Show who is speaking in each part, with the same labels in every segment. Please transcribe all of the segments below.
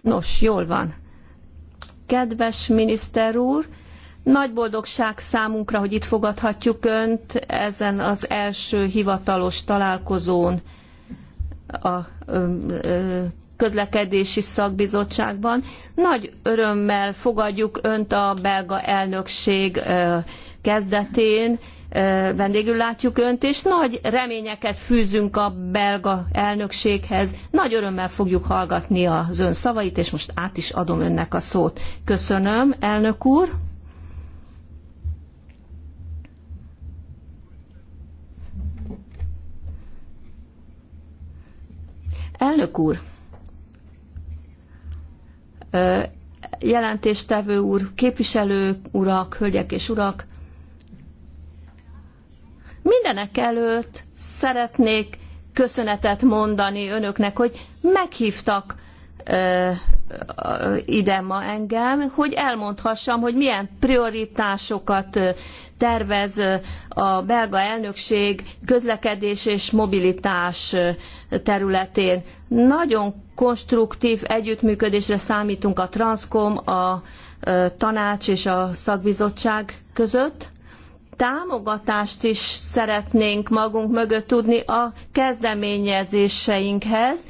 Speaker 1: Nos, jól van. Kedves miniszter úr, nagy boldogság számunkra, hogy itt fogadhatjuk Önt ezen az első hivatalos találkozón a közlekedési szakbizottságban. Nagy örömmel fogadjuk Önt a belga elnökség kezdetén vendégül látjuk Önt, és nagy reményeket fűzünk a belga elnökséghez. Nagy örömmel fogjuk hallgatni az Ön szavait, és most át is adom Önnek a szót. Köszönöm, elnök úr. Elnök úr, jelentéstevő úr, képviselő urak, hölgyek és urak, Mindenek előtt szeretnék köszönetet mondani önöknek, hogy meghívtak ö, ö, ide ma engem, hogy elmondhassam, hogy milyen prioritásokat tervez a belga elnökség közlekedés és mobilitás területén. Nagyon konstruktív együttműködésre számítunk a Transcom, a tanács és a szakbizottság között támogatást is szeretnénk magunk mögött tudni a kezdeményezéseinkhez.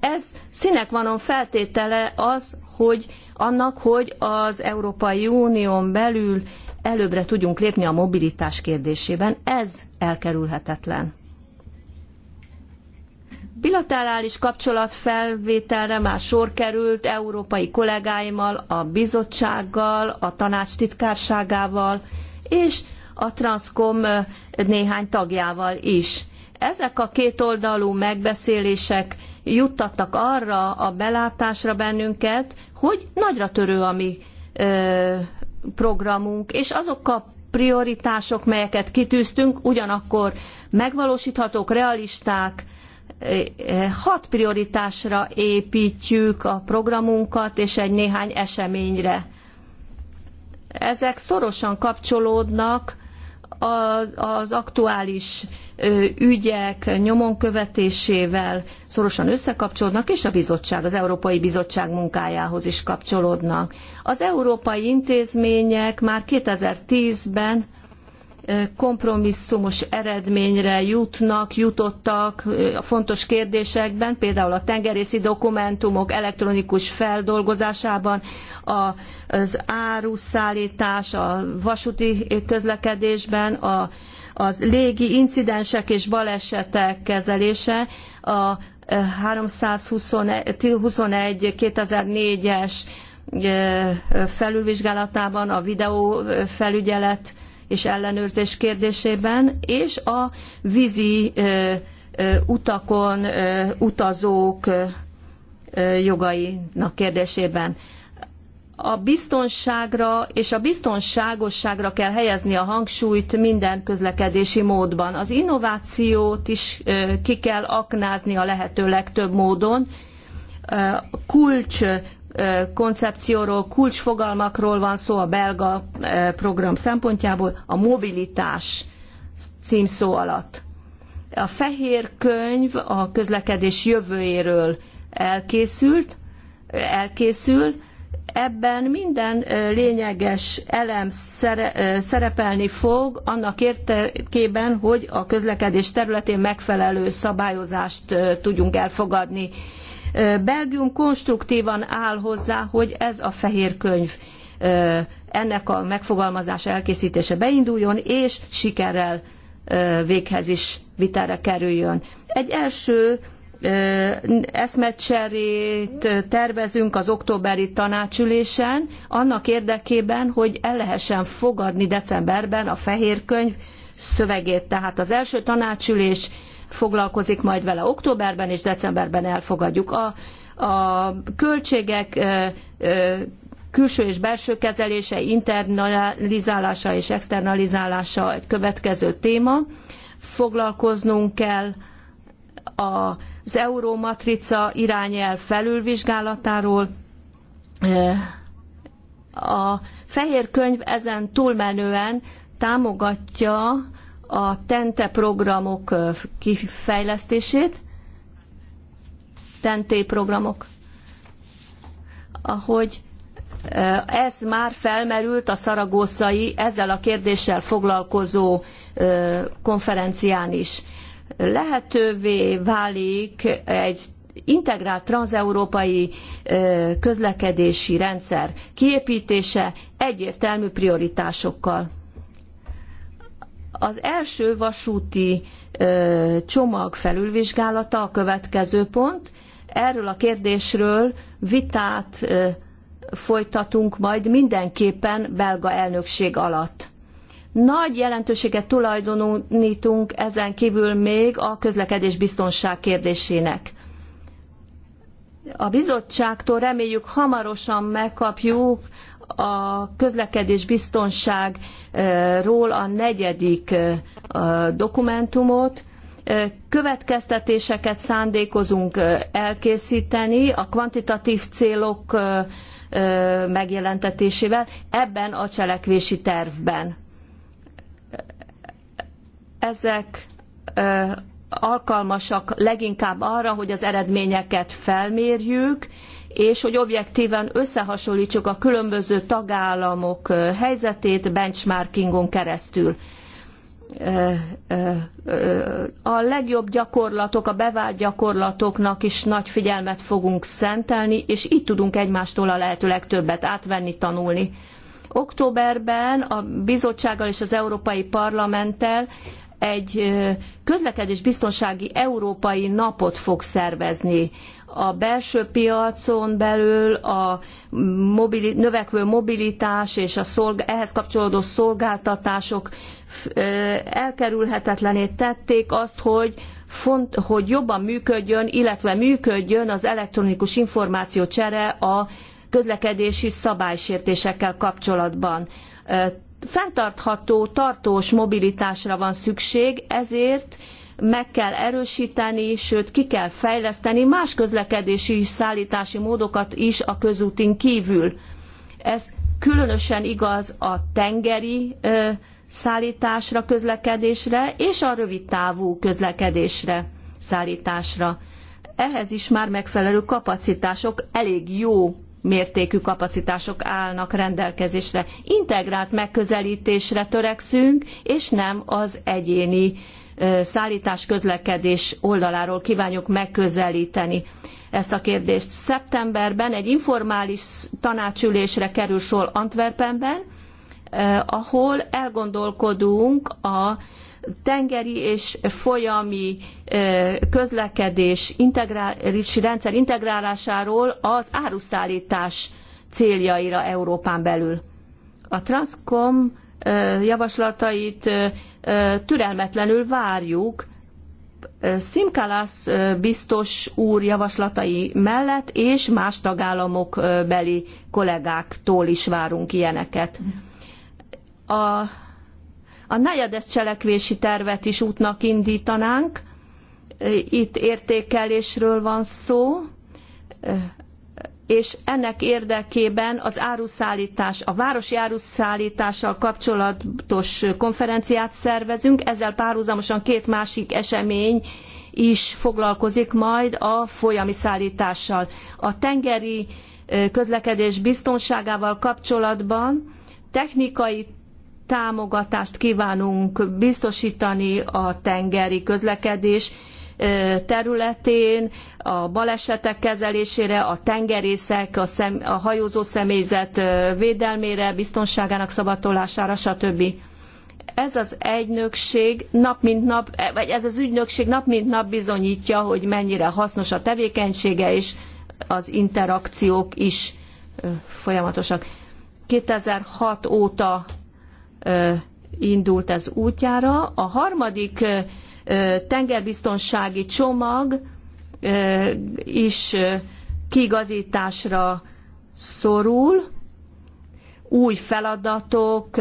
Speaker 1: Ez színek vanon feltétele az, hogy annak, hogy az Európai Unión belül előbbre tudjunk lépni a mobilitás kérdésében. Ez elkerülhetetlen. Bilaterális kapcsolatfelvételre már sor került európai kollégáimmal, a bizottsággal, a tanács titkárságával, és a Transcom néhány tagjával is. Ezek a kétoldalú megbeszélések juttattak arra a belátásra bennünket, hogy nagyra törő a mi programunk, és azok a prioritások, melyeket kitűztünk, ugyanakkor megvalósíthatók, realisták, hat prioritásra építjük a programunkat, és egy néhány eseményre ezek szorosan kapcsolódnak az, az aktuális ügyek nyomon követésével szorosan összekapcsolódnak, és a bizottság, az Európai Bizottság munkájához is kapcsolódnak. Az európai intézmények már 2010-ben kompromisszumos eredményre jutnak, jutottak a fontos kérdésekben, például a tengerészi dokumentumok elektronikus feldolgozásában, az áruszállítás, a vasúti közlekedésben, a, az légi incidensek és balesetek kezelése, a 321 2004-es felülvizsgálatában a videófelügyelet és ellenőrzés kérdésében, és a vízi utakon utazók jogainak kérdésében. A biztonságra és a biztonságosságra kell helyezni a hangsúlyt minden közlekedési módban. Az innovációt is ki kell aknázni a lehető legtöbb módon, kulcs koncepcióról, kulcsfogalmakról van szó a belga program szempontjából a mobilitás címszó alatt. A fehér könyv a közlekedés jövőjéről elkészült, elkészül, ebben minden lényeges elem szerepelni fog annak érdekében, hogy a közlekedés területén megfelelő szabályozást tudjunk elfogadni Belgium konstruktívan áll hozzá, hogy ez a fehér könyv ennek a megfogalmazása, elkészítése beinduljon, és sikerrel véghez is vitára kerüljön. Egy első eszmecserét tervezünk az októberi tanácsülésen, annak érdekében, hogy el lehessen fogadni decemberben a fehér könyv szövegét. Tehát az első tanácsülés foglalkozik majd vele októberben és decemberben elfogadjuk. A, a költségek külső és belső kezelése, internalizálása és externalizálása egy következő téma. Foglalkoznunk kell az eurómatrica irányelv felülvizsgálatáról. A fehér könyv ezen túlmenően támogatja a TENTE e programok kifejlesztését, TENTE e programok, ahogy ez már felmerült a szaragószai ezzel a kérdéssel foglalkozó konferencián is. Lehetővé válik egy integrált transeurópai közlekedési rendszer kiépítése egyértelmű prioritásokkal. Az első vasúti csomag felülvizsgálata a következő pont. Erről a kérdésről vitát folytatunk majd mindenképpen belga elnökség alatt. Nagy jelentőséget tulajdonítunk ezen kívül még a közlekedés biztonság kérdésének. A bizottságtól reméljük hamarosan megkapjuk a közlekedés biztonságról a negyedik dokumentumot, következtetéseket szándékozunk elkészíteni a kvantitatív célok megjelentetésével ebben a cselekvési tervben. Ezek alkalmasak leginkább arra, hogy az eredményeket felmérjük, és hogy objektíven összehasonlítsuk a különböző tagállamok helyzetét benchmarkingon keresztül a legjobb gyakorlatok, a bevált gyakorlatoknak is nagy figyelmet fogunk szentelni, és itt tudunk egymástól a lehető legtöbbet átvenni, tanulni. Októberben a bizottsággal és az Európai Parlamenttel egy közlekedésbiztonsági európai napot fog szervezni a belső piacon belül a mobili, növekvő mobilitás és a ehhez kapcsolódó szolgáltatások elkerülhetetlené tették azt, hogy, font, hogy jobban működjön, illetve működjön az elektronikus információcsere a közlekedési szabálysértésekkel kapcsolatban fenntartható, tartós mobilitásra van szükség, ezért meg kell erősíteni, sőt ki kell fejleszteni más közlekedési és szállítási módokat is a közútin kívül. Ez különösen igaz a tengeri ö, szállításra, közlekedésre és a rövidtávú közlekedésre, szállításra. Ehhez is már megfelelő kapacitások, elég jó mértékű kapacitások állnak rendelkezésre. Integrált megközelítésre törekszünk, és nem az egyéni szállítás közlekedés oldaláról kívánjuk megközelíteni ezt a kérdést. Szeptemberben egy informális tanácsülésre kerül sor Antwerpenben, ahol elgondolkodunk a tengeri és folyami közlekedés integrális rendszer integrálásáról az áruszállítás céljaira Európán belül. A Transcom javaslatait türelmetlenül várjuk Simkalász biztos úr javaslatai mellett és más tagállamok beli kollégáktól is várunk ilyeneket. A, a negyedes cselekvési tervet is útnak indítanánk. Itt értékelésről van szó és ennek érdekében az áruszállítás, a városi áruszállítással kapcsolatos konferenciát szervezünk, ezzel párhuzamosan két másik esemény is foglalkozik majd a folyami szállítással. A tengeri közlekedés biztonságával kapcsolatban technikai támogatást kívánunk biztosítani a tengeri közlekedés területén, a balesetek kezelésére, a tengerészek, a, szem, a hajózó személyzet védelmére, biztonságának szabatolására, stb ez az egynökség nap mint nap, e, vagy ez az ügynökség nap mint nap bizonyítja, hogy mennyire hasznos a tevékenysége, és az interakciók is folyamatosak. 2006 óta indult ez útjára. A harmadik tengerbiztonsági csomag is kiigazításra szorul, új feladatok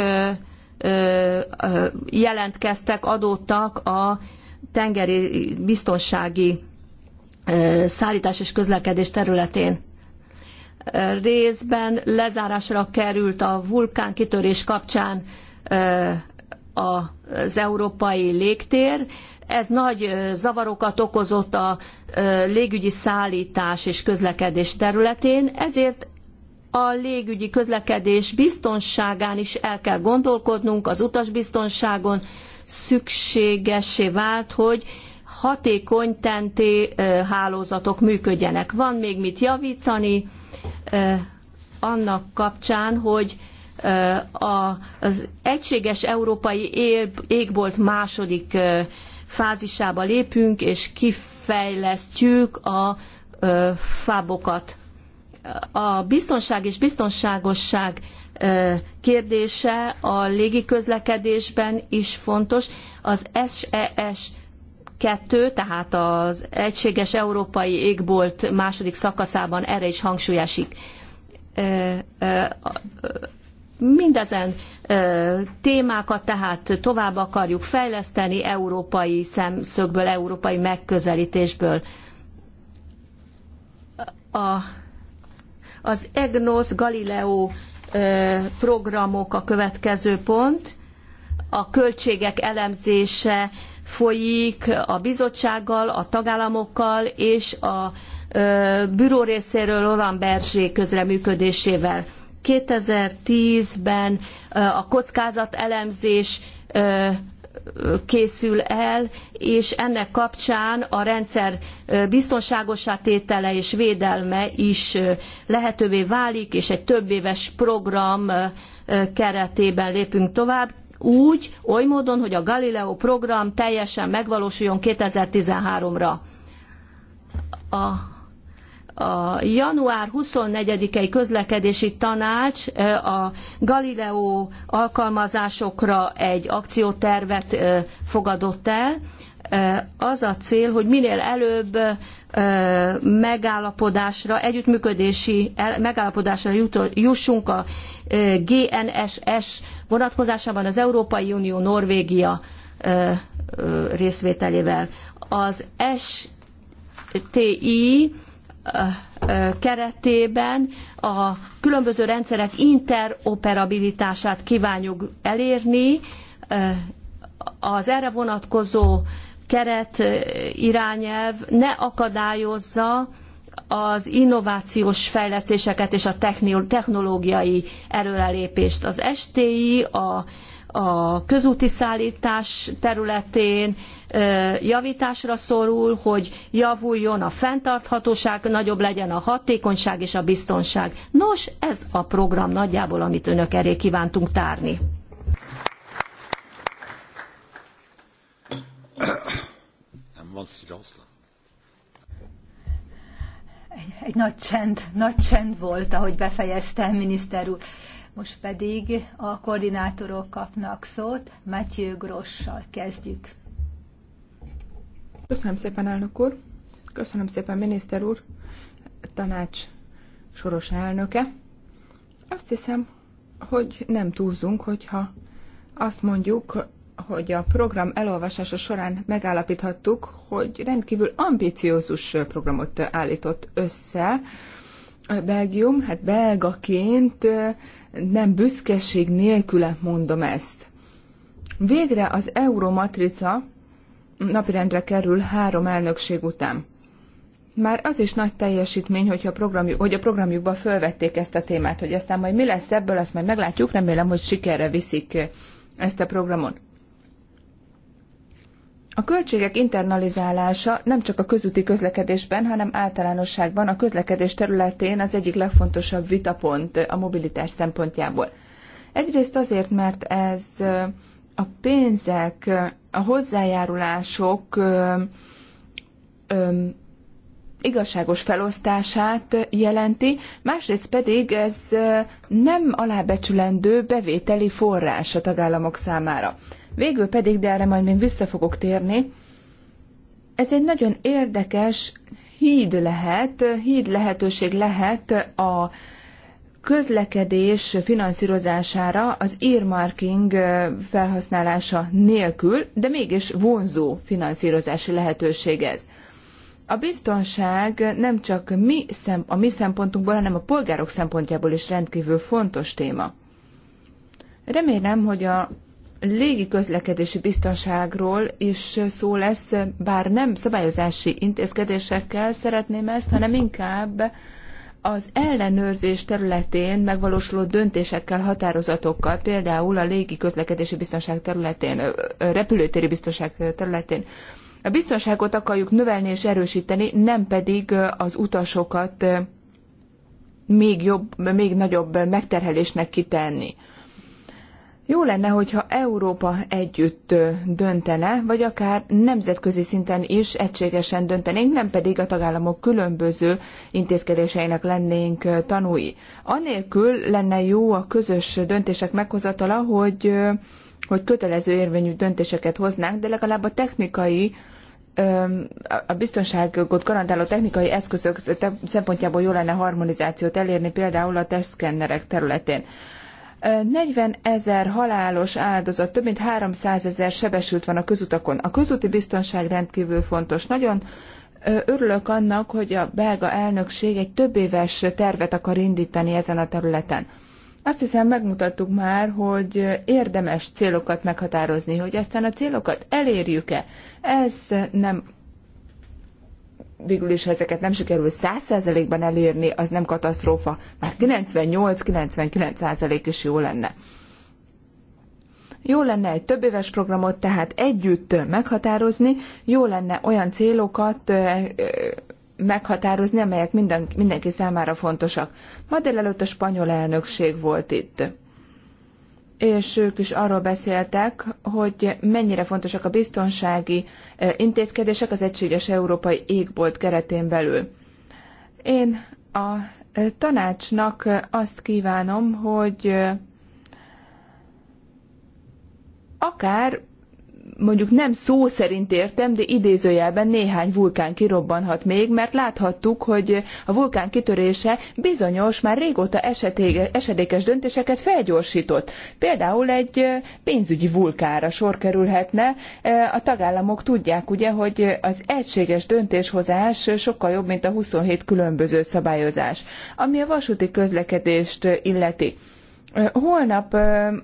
Speaker 1: jelentkeztek, adódtak a tengeri biztonsági szállítás és közlekedés területén. Részben lezárásra került a vulkánkitörés kapcsán az európai légtér. Ez nagy zavarokat okozott a légügyi szállítás és közlekedés területén, ezért a légügyi közlekedés biztonságán is el kell gondolkodnunk, az utasbiztonságon szükségessé vált, hogy hatékony tenté hálózatok működjenek. Van még mit javítani annak kapcsán, hogy az egységes európai égbolt második fázisába lépünk, és kifejlesztjük a fábokat. A biztonság és biztonságosság kérdése a légiközlekedésben is fontos. Az SES 2, e tehát az Egységes Európai Égbolt második szakaszában erre is hangsúlyesik mindezen témákat tehát tovább akarjuk fejleszteni európai szemszögből, európai megközelítésből. A, az EGNOS Galileo programok a következő pont. A költségek elemzése folyik a bizottsággal, a tagállamokkal és a büró részéről Roland Berzsé közreműködésével. 2010-ben a kockázat elemzés készül el, és ennek kapcsán a rendszer biztonságosá tétele és védelme is lehetővé válik, és egy többéves program keretében lépünk tovább úgy, oly módon, hogy a Galileo program teljesen megvalósuljon 2013-ra. A a január 24-i közlekedési tanács a Galileo alkalmazásokra egy akciótervet fogadott el. Az a cél, hogy minél előbb megállapodásra, együttműködési megállapodásra jussunk a GNSS vonatkozásában az Európai Unió Norvégia részvételével. Az STI keretében a különböző rendszerek interoperabilitását kívánjuk elérni. Az erre vonatkozó keret irányelv ne akadályozza az innovációs fejlesztéseket és a technológiai előrelépést. Az STI, a a közúti szállítás területén javításra szorul, hogy javuljon a fenntarthatóság, nagyobb legyen a hatékonyság és a biztonság. Nos, ez a program nagyjából, amit önök elé kívántunk tárni.
Speaker 2: Egy, egy nagy csend, nagy csend volt, ahogy befejezte miniszter úr. Most pedig a koordinátorok kapnak szót. Matyő Grossal kezdjük. Köszönöm szépen, elnök úr. Köszönöm szépen, miniszter úr, tanács
Speaker 3: soros elnöke. Azt hiszem, hogy nem túlzunk, hogyha azt mondjuk, hogy a program elolvasása során megállapíthattuk, hogy rendkívül ambiciózus programot állított össze, Belgium, hát belgaként nem büszkeség nélküle mondom ezt. Végre az Euromatrica napirendre kerül három elnökség után. Már az is nagy teljesítmény, hogyha a programjuk, hogy a programjukba fölvették ezt a témát, hogy aztán majd mi lesz ebből, azt majd meglátjuk, remélem, hogy sikerre viszik ezt a programot. A költségek internalizálása nem csak a közúti közlekedésben, hanem általánosságban a közlekedés területén az egyik legfontosabb vitapont a mobilitás szempontjából. Egyrészt azért, mert ez a pénzek, a hozzájárulások igazságos felosztását jelenti, másrészt pedig ez nem alábecsülendő bevételi forrás a tagállamok számára. Végül pedig, de erre majd még vissza fogok térni, ez egy nagyon érdekes híd lehet, híd lehetőség lehet a közlekedés finanszírozására az earmarking felhasználása nélkül, de mégis vonzó finanszírozási lehetőség ez. A biztonság nem csak mi szemp- a mi szempontunkból, hanem a polgárok szempontjából is rendkívül fontos téma. Remélem, hogy a légi közlekedési biztonságról is szó lesz, bár nem szabályozási intézkedésekkel szeretném ezt, hanem inkább az ellenőrzés területén megvalósuló döntésekkel, határozatokkal, például a légi közlekedési biztonság területén, repülőtéri biztonság területén. A biztonságot akarjuk növelni és erősíteni, nem pedig az utasokat még jobb, még nagyobb megterhelésnek kitenni. Jó lenne, hogyha Európa együtt döntene, vagy akár nemzetközi szinten is egységesen döntenénk, nem pedig a tagállamok különböző intézkedéseinek lennénk tanúi. Anélkül lenne jó a közös döntések meghozatala, hogy, hogy kötelező érvényű döntéseket hoznánk, de legalább a technikai a biztonságot garantáló technikai eszközök szempontjából jó lenne harmonizációt elérni, például a testszkennerek területén. 40 ezer halálos áldozat, több mint 300 ezer sebesült van a közutakon. A közúti biztonság rendkívül fontos. Nagyon örülök annak, hogy a belga elnökség egy több éves tervet akar indítani ezen a területen. Azt hiszem megmutattuk már, hogy érdemes célokat meghatározni, hogy aztán a célokat elérjük-e. Ez nem végül is ezeket nem sikerül 100%-ban elérni, az nem katasztrófa, már 98-99% is jó lenne. Jó lenne egy több éves programot tehát együtt meghatározni, jó lenne olyan célokat meghatározni, amelyek minden, mindenki számára fontosak. Ma délelőtt a spanyol elnökség volt itt és ők is arról beszéltek, hogy mennyire fontosak a biztonsági intézkedések az egységes európai égbolt keretén belül. Én a tanácsnak azt kívánom, hogy akár mondjuk nem szó szerint értem, de idézőjelben néhány vulkán kirobbanhat még, mert láthattuk, hogy a vulkán kitörése bizonyos, már régóta esetége, esedékes döntéseket felgyorsított. Például egy pénzügyi vulkára sor kerülhetne. A tagállamok tudják ugye, hogy az egységes döntéshozás sokkal jobb, mint a 27 különböző szabályozás, ami a vasúti közlekedést illeti. Holnap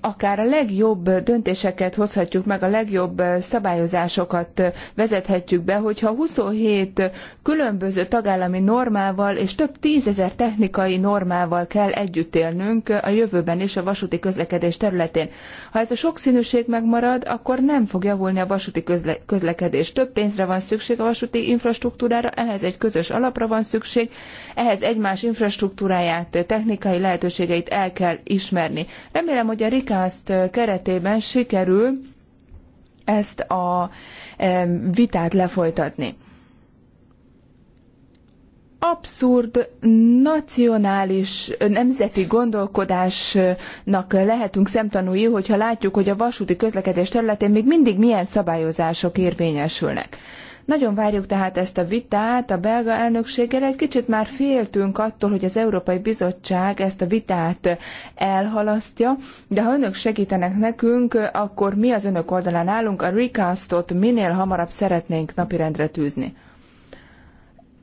Speaker 3: akár a legjobb döntéseket hozhatjuk meg, a legjobb szabályozásokat vezethetjük be, hogyha 27 különböző tagállami normával és több tízezer technikai normával kell együtt élnünk a jövőben is a vasúti közlekedés területén. Ha ez a sokszínűség megmarad, akkor nem fog javulni a vasúti közle- közlekedés. Több pénzre van szükség a vasúti infrastruktúrára, ehhez egy közös alapra van szükség, ehhez egymás infrastruktúráját, technikai lehetőségeit el kell ismerni ismerni. Remélem, hogy a Rikászt keretében sikerül ezt a vitát lefolytatni. Abszurd nacionális nemzeti gondolkodásnak lehetünk szemtanúi, hogyha látjuk, hogy a vasúti közlekedés területén még mindig milyen szabályozások érvényesülnek. Nagyon várjuk tehát ezt a vitát a belga elnökséggel. Egy kicsit már féltünk attól, hogy az Európai Bizottság ezt a vitát elhalasztja, de ha önök segítenek nekünk, akkor mi az önök oldalán állunk, a recastot minél hamarabb szeretnénk napirendre tűzni.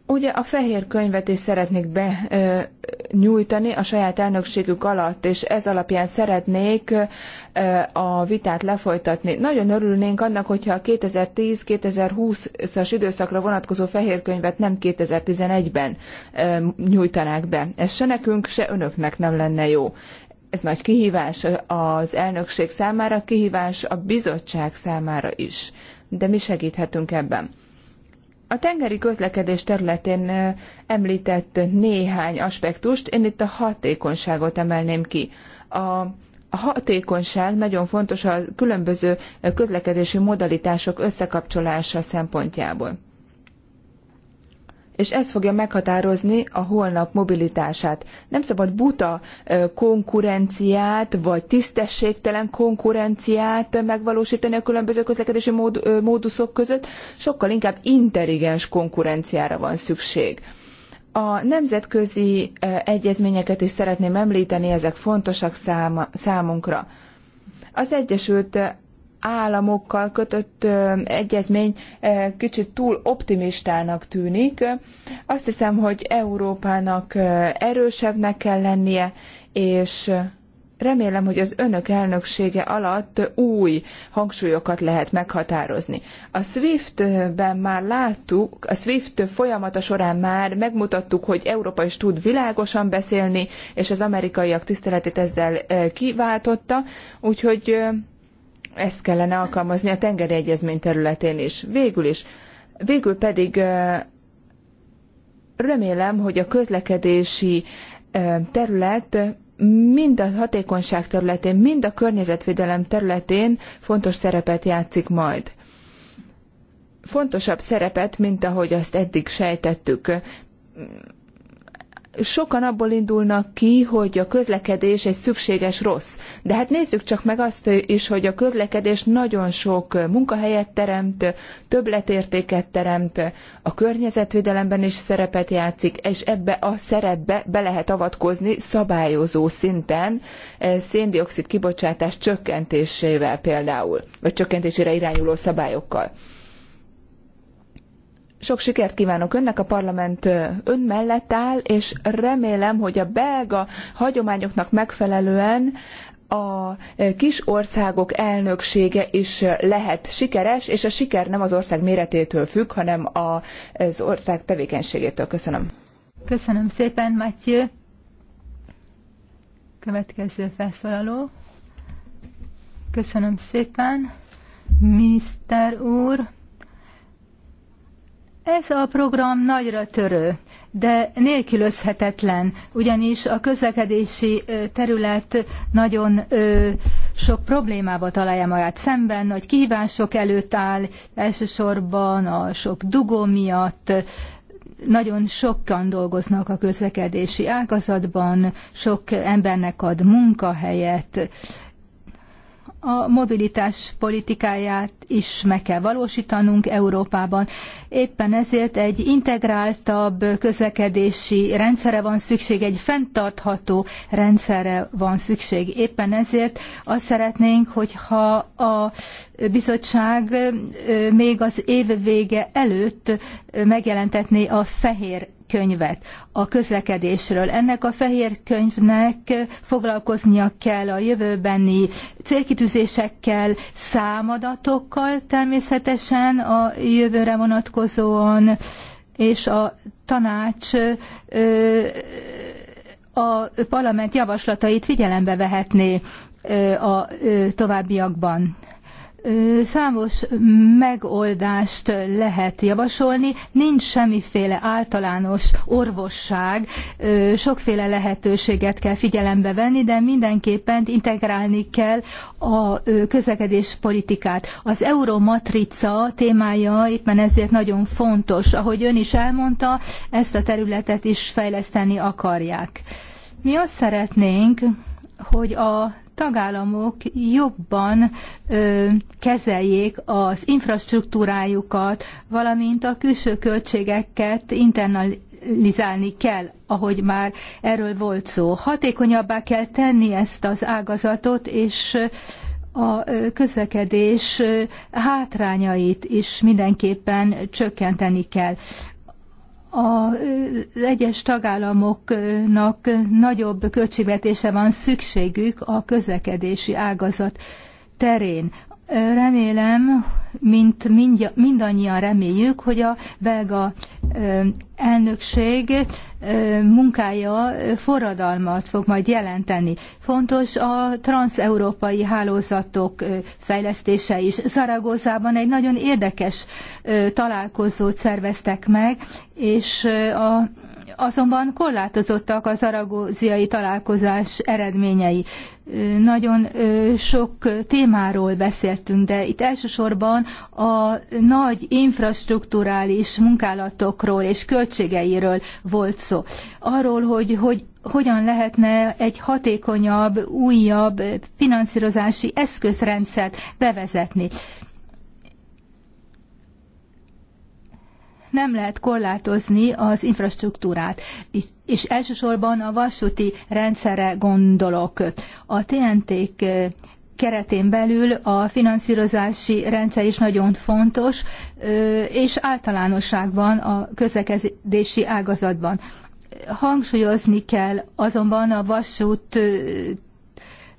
Speaker 3: Ugye a fehér könyvet is szeretnék nyújtani a saját elnökségük alatt, és ez alapján szeretnék a vitát lefolytatni. Nagyon örülnénk annak, hogyha a 2010-2020-as időszakra vonatkozó fehér könyvet nem 2011-ben nyújtanák be. Ez se nekünk, se önöknek nem lenne jó. Ez nagy kihívás az elnökség számára, kihívás a bizottság számára is. De mi segíthetünk ebben? A tengeri közlekedés területén említett néhány aspektust, én itt a hatékonyságot emelném ki. A a hatékonyság nagyon fontos a különböző közlekedési modalitások összekapcsolása szempontjából és ez fogja meghatározni a holnap mobilitását. Nem szabad buta konkurenciát, vagy tisztességtelen konkurenciát megvalósítani a különböző közlekedési mód, móduszok között, sokkal inkább intelligens konkurenciára van szükség. A nemzetközi egyezményeket is szeretném említeni, ezek fontosak száma, számunkra. Az Egyesült államokkal kötött egyezmény kicsit túl optimistának tűnik. Azt hiszem, hogy Európának erősebbnek kell lennie, és remélem, hogy az önök elnöksége alatt új hangsúlyokat lehet meghatározni. A SWIFT-ben már láttuk, a SWIFT folyamata során már megmutattuk, hogy Európa is tud világosan beszélni, és az amerikaiak tiszteletét ezzel kiváltotta, úgyhogy ezt kellene alkalmazni a tengeri egyezmény területén is. Végül is. Végül pedig remélem, hogy a közlekedési terület mind a hatékonyság területén, mind a környezetvédelem területén fontos szerepet játszik majd. Fontosabb szerepet, mint ahogy azt eddig sejtettük sokan abból indulnak ki, hogy a közlekedés egy szükséges rossz. De hát nézzük csak meg azt is, hogy a közlekedés nagyon sok munkahelyet teremt, többletértéket teremt, a környezetvédelemben is szerepet játszik, és ebbe a szerepbe be lehet avatkozni szabályozó szinten, eh, széndiokszid kibocsátás csökkentésével például, vagy csökkentésére irányuló szabályokkal. Sok sikert kívánok önnek, a parlament ön mellett áll, és remélem, hogy a belga hagyományoknak megfelelően a kis országok elnöksége is lehet sikeres, és a siker nem az ország méretétől függ, hanem az ország tevékenységétől. Köszönöm.
Speaker 2: Köszönöm szépen, Matyi. Következő felszólaló. Köszönöm szépen, Mr. úr. Ez a program nagyra törő, de nélkülözhetetlen, ugyanis a közlekedési terület nagyon sok problémába találja magát szemben, nagy kihívások előtt áll, elsősorban a sok dugó miatt, nagyon sokan dolgoznak a közlekedési ágazatban, sok embernek ad munkahelyet, a mobilitás politikáját is meg kell valósítanunk Európában. Éppen ezért egy integráltabb közlekedési rendszerre van szükség, egy fenntartható rendszerre van szükség. Éppen ezért azt szeretnénk, hogyha a bizottság még az év vége előtt megjelentetné a fehér könyvet a közlekedésről. Ennek a fehér könyvnek foglalkoznia kell a jövőbeni célkitűzésekkel, számadatokkal természetesen a jövőre vonatkozóan, és a tanács a parlament javaslatait figyelembe vehetné a továbbiakban. Számos megoldást lehet javasolni, nincs semmiféle általános orvosság, sokféle lehetőséget kell figyelembe venni, de mindenképpen integrálni kell a közlekedés politikát. Az euromatrica témája éppen ezért nagyon fontos. Ahogy ön is elmondta, ezt a területet is fejleszteni akarják. Mi azt szeretnénk, hogy a tagállamok jobban ö, kezeljék az infrastruktúrájukat, valamint a külső költségeket internalizálni kell, ahogy már erről volt szó. Hatékonyabbá kell tenni ezt az ágazatot, és a közlekedés hátrányait is mindenképpen csökkenteni kell az egyes tagállamoknak nagyobb költségvetése van szükségük a közlekedési ágazat terén. Remélem, mint mindannyian reméljük, hogy a belga elnökség munkája forradalmat fog majd jelenteni. Fontos a transeurópai hálózatok fejlesztése is. Zaragozában egy nagyon érdekes találkozót szerveztek meg, és a azonban korlátozottak az aragóziai találkozás eredményei. Nagyon sok témáról beszéltünk, de itt elsősorban a nagy infrastrukturális munkálatokról és költségeiről volt szó. Arról, hogy, hogy hogyan lehetne egy hatékonyabb, újabb finanszírozási eszközrendszert bevezetni. nem lehet korlátozni az infrastruktúrát, és elsősorban a vasúti rendszerre gondolok. A tnt eh, keretén belül a finanszírozási rendszer is nagyon fontos, eh, és általánosságban a közlekedési ágazatban. Hangsúlyozni kell azonban a vasút eh,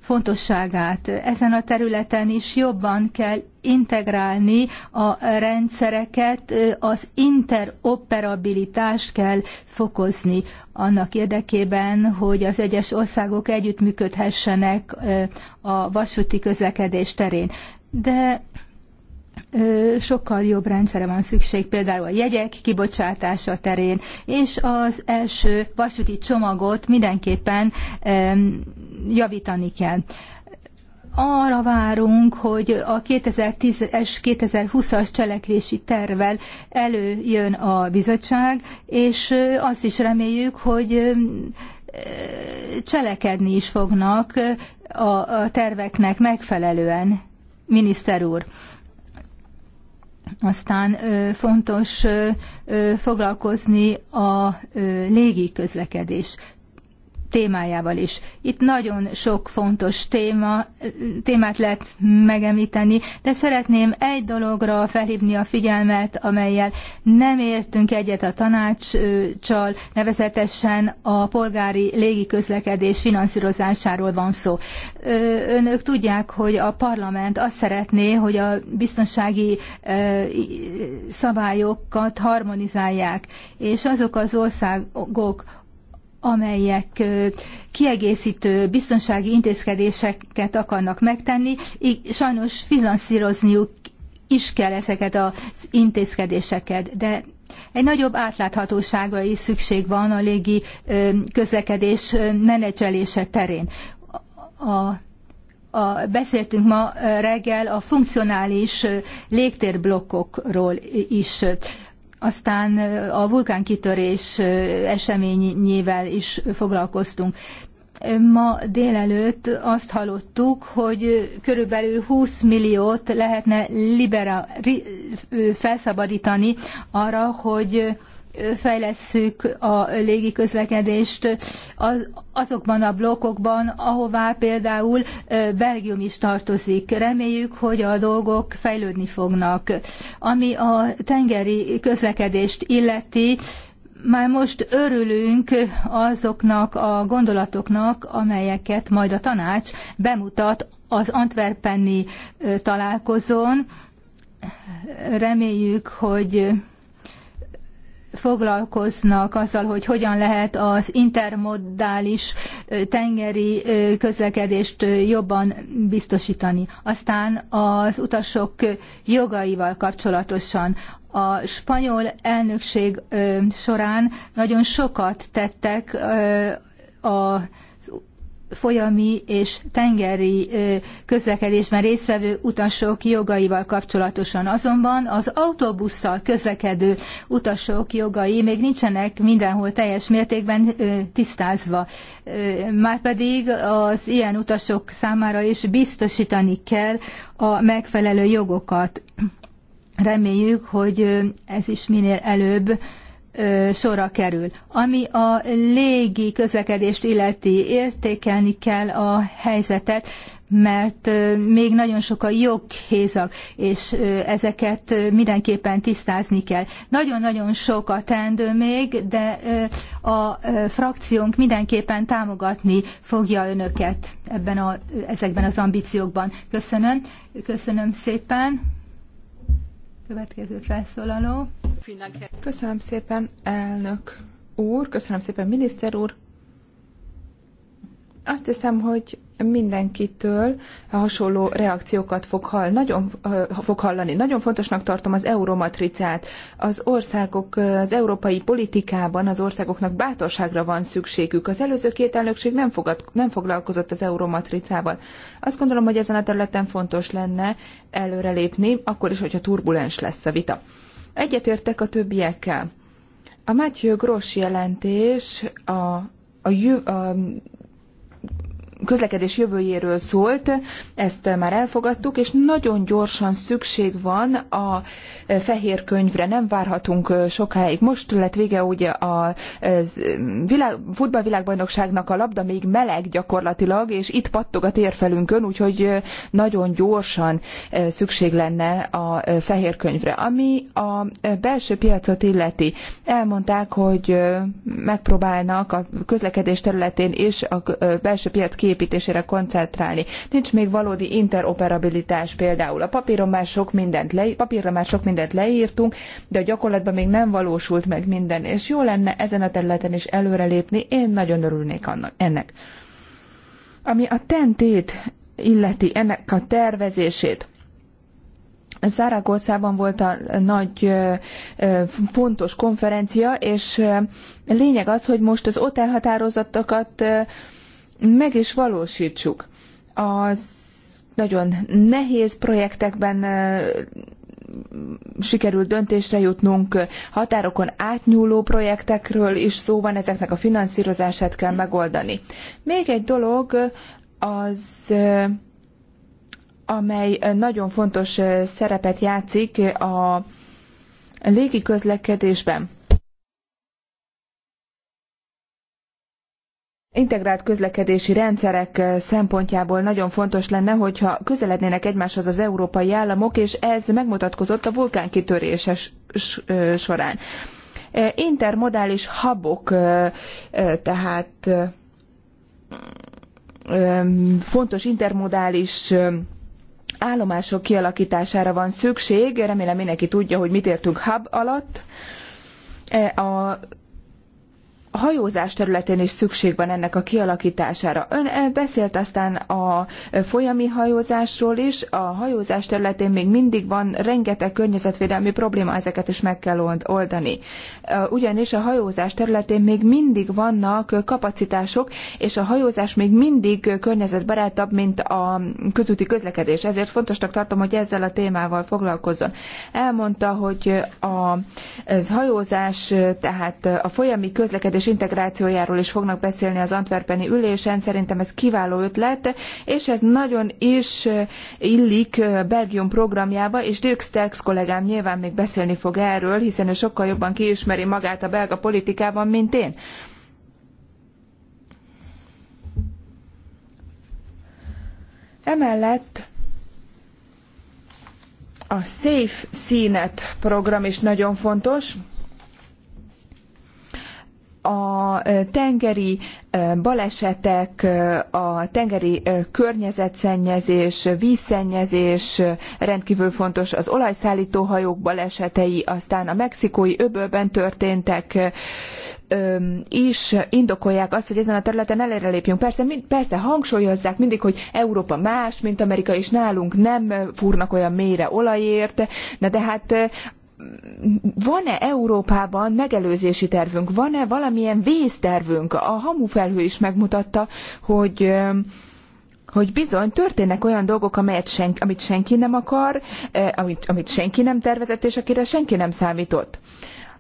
Speaker 2: fontosságát. Ezen a területen is jobban kell integrálni a rendszereket, az interoperabilitást kell fokozni annak érdekében, hogy az egyes országok együttműködhessenek a vasúti közlekedés terén. De sokkal jobb rendszere van szükség, például a jegyek kibocsátása terén, és az első vasúti csomagot mindenképpen javítani kell arra várunk, hogy a 2010-es, 2020-as cselekvési tervvel előjön a bizottság, és azt is reméljük, hogy cselekedni is fognak a, terveknek megfelelően, miniszter úr. Aztán fontos foglalkozni a légi közlekedés témájával is. Itt nagyon sok fontos téma, témát lehet megemlíteni, de szeretném egy dologra felhívni a figyelmet, amelyel nem értünk egyet a tanácssal, nevezetesen a polgári légiközlekedés finanszírozásáról van szó. Önök tudják, hogy a parlament azt szeretné, hogy a biztonsági szabályokat harmonizálják, és azok az országok, amelyek kiegészítő biztonsági intézkedéseket akarnak megtenni, így sajnos finanszírozniuk is kell ezeket az intézkedéseket, de egy nagyobb átláthatóságra is szükség van a légi közlekedés menedzselése terén. A a, beszéltünk ma reggel a funkcionális légtérblokkokról is. Aztán a vulkánkitörés eseményével is foglalkoztunk. Ma délelőtt azt hallottuk, hogy körülbelül 20 milliót lehetne libera, felszabadítani arra, hogy fejlesszük a légi közlekedést azokban a blokkokban, ahová például Belgium is tartozik. Reméljük, hogy a dolgok fejlődni fognak. Ami a tengeri közlekedést illeti, már most örülünk azoknak a gondolatoknak, amelyeket majd a tanács bemutat az Antwerpeni találkozón. Reméljük, hogy foglalkoznak azzal, hogy hogyan lehet az intermodális tengeri közlekedést jobban biztosítani. Aztán az utasok jogaival kapcsolatosan a spanyol elnökség során nagyon sokat tettek a folyami és tengeri közlekedésben résztvevő utasok jogaival kapcsolatosan. Azonban az autóbusszal közlekedő utasok jogai még nincsenek mindenhol teljes mértékben tisztázva. Márpedig az ilyen utasok számára is biztosítani kell a megfelelő jogokat. Reméljük, hogy ez is minél előbb sorra kerül. Ami a légi közlekedést illeti, értékelni kell a helyzetet, mert még nagyon sok a joghézak, és ezeket mindenképpen tisztázni kell. Nagyon-nagyon sok a tendő még, de a frakciónk mindenképpen támogatni fogja önöket ebben a, ezekben az ambíciókban. Köszönöm. Köszönöm szépen. Következő felszólaló. Köszönöm
Speaker 3: szépen, elnök úr, köszönöm szépen, miniszter úr. Azt hiszem, hogy mindenkitől hasonló reakciókat fog, hall, nagyon, fog hallani. Nagyon fontosnak tartom az euromatricát. Az országok, az európai politikában az országoknak bátorságra van szükségük. Az előző két elnökség nem, fogad, nem foglalkozott az euromatricával. Azt gondolom, hogy ezen a területen fontos lenne előrelépni, akkor is, hogyha turbulens lesz a vita. Egyetértek a többiekkel. A Matthew Gross jelentés a, a, a közlekedés jövőjéről szólt, ezt már elfogadtuk, és nagyon gyorsan szükség van a fehér könyvre, nem várhatunk sokáig. Most lett vége ugye a világ, futballvilágbajnokságnak a labda még meleg gyakorlatilag, és itt pattog a térfelünkön, úgyhogy nagyon gyorsan e, szükség lenne a e, fehér könyvre. Ami a belső piacot illeti, elmondták, hogy e, megpróbálnak a közlekedés területén és a belső piac kiépítésére koncentrálni. Nincs még valódi interoperabilitás például. A papíron már sok mindent le, papírra már sok mindent leírtunk, de a gyakorlatban még nem valósult meg minden, és jó lenne ezen a területen is előrelépni. Én nagyon örülnék annak, ennek. Ami a tentét illeti, ennek a tervezését, Száragoszában volt a nagy fontos konferencia, és lényeg az, hogy most az ott elhatározottakat meg is valósítsuk. Az nagyon nehéz projektekben sikerült döntésre jutnunk, határokon átnyúló projektekről is szó van, ezeknek a finanszírozását kell megoldani. Még egy dolog az amely nagyon fontos szerepet játszik a légi közlekedésben. integrált közlekedési rendszerek eh, szempontjából nagyon fontos lenne, hogyha közelednének egymáshoz az európai államok, és ez megmutatkozott a vulkánkitöréses eh, során. Eh, intermodális habok, tehát fontos intermodális állomások kialakítására van szükség. Remélem mindenki tudja, hogy mit értünk hub alatt. A a hajózás területén is szükség van ennek a kialakítására. Ön eh, beszélt aztán a eh, folyami hajózásról is. A hajózás területén még mindig van rengeteg környezetvédelmi probléma, ezeket is meg kell oldani. Eh, ugyanis a hajózás területén még mindig vannak kapacitások, és a hajózás még mindig környezetbarátabb, mint a közúti közlekedés. Ezért fontosnak tartom, hogy ezzel a témával foglalkozzon. Elmondta, hogy a, ez hajózás, tehát a folyami közlekedés és integrációjáról is fognak beszélni az antwerpeni ülésen. Szerintem ez kiváló ötlet, és ez nagyon is illik Belgium programjába, és Dirk Sterks kollégám nyilván még beszélni fog erről, hiszen ő sokkal jobban kiismeri magát a belga politikában, mint én. Emellett a Safe Színet program is nagyon fontos a tengeri balesetek, a tengeri környezetszennyezés, vízszennyezés rendkívül fontos, az olajszállítóhajók hajók balesetei, aztán a mexikói öbölben történtek is indokolják azt, hogy ezen a területen előrelépjünk. Persze, mind, persze hangsúlyozzák mindig, hogy Európa más, mint Amerika, és nálunk nem fúrnak olyan mélyre olajért, na de hát van-e Európában megelőzési tervünk, van-e valamilyen vésztervünk? A hamufelhő is megmutatta, hogy hogy bizony történnek olyan dolgok, amelyet amit senki nem akar, eh, amit, amit senki nem tervezett, és akire senki nem számított.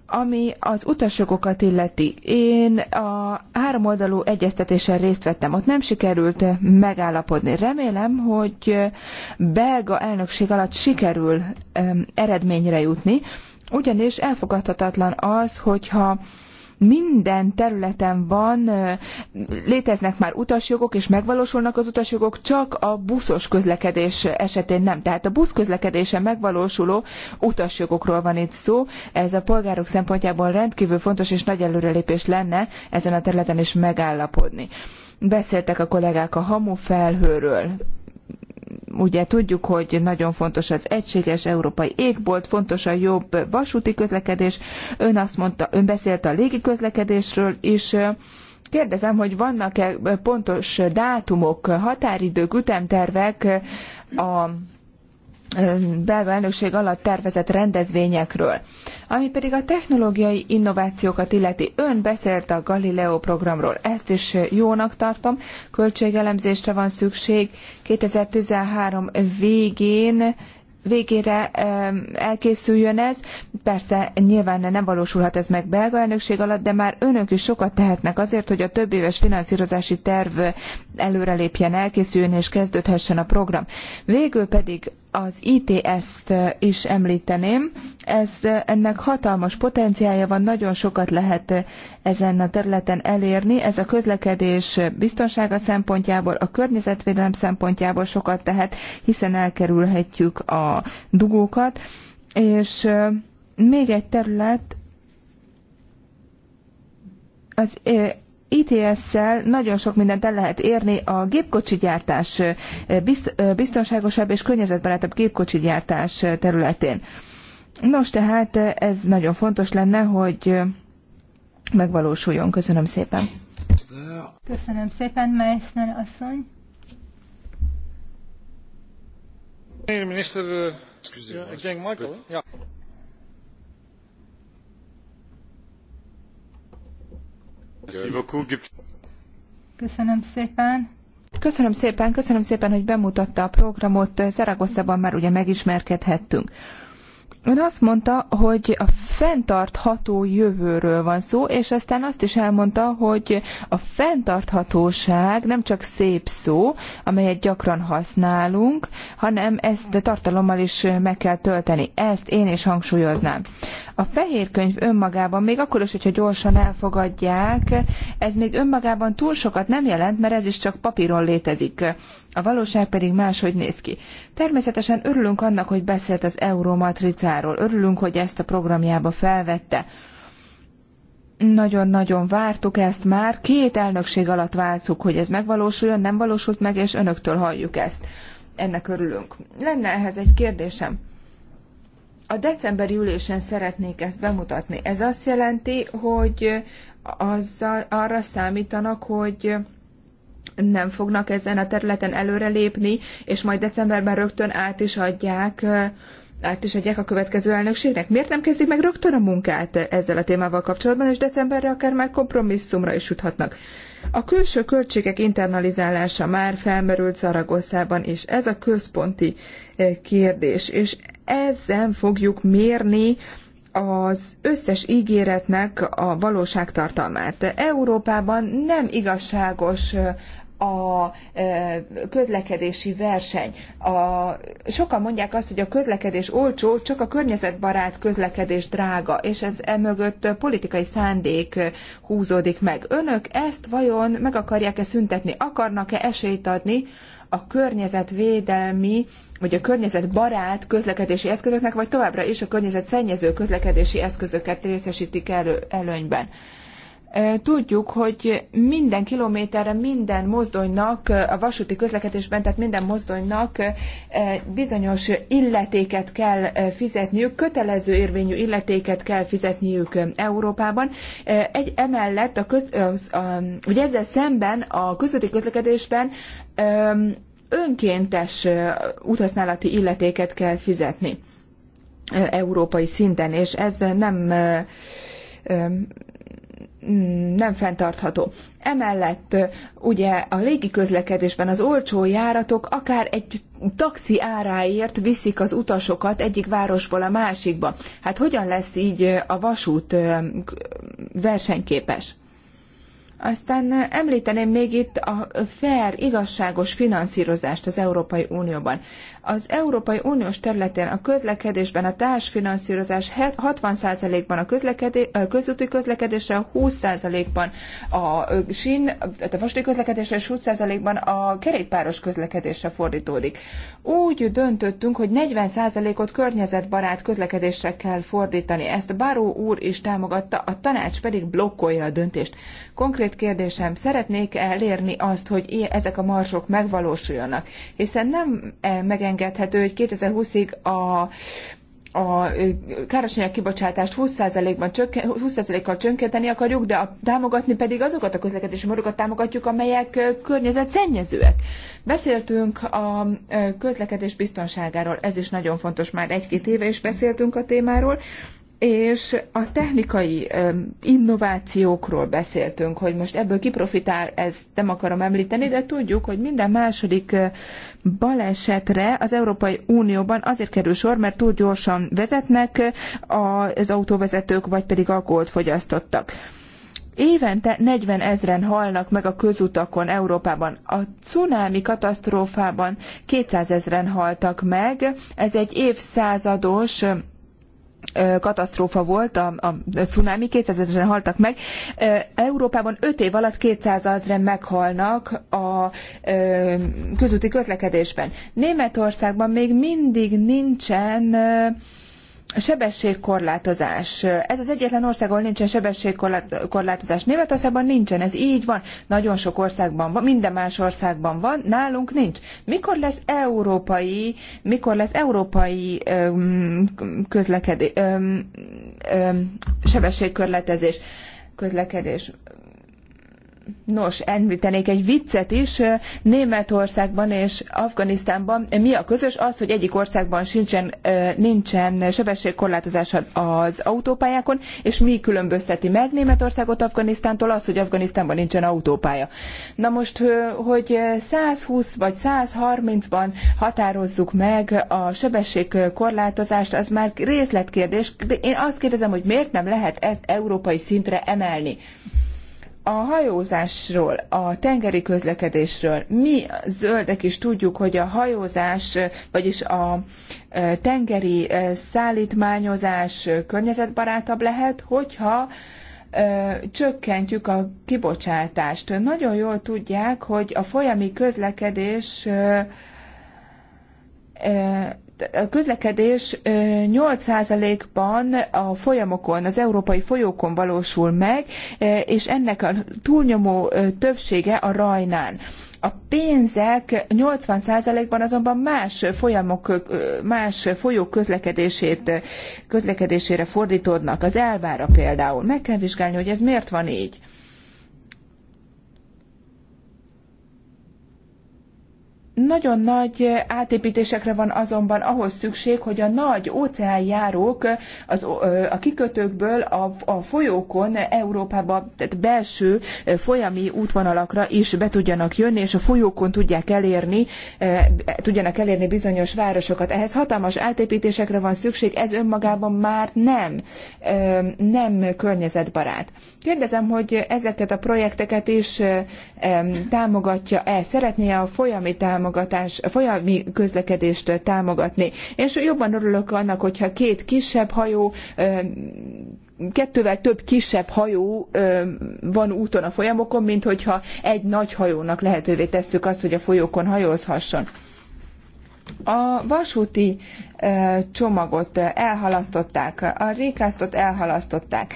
Speaker 3: Ami az utasjogokat illeti, én a háromoldalú egyeztetésen részt vettem, ott nem sikerült megállapodni. Remélem, hogy belga elnökség alatt sikerül eredményre jutni, ugyanis elfogadhatatlan az, hogyha minden területen van, léteznek már utasjogok, és megvalósulnak az utasjogok, csak a buszos közlekedés esetén nem. Tehát a busz közlekedése megvalósuló utasjogokról van itt szó. Ez a polgárok szempontjából rendkívül fontos és nagy előrelépés lenne ezen a területen is megállapodni. Beszéltek a kollégák a hamu felhőről ugye tudjuk, hogy nagyon fontos az egységes európai égbolt, fontos a jobb vasúti közlekedés. Ön azt mondta, ön beszélt a légi közlekedésről is. Kérdezem, hogy vannak-e pontos dátumok, határidők, ütemtervek a belga elnökség alatt tervezett rendezvényekről. Ami pedig a technológiai innovációkat illeti, ön beszélt a Galileo programról, ezt is jónak tartom, költségelemzésre van szükség, 2013 végén végére elkészüljön ez. Persze nyilván nem valósulhat ez meg belga elnökség alatt, de már önök is sokat tehetnek azért, hogy a több éves finanszírozási terv előrelépjen, elkészüljön és kezdődhessen a program. Végül pedig az ITS-t is említeném. Ez, ennek hatalmas potenciálja van, nagyon sokat lehet ezen a területen elérni. Ez a közlekedés biztonsága szempontjából, a környezetvédelem szempontjából sokat tehet, hiszen elkerülhetjük a dugókat. És még egy terület, az ets szel nagyon sok mindent el lehet érni, a gépkocsi gyártás biztonságosabb és környezetbarátabb gépkocsi gyártás területén. Nos, tehát ez nagyon fontos lenne, hogy megvalósuljon. Köszönöm szépen.
Speaker 2: Köszönöm szépen, Meissner asszony. Miniszter,
Speaker 3: uh, Michael. Yeah. Köszönöm szépen. Köszönöm szépen, köszönöm szépen, hogy bemutatta a programot. Zaragoszában már ugye megismerkedhettünk. Ön azt mondta, hogy a fenntartható jövőről van szó, és aztán azt is elmondta, hogy a fenntarthatóság nem csak szép szó, amelyet gyakran használunk, hanem ezt tartalommal is meg kell tölteni. Ezt én is hangsúlyoznám. A fehér könyv önmagában, még akkor is, hogyha gyorsan elfogadják, ez még önmagában túl sokat nem jelent, mert ez is csak papíron létezik. A valóság pedig máshogy néz ki. Természetesen örülünk annak, hogy beszélt az Euromatricáról, Afrikáról. Örülünk, hogy ezt a programjába felvette. Nagyon-nagyon vártuk ezt már. Két elnökség alatt vártuk, hogy ez megvalósuljon, nem valósult meg, és önöktől halljuk ezt. Ennek örülünk. Lenne ehhez egy kérdésem. A decemberi ülésen szeretnék ezt bemutatni. Ez azt jelenti, hogy azzal, arra számítanak, hogy nem fognak ezen a területen előrelépni, és majd decemberben rögtön át is adják át is adják a következő elnökségnek. Miért nem kezdik meg rögtön a munkát ezzel a témával kapcsolatban, és decemberre akár már kompromisszumra is juthatnak? A külső költségek internalizálása már felmerült Zaragoszában, és ez a központi eh, kérdés, és ezen fogjuk mérni az összes ígéretnek a valóságtartalmát. Európában nem igazságos eh, a közlekedési verseny. A, sokan mondják azt, hogy a közlekedés olcsó, csak a környezetbarát közlekedés drága, és ez emögött politikai szándék húzódik meg. Önök ezt vajon meg akarják-e szüntetni? Akarnak-e esélyt adni a környezetvédelmi, vagy a környezetbarát közlekedési eszközöknek, vagy továbbra is a környezetszennyező közlekedési eszközöket részesítik elő, előnyben? Tudjuk, hogy minden kilométerre, minden mozdonynak a vasúti közlekedésben, tehát minden mozdonynak bizonyos illetéket kell fizetniük, kötelező érvényű illetéket kell fizetniük Európában. Egy emellett, a köz, a, ugye ezzel szemben a közúti közlekedésben önkéntes úthasználati illetéket kell fizetni európai szinten, és ez nem Mm, nem fenntartható. Emellett ugye a légiközlekedésben az olcsó járatok akár egy taxi áráért viszik az utasokat egyik városból a másikba. Hát hogyan lesz így a vasút versenyképes? Aztán említeném még itt a fair, igazságos finanszírozást az Európai Unióban. Az Európai Uniós területén a közlekedésben a társfinanszírozás 60%-ban a, közlekedé, a közúti közlekedésre, 20%-ban a sín, tehát a vasúti közlekedésre, és 20%-ban a kerékpáros közlekedésre fordítódik. Úgy döntöttünk, hogy 40%-ot környezetbarát közlekedésre kell fordítani. Ezt Baró úr is támogatta, a tanács pedig blokkolja a döntést. Konkrét kérdésem, szeretnék elérni azt, hogy ezek a marsok megvalósuljanak, hiszen nem e, megengedhető megengedhető, hogy 2020-ig a a károsanyag kibocsátást 20%-ban csökken, 20%-kal csökkenteni akarjuk, de a, támogatni pedig azokat a közlekedési módokat támogatjuk, amelyek környezetszennyezőek. Beszéltünk a közlekedés biztonságáról, ez is nagyon fontos, már egy-két éve is beszéltünk a témáról és a technikai innovációkról beszéltünk, hogy most ebből kiprofitál, ezt nem akarom említeni, de tudjuk, hogy minden második balesetre az Európai Unióban azért kerül sor, mert túl gyorsan vezetnek az autóvezetők, vagy pedig alkoholt fogyasztottak. Évente 40 ezren halnak meg a közutakon Európában. A cunámi katasztrófában 200 ezren haltak meg. Ez egy évszázados katasztrófa volt, a, a cunami, 200 ezeren haltak meg. Európában 5 év alatt 200 ezeren meghalnak a közúti közlekedésben. Németországban még mindig nincsen a sebességkorlátozás. Ez az egyetlen ország, ahol nincsen sebességkorlátozás. Németországban nincsen, ez így van. Nagyon sok országban van, minden más országban van, nálunk nincs. Mikor lesz európai, mikor lesz európai közlekedés, sebességkorlátozás? közlekedés. Nos, említenék egy viccet is. Németországban és Afganisztánban mi a közös? Az, hogy egyik országban sincsen, nincsen sebességkorlátozás az autópályákon, és mi különbözteti meg Németországot Afganisztántól? Az, hogy Afganisztánban nincsen autópálya. Na most, hogy 120 vagy 130-ban határozzuk meg a sebességkorlátozást, az már részletkérdés. De én azt kérdezem, hogy miért nem lehet ezt európai szintre emelni? a hajózásról, a tengeri közlekedésről. Mi zöldek is tudjuk, hogy a hajózás, vagyis a e, tengeri e, szállítmányozás környezetbarátabb lehet, hogyha e, csökkentjük a kibocsátást. Nagyon jól tudják, hogy a folyami közlekedés a közlekedés 8%-ban a folyamokon, az európai folyókon valósul meg, és ennek a túlnyomó többsége a Rajnán. A pénzek 80%-ban azonban más folyamok, más folyók közlekedését, közlekedésére fordítódnak, az elvára például. Meg kell vizsgálni, hogy ez miért van így. Nagyon nagy átépítésekre van azonban ahhoz szükség, hogy a nagy óceánjárók az, a kikötőkből a, a folyókon Európába, tehát belső folyami útvonalakra is be tudjanak jönni, és a folyókon tudják elérni, tudjanak elérni bizonyos városokat. Ehhez hatalmas átépítésekre van szükség, ez önmagában már nem, nem környezetbarát. Kérdezem, hogy ezeket a projekteket is támogatja-e, szeretné -e a folyami támogatást, támogatás, folyami közlekedést támogatni. És jobban örülök annak, hogyha két kisebb hajó kettővel több kisebb hajó van úton a folyamokon, mint hogyha egy nagy hajónak lehetővé tesszük azt, hogy a folyókon hajózhasson. A vasúti csomagot elhalasztották, a rékásztot elhalasztották.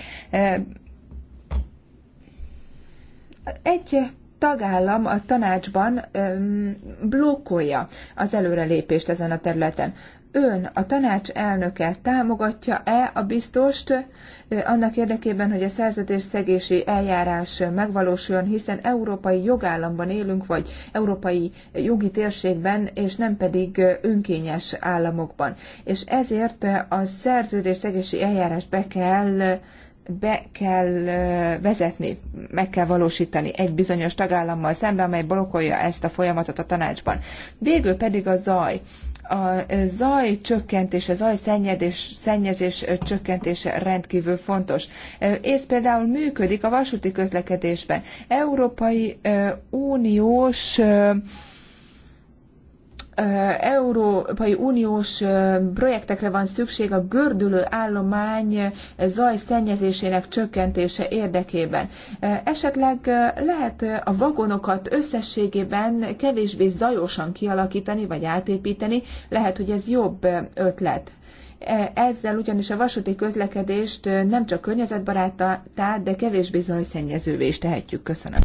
Speaker 3: Egy tagállam a tanácsban blokkolja az előrelépést ezen a területen. Ön a tanács elnöke támogatja-e a biztost annak érdekében, hogy a szegési eljárás megvalósuljon, hiszen európai jogállamban élünk, vagy európai jogi térségben, és nem pedig önkényes államokban. És ezért a szegési eljárást be kell be kell vezetni, meg kell valósítani egy bizonyos tagállammal szemben, amely blokkolja ezt a folyamatot a tanácsban. Végül pedig a zaj. A zaj csökkentése, zaj szennyedés, szennyezés csökkentése rendkívül fontos. Ez például működik a vasúti közlekedésben. Európai Uniós Európai Uniós projektekre van szükség a gördülő állomány zaj szennyezésének csökkentése érdekében. Esetleg lehet a vagonokat összességében kevésbé zajosan kialakítani vagy átépíteni, lehet, hogy ez jobb ötlet. Ezzel ugyanis a vasúti közlekedést nem csak környezetbarátá, de kevésbé zajszennyezővé is tehetjük. Köszönöm.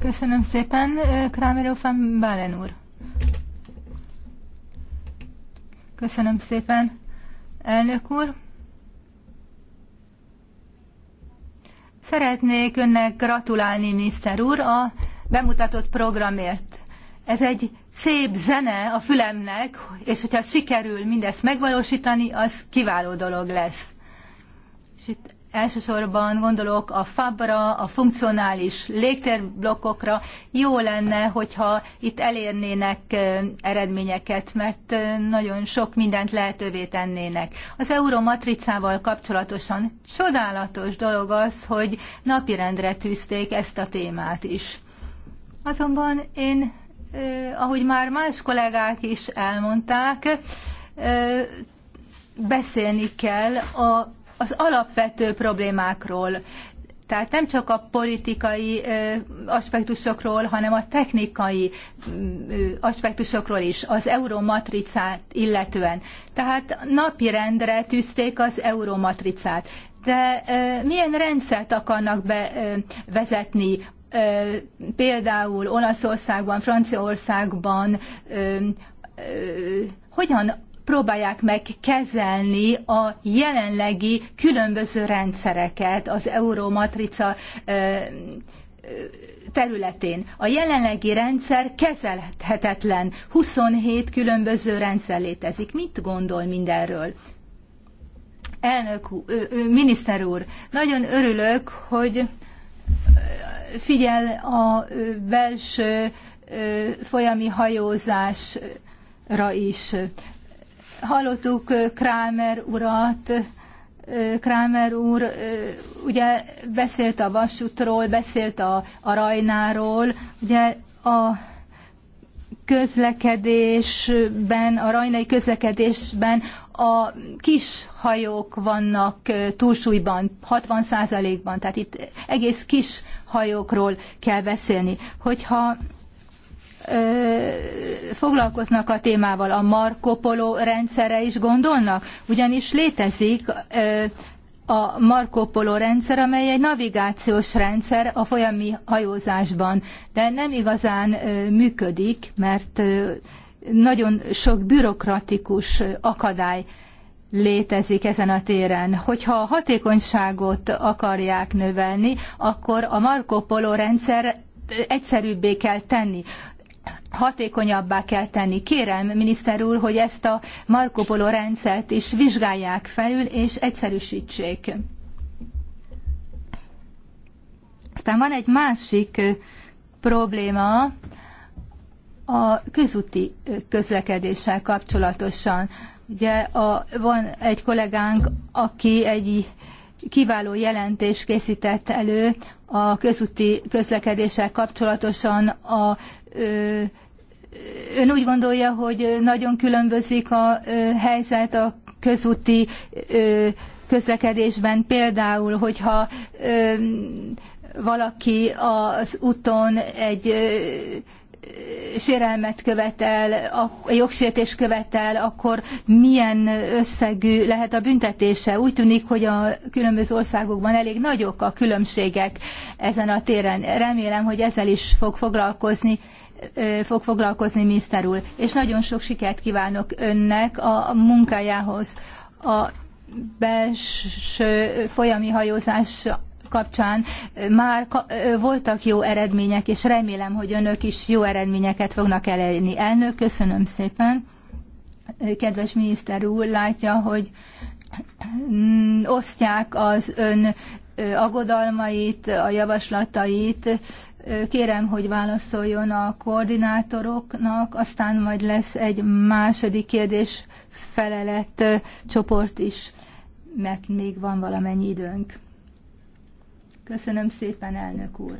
Speaker 2: Köszönöm szépen, Kramer van Bálen úr. Köszönöm szépen, elnök úr. Szeretnék önnek gratulálni, miniszter úr, a bemutatott programért. Ez egy szép zene a fülemnek, és hogyha sikerül mindezt megvalósítani, az kiváló dolog lesz. És itt Elsősorban gondolok a fabra, a funkcionális légtérblokkokra. Jó lenne, hogyha itt elérnének eredményeket, mert nagyon sok mindent lehetővé tennének. Az euromatricával kapcsolatosan csodálatos dolog az, hogy napirendre tűzték ezt a témát is. Azonban én, ahogy már más kollégák is elmondták, beszélni kell a az alapvető problémákról. Tehát nem csak a politikai aspektusokról, hanem a technikai aspektusokról is, az euromatricát illetően. Tehát napirendre tűzték az euromatricát. De milyen rendszert akarnak bevezetni például Olaszországban, Franciaországban, hogyan próbálják meg kezelni a jelenlegi különböző rendszereket az eurómatrica területén. A jelenlegi rendszer kezelhetetlen. 27 különböző rendszer létezik. Mit gondol mindenről? Elnök, miniszter úr, nagyon örülök, hogy figyel a belső folyami hajózásra is. Hallottuk Kramer urat, Kramer úr ugye beszélt a vasútról, beszélt a, a rajnáról, ugye a közlekedésben, a rajnai közlekedésben a kis hajók vannak túlsúlyban, 60%-ban, tehát itt egész kis hajókról kell beszélni. Hogyha foglalkoznak a témával, a Marco Polo rendszerre is gondolnak, ugyanis létezik a Marco Polo rendszer, amely egy navigációs rendszer a folyami hajózásban, de nem igazán működik, mert nagyon sok bürokratikus akadály létezik ezen a téren. Hogyha a hatékonyságot akarják növelni, akkor a Marco Polo rendszer egyszerűbbé kell tenni hatékonyabbá kell tenni. Kérem, miniszter úr, hogy ezt a Marco Polo rendszert is vizsgálják felül, és egyszerűsítsék. Aztán van egy másik probléma a közúti közlekedéssel kapcsolatosan. Ugye a, van egy kollégánk, aki egy kiváló jelentést készített elő a közúti közlekedéssel kapcsolatosan a Ön úgy gondolja, hogy nagyon különbözik a helyzet a közúti közlekedésben, például, hogyha valaki az úton egy sérelmet követel, a jogsértés követel, akkor milyen összegű lehet a büntetése? Úgy tűnik, hogy a különböző országokban elég nagyok a különbségek ezen a téren. Remélem, hogy ezzel is fog foglalkozni fog foglalkozni, miniszter úr, és nagyon sok sikert kívánok önnek a munkájához. A belső folyami hajózás kapcsán már voltak jó eredmények, és remélem, hogy önök is jó eredményeket fognak elérni. Elnök, köszönöm szépen. Kedves miniszter úr, látja, hogy osztják az ön aggodalmait, a javaslatait, Kérem, hogy válaszoljon a koordinátoroknak, aztán majd lesz egy második kérdés felelet csoport is, mert még van valamennyi időnk. Köszönöm szépen, elnök úr!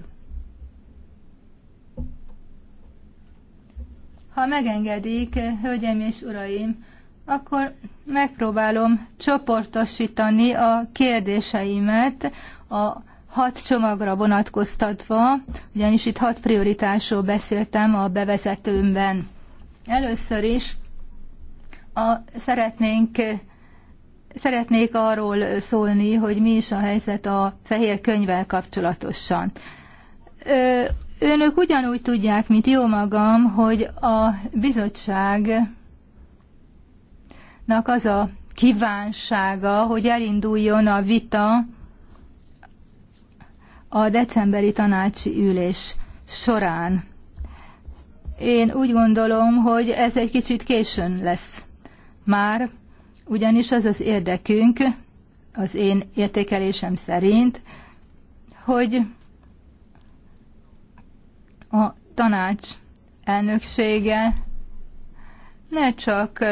Speaker 2: Ha megengedik, hölgyeim és uraim, akkor megpróbálom csoportosítani a kérdéseimet a hat csomagra vonatkoztatva, ugyanis itt hat prioritásról beszéltem a bevezetőmben. Először is a, szeretnénk Szeretnék arról szólni, hogy mi is a helyzet a fehér könyvvel kapcsolatosan. Ö, önök ugyanúgy tudják, mint jó magam, hogy a bizottságnak az a kívánsága, hogy elinduljon a vita a decemberi tanácsi ülés során. Én úgy gondolom, hogy ez egy kicsit későn lesz már, ugyanis az az érdekünk, az én értékelésem szerint, hogy a tanács elnöksége ne csak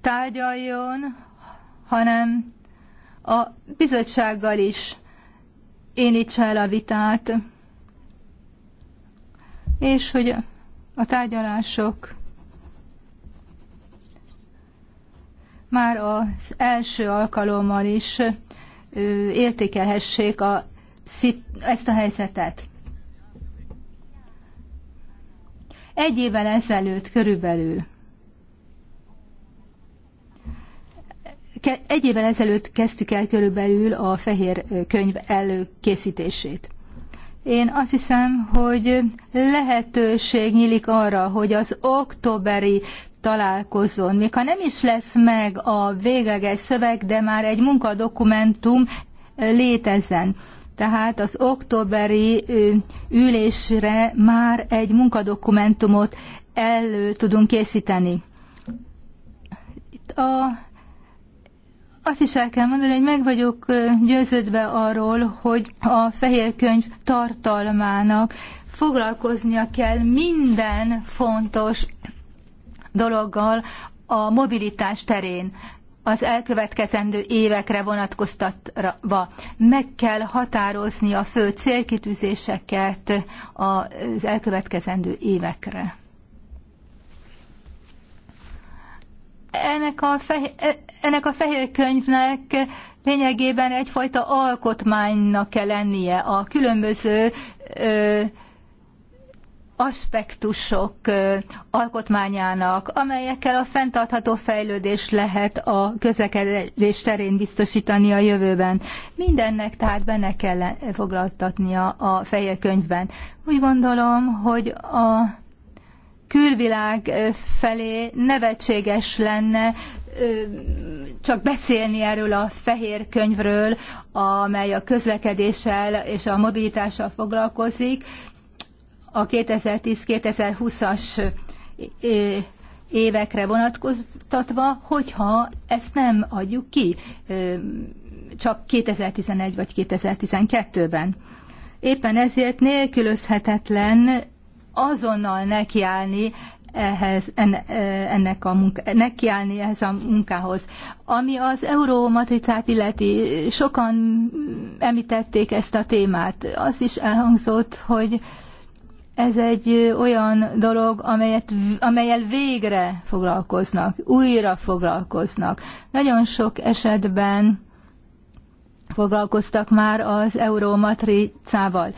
Speaker 2: tárgyaljon, hanem a bizottsággal is indítsa el a vitát, és hogy a tárgyalások már az első alkalommal is értékelhessék a, ezt a helyzetet. Egy évvel ezelőtt körülbelül egy évvel ezelőtt kezdtük el körülbelül a fehér könyv előkészítését. Én azt hiszem, hogy lehetőség nyílik arra, hogy az októberi találkozón, még ha nem is lesz meg a végleges szöveg, de már egy munkadokumentum létezzen. Tehát az októberi ülésre már egy munkadokumentumot elő tudunk készíteni. Itt a azt is el kell mondani, hogy meg vagyok győződve arról, hogy a fehér könyv tartalmának foglalkoznia kell minden fontos dologgal a mobilitás terén az elkövetkezendő évekre vonatkoztatva. Meg kell határozni a fő célkitűzéseket az elkövetkezendő évekre. Ennek a, fehér, e- ennek a fehér könyvnek lényegében egyfajta alkotmánynak kell lennie a különböző ö, aspektusok alkotmányának, amelyekkel a fenntartható fejlődés lehet a közlekedés terén biztosítani a jövőben. Mindennek tehát benne kell foglaltatnia a fehér könyvben. Úgy gondolom, hogy a külvilág felé nevetséges lenne csak beszélni erről a fehér könyvről, amely a közlekedéssel és a mobilitással foglalkozik, a 2010-2020-as évekre vonatkoztatva, hogyha ezt nem adjuk ki csak 2011 vagy 2012-ben. Éppen ezért nélkülözhetetlen azonnal nekiállni ehhez, e, ennek a munka, nekiállni ehhez a munkához. Ami az eurómatricát illeti, sokan említették ezt a témát. Az is elhangzott, hogy ez egy olyan dolog, amelyet, amelyel végre foglalkoznak, újra foglalkoznak. Nagyon sok esetben foglalkoztak már az eurómatricával.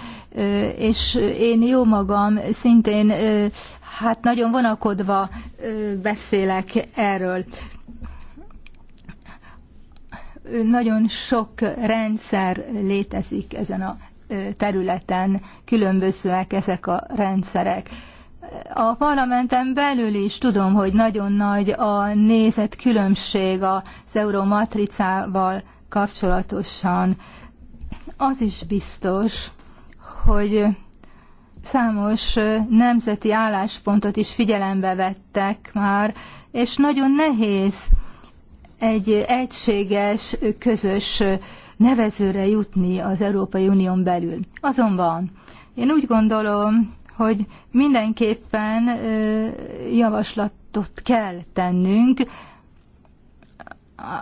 Speaker 2: És én jó magam szintén hát nagyon vonakodva beszélek erről. Nagyon sok rendszer létezik ezen a területen, különbözőek ezek a rendszerek. A parlamenten belül is tudom, hogy nagyon nagy a nézetkülönbség az euromatricával kapcsolatosan az is biztos, hogy számos nemzeti álláspontot is figyelembe vettek már, és nagyon nehéz egy egységes, közös nevezőre jutni az Európai Unión belül. Azonban én úgy gondolom, hogy mindenképpen javaslatot kell tennünk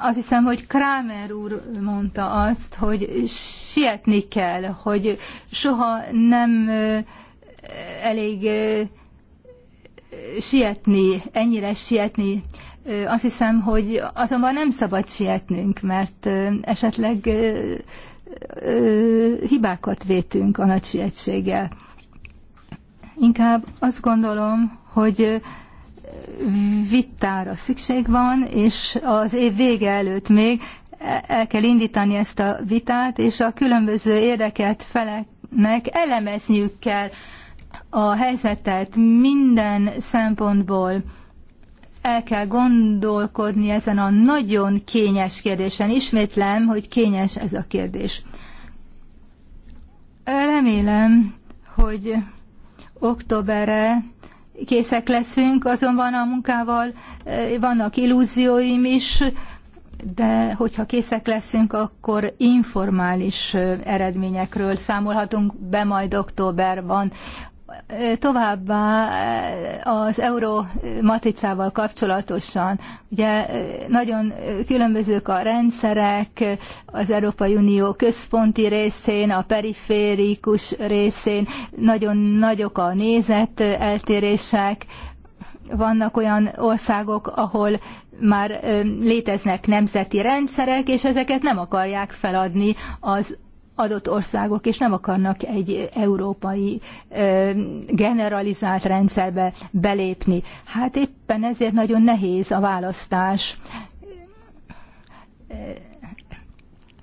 Speaker 2: azt hiszem, hogy Kramer úr mondta azt, hogy sietni kell, hogy soha nem elég sietni, ennyire sietni. Azt hiszem, hogy azonban nem szabad sietnünk, mert esetleg hibákat vétünk a nagy sietséggel. Inkább azt gondolom, hogy vitára szükség van, és az év vége előtt még el kell indítani ezt a vitát, és a különböző érdekelt feleknek elemezniük kell a helyzetet minden szempontból el kell gondolkodni ezen a nagyon kényes kérdésen. Ismétlem, hogy kényes ez a kérdés. Remélem, hogy októberre készek leszünk, azonban a munkával vannak illúzióim is, de hogyha készek leszünk, akkor informális eredményekről számolhatunk be majd októberban Továbbá eh, az euró matricával kapcsolatosan, ugye eh, nagyon eh, különbözők a rendszerek az Európai Unió központi részén, a periférikus részén, nagyon nagyok a nézet eltérések, vannak olyan országok, ahol már léteznek nemzeti rendszerek, és ezeket nem akarják feladni az adott országok, és nem akarnak egy európai generalizált rendszerbe belépni. Hát éppen ezért nagyon nehéz a választás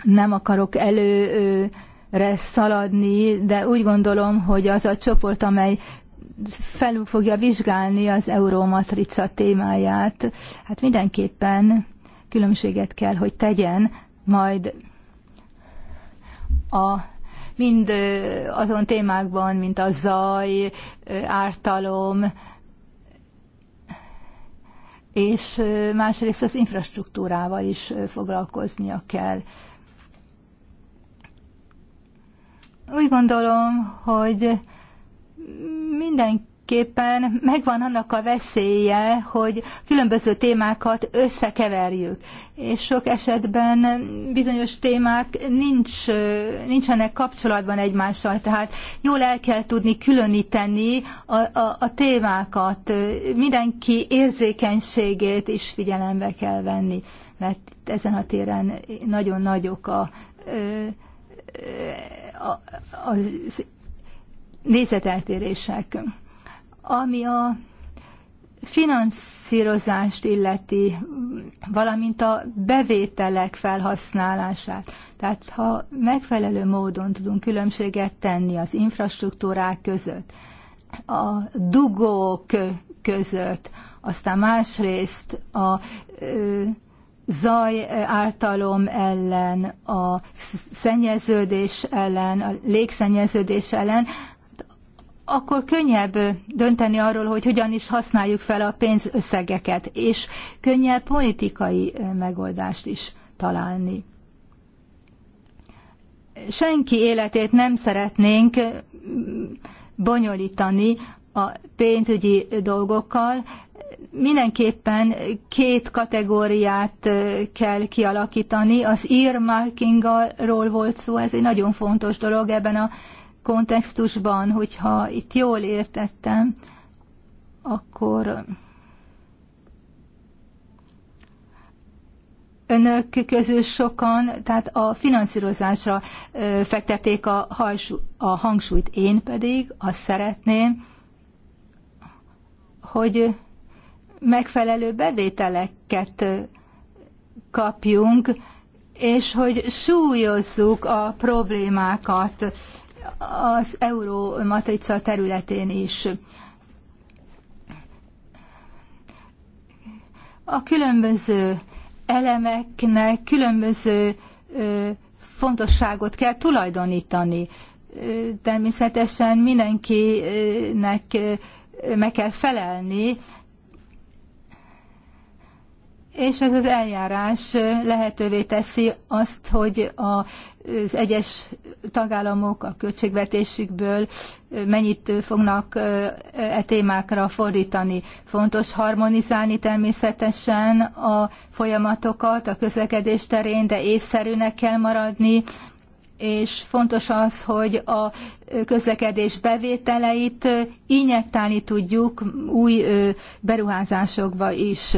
Speaker 2: nem akarok előre szaladni, de úgy gondolom, hogy az a csoport, amely felül fogja vizsgálni az eurómatrica témáját, hát mindenképpen különbséget kell, hogy tegyen majd a mind azon témákban, mint a zaj, ártalom, és másrészt az infrastruktúrával is foglalkoznia kell. Úgy gondolom, hogy mindenki képpen megvan annak a veszélye, hogy különböző témákat összekeverjük. És sok esetben bizonyos témák nincs, nincsenek kapcsolatban egymással, tehát jól el kell tudni különíteni a, a, a témákat. Mindenki érzékenységét is figyelembe kell venni, mert ezen a téren nagyon nagyok a, a, az nézeteltérések. Ami a finanszírozást illeti, valamint a bevételek felhasználását. Tehát ha megfelelő módon tudunk különbséget tenni az infrastruktúrák között, a dugók között, aztán másrészt a zaj ártalom ellen, a szennyeződés ellen, a légszennyeződés ellen, akkor könnyebb dönteni arról, hogy hogyan is használjuk fel a pénzösszegeket, és könnyebb politikai megoldást is találni. Senki életét nem szeretnénk bonyolítani a pénzügyi dolgokkal, mindenképpen két kategóriát kell kialakítani. Az earmarkingról volt szó, ez egy nagyon fontos dolog ebben a kontextusban, hogyha itt jól értettem, akkor önök közül sokan, tehát a finanszírozásra fektették a, hajsú, a hangsúlyt, én pedig azt szeretném, hogy megfelelő bevételeket kapjunk, és hogy súlyozzuk a problémákat az euró matrica területén is. A különböző elemeknek különböző fontosságot kell tulajdonítani. Természetesen mindenkinek meg kell felelni és ez az eljárás lehetővé teszi azt, hogy az egyes tagállamok a költségvetésükből mennyit fognak e témákra fordítani. Fontos harmonizálni természetesen a folyamatokat a közlekedés terén, de észszerűnek kell maradni, és fontos az, hogy a közlekedés bevételeit injektálni tudjuk új beruházásokba is.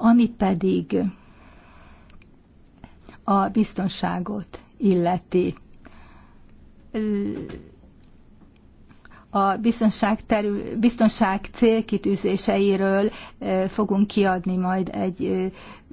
Speaker 2: Ami pedig a biztonságot illeti. A biztonság, terü, biztonság célkitűzéseiről fogunk kiadni majd egy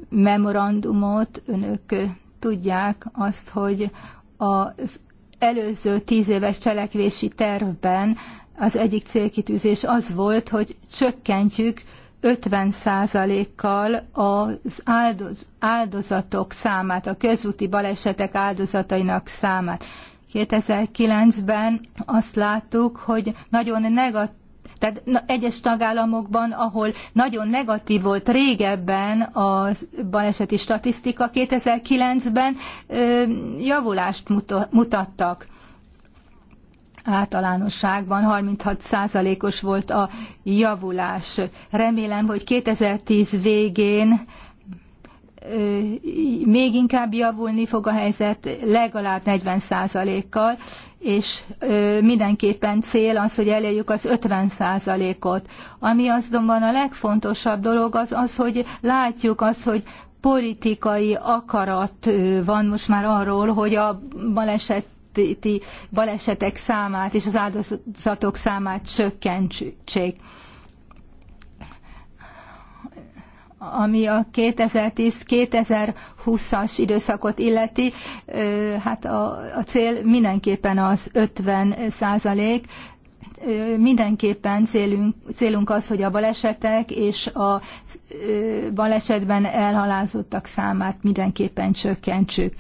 Speaker 2: memorandumot. Önök tudják azt, hogy az előző tíz éves cselekvési tervben az egyik célkitűzés az volt, hogy csökkentjük 50%-kal az áldoz, áldozatok számát, a közúti balesetek áldozatainak számát. 2009-ben azt láttuk, hogy nagyon negatív tehát egyes tagállamokban, ahol nagyon negatív volt régebben a baleseti statisztika, 2009-ben javulást mutattak általánosságban 36 százalékos volt a javulás. Remélem, hogy 2010 végén még inkább javulni fog a helyzet legalább 40 százalékkal, és mindenképpen cél az, hogy elérjük az 50 százalékot. Ami azonban a legfontosabb dolog az az, hogy látjuk az, hogy politikai akarat van most már arról, hogy a baleset közúti balesetek számát és az áldozatok számát csökkentsék. Ami a 2010-2020-as időszakot illeti, hát a, a cél mindenképpen az 50 százalék, mindenképpen célunk, célunk az, hogy a balesetek és a balesetben elhalázottak számát mindenképpen csökkentsük.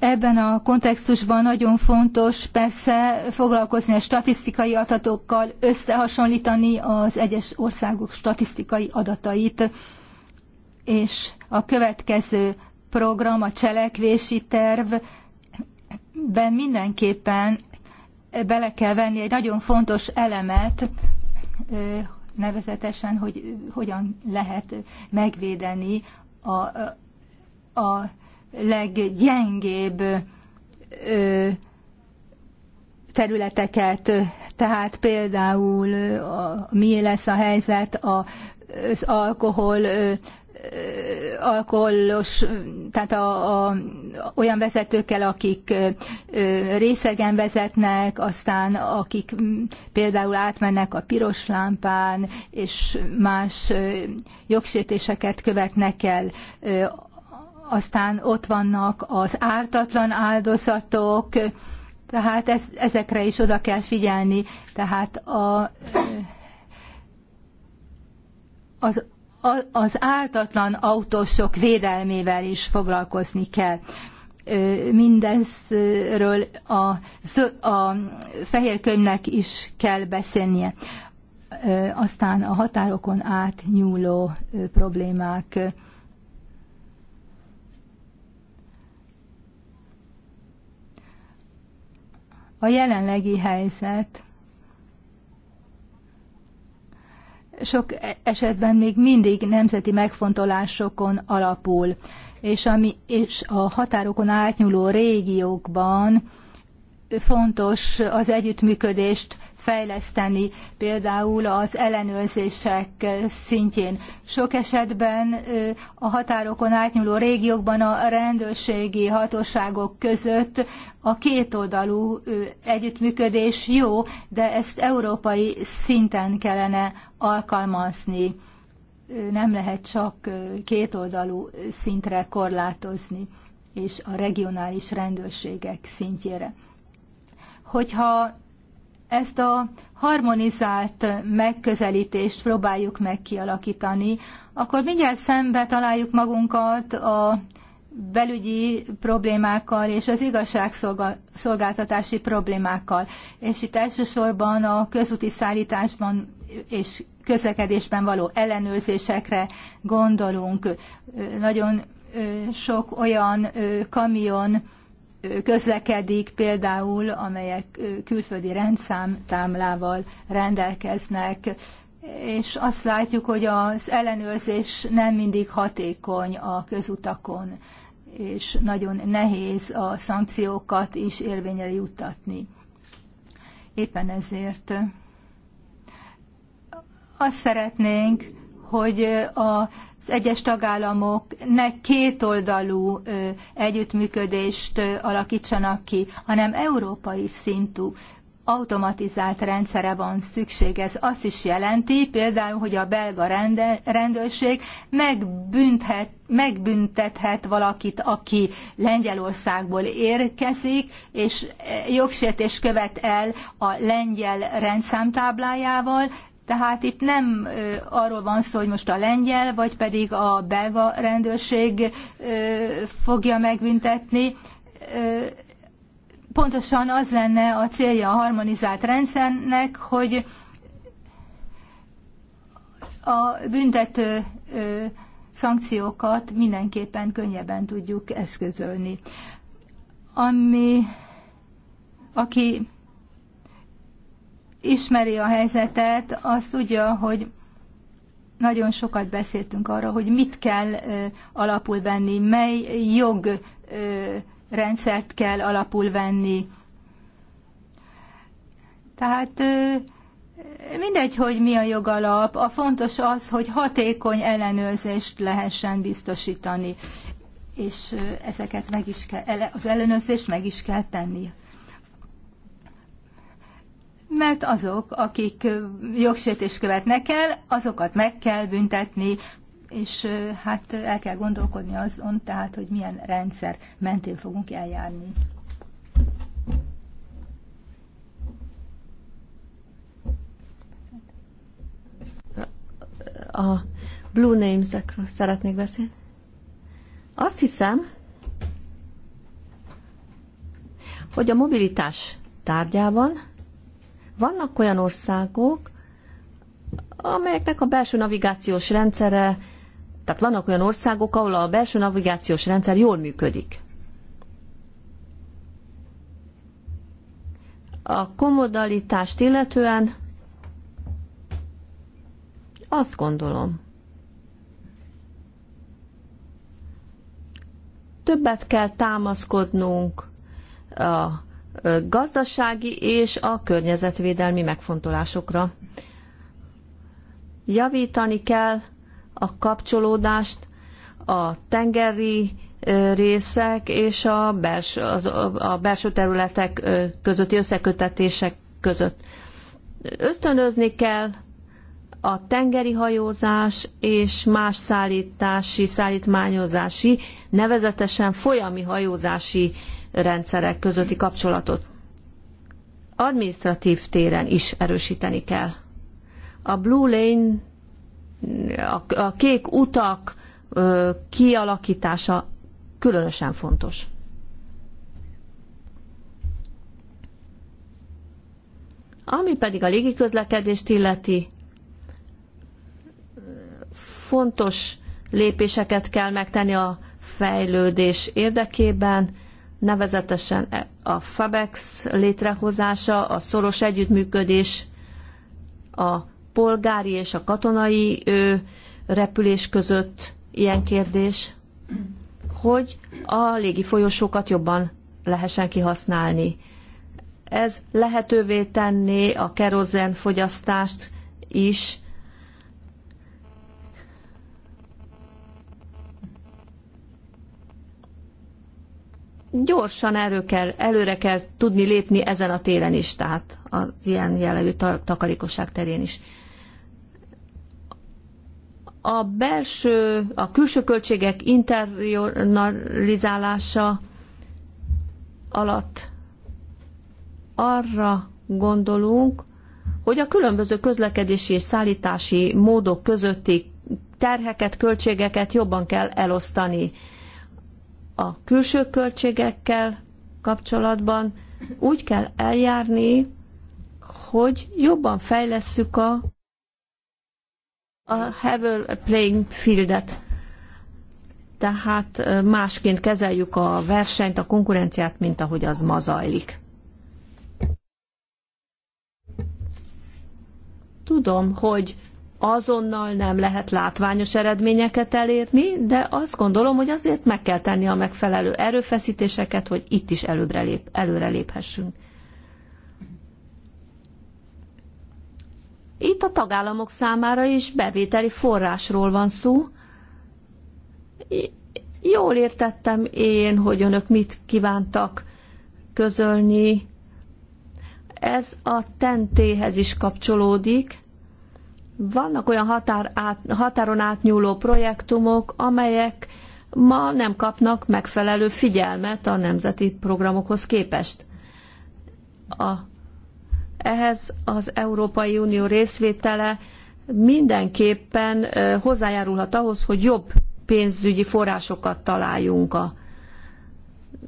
Speaker 2: Ebben a kontextusban nagyon fontos persze foglalkozni a statisztikai adatokkal, összehasonlítani az egyes országok statisztikai adatait, és a következő program, a cselekvési tervben mindenképpen bele kell venni egy nagyon fontos elemet, nevezetesen, hogy hogyan lehet megvédeni a, a leggyengébb területeket, tehát például a, mi lesz a helyzet a, az alkohol alkoholos, tehát a, a, olyan vezetőkkel, akik részegen vezetnek, aztán akik például átmennek a piros lámpán, és más jogsértéseket követnek el aztán ott vannak az ártatlan áldozatok, tehát ez, ezekre is oda kell figyelni. Tehát a, az, az ártatlan autósok védelmével is foglalkozni kell. Mindezről a, a fehér könyvnek is kell beszélnie. Aztán a határokon átnyúló problémák a jelenlegi helyzet. Sok e- esetben még mindig nemzeti megfontolásokon alapul, és, ami, és a határokon átnyúló régiókban fontos az együttműködést fejleszteni, például az ellenőrzések szintjén. Sok esetben a határokon átnyúló régiókban a rendőrségi hatóságok között a kétoldalú együttműködés jó, de ezt európai szinten kellene alkalmazni. Nem lehet csak kétoldalú szintre korlátozni és a regionális rendőrségek szintjére. Hogyha ezt a harmonizált megközelítést próbáljuk meg kialakítani, akkor mindjárt szembe találjuk magunkat a belügyi problémákkal és az igazságszolgáltatási problémákkal. És itt elsősorban a közúti szállításban és közlekedésben való ellenőrzésekre gondolunk. Nagyon sok olyan kamion közlekedik például, amelyek külföldi rendszámtámlával rendelkeznek, és azt látjuk, hogy az ellenőrzés nem mindig hatékony a közutakon, és nagyon nehéz a szankciókat is érvényre juttatni. Éppen ezért azt szeretnénk, hogy az egyes tagállamok ne kétoldalú együttműködést alakítsanak ki, hanem európai szintű automatizált rendszere van szükség. Ez azt is jelenti például, hogy a belga rendőrség megbünthet, megbüntethet valakit, aki Lengyelországból érkezik, és jogsértés követ el a lengyel rendszámtáblájával, tehát itt nem arról van szó, hogy most a lengyel, vagy pedig a belga rendőrség fogja megbüntetni. Pontosan az lenne a célja a harmonizált rendszernek, hogy a büntető szankciókat mindenképpen könnyebben tudjuk eszközölni. Ami, aki ismeri a helyzetet, Az tudja, hogy nagyon sokat beszéltünk arra, hogy mit kell alapul venni, mely jogrendszert kell alapul venni. Tehát mindegy, hogy mi a jogalap, a fontos az, hogy hatékony ellenőrzést lehessen biztosítani, és ezeket meg is kell, az ellenőrzést meg is kell tenni mert azok, akik jogsértést követnek el, azokat meg kell büntetni, és hát el kell gondolkodni azon, tehát, hogy milyen rendszer mentén fogunk eljárni.
Speaker 1: A Blue Names-ekről szeretnék beszélni. Azt hiszem, hogy a mobilitás tárgyában vannak olyan országok, amelyeknek a belső navigációs rendszere, tehát vannak olyan országok, ahol a belső navigációs rendszer jól működik. A komodalitást illetően azt gondolom, többet kell támaszkodnunk a gazdasági és a környezetvédelmi megfontolásokra. Javítani kell a kapcsolódást a tengeri részek és a belső, az, a belső területek közötti összekötetések között. Ösztönözni kell a tengeri hajózás és más szállítási, szállítmányozási, nevezetesen folyami hajózási rendszerek közötti kapcsolatot. Administratív téren is erősíteni kell. A Blue Lane, a, a kék utak ö, kialakítása különösen fontos. Ami pedig a légiközlekedést illeti, fontos lépéseket kell megtenni a fejlődés érdekében, nevezetesen a FABEX létrehozása, a szoros együttműködés a polgári és a katonai repülés között ilyen kérdés, hogy a légi folyosókat jobban lehessen kihasználni. Ez lehetővé tenné a kerozen fogyasztást is, gyorsan elő kell, előre kell tudni lépni ezen a téren is, tehát az ilyen jellegű takarékosság terén is. A belső, a külső költségek internalizálása alatt arra gondolunk, hogy a különböző közlekedési és szállítási módok közötti terheket, költségeket jobban kell elosztani a külső költségekkel kapcsolatban úgy kell eljárni, hogy jobban fejlesszük a, a Havel Playing Fieldet. Tehát másként kezeljük a versenyt, a konkurenciát, mint ahogy az ma zajlik. Tudom, hogy azonnal nem lehet látványos eredményeket elérni, de azt gondolom, hogy azért meg kell tenni a megfelelő erőfeszítéseket, hogy itt is előbbre lép, előre léphessünk. Itt a tagállamok számára is bevételi forrásról van szó. Jól értettem én, hogy önök mit kívántak közölni. Ez a tentéhez is kapcsolódik vannak olyan határ át, határon átnyúló projektumok, amelyek ma nem kapnak megfelelő figyelmet a nemzeti programokhoz képest. A, ehhez az Európai Unió részvétele mindenképpen hozzájárulhat ahhoz, hogy jobb pénzügyi forrásokat találjunk a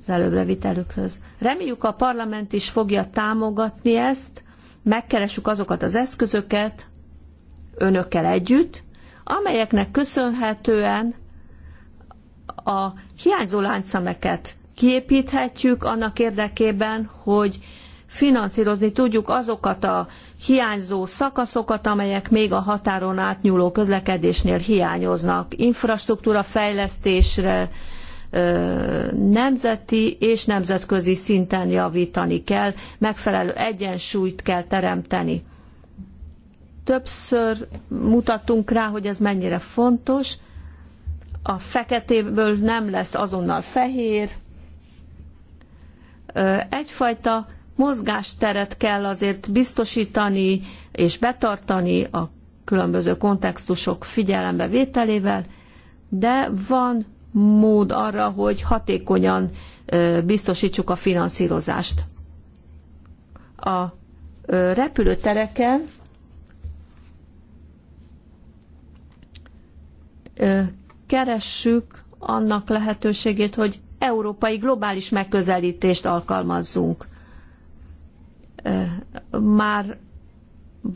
Speaker 1: az előbbre vitelükhöz. Reméljük a parlament is fogja támogatni ezt, megkeressük azokat az eszközöket, önökkel együtt, amelyeknek köszönhetően a hiányzó láncszemeket kiépíthetjük annak érdekében, hogy finanszírozni tudjuk azokat a hiányzó szakaszokat, amelyek még a határon átnyúló közlekedésnél hiányoznak. Infrastruktúra fejlesztésre, nemzeti és nemzetközi szinten javítani kell, megfelelő egyensúlyt kell teremteni. Többször mutattunk rá, hogy ez mennyire fontos. A feketéből nem lesz azonnal fehér. Egyfajta mozgásteret kell azért biztosítani és betartani a különböző kontextusok vételével, de van mód arra, hogy hatékonyan biztosítsuk a finanszírozást. A repülőtereken keressük annak lehetőségét, hogy európai globális megközelítést alkalmazzunk. Már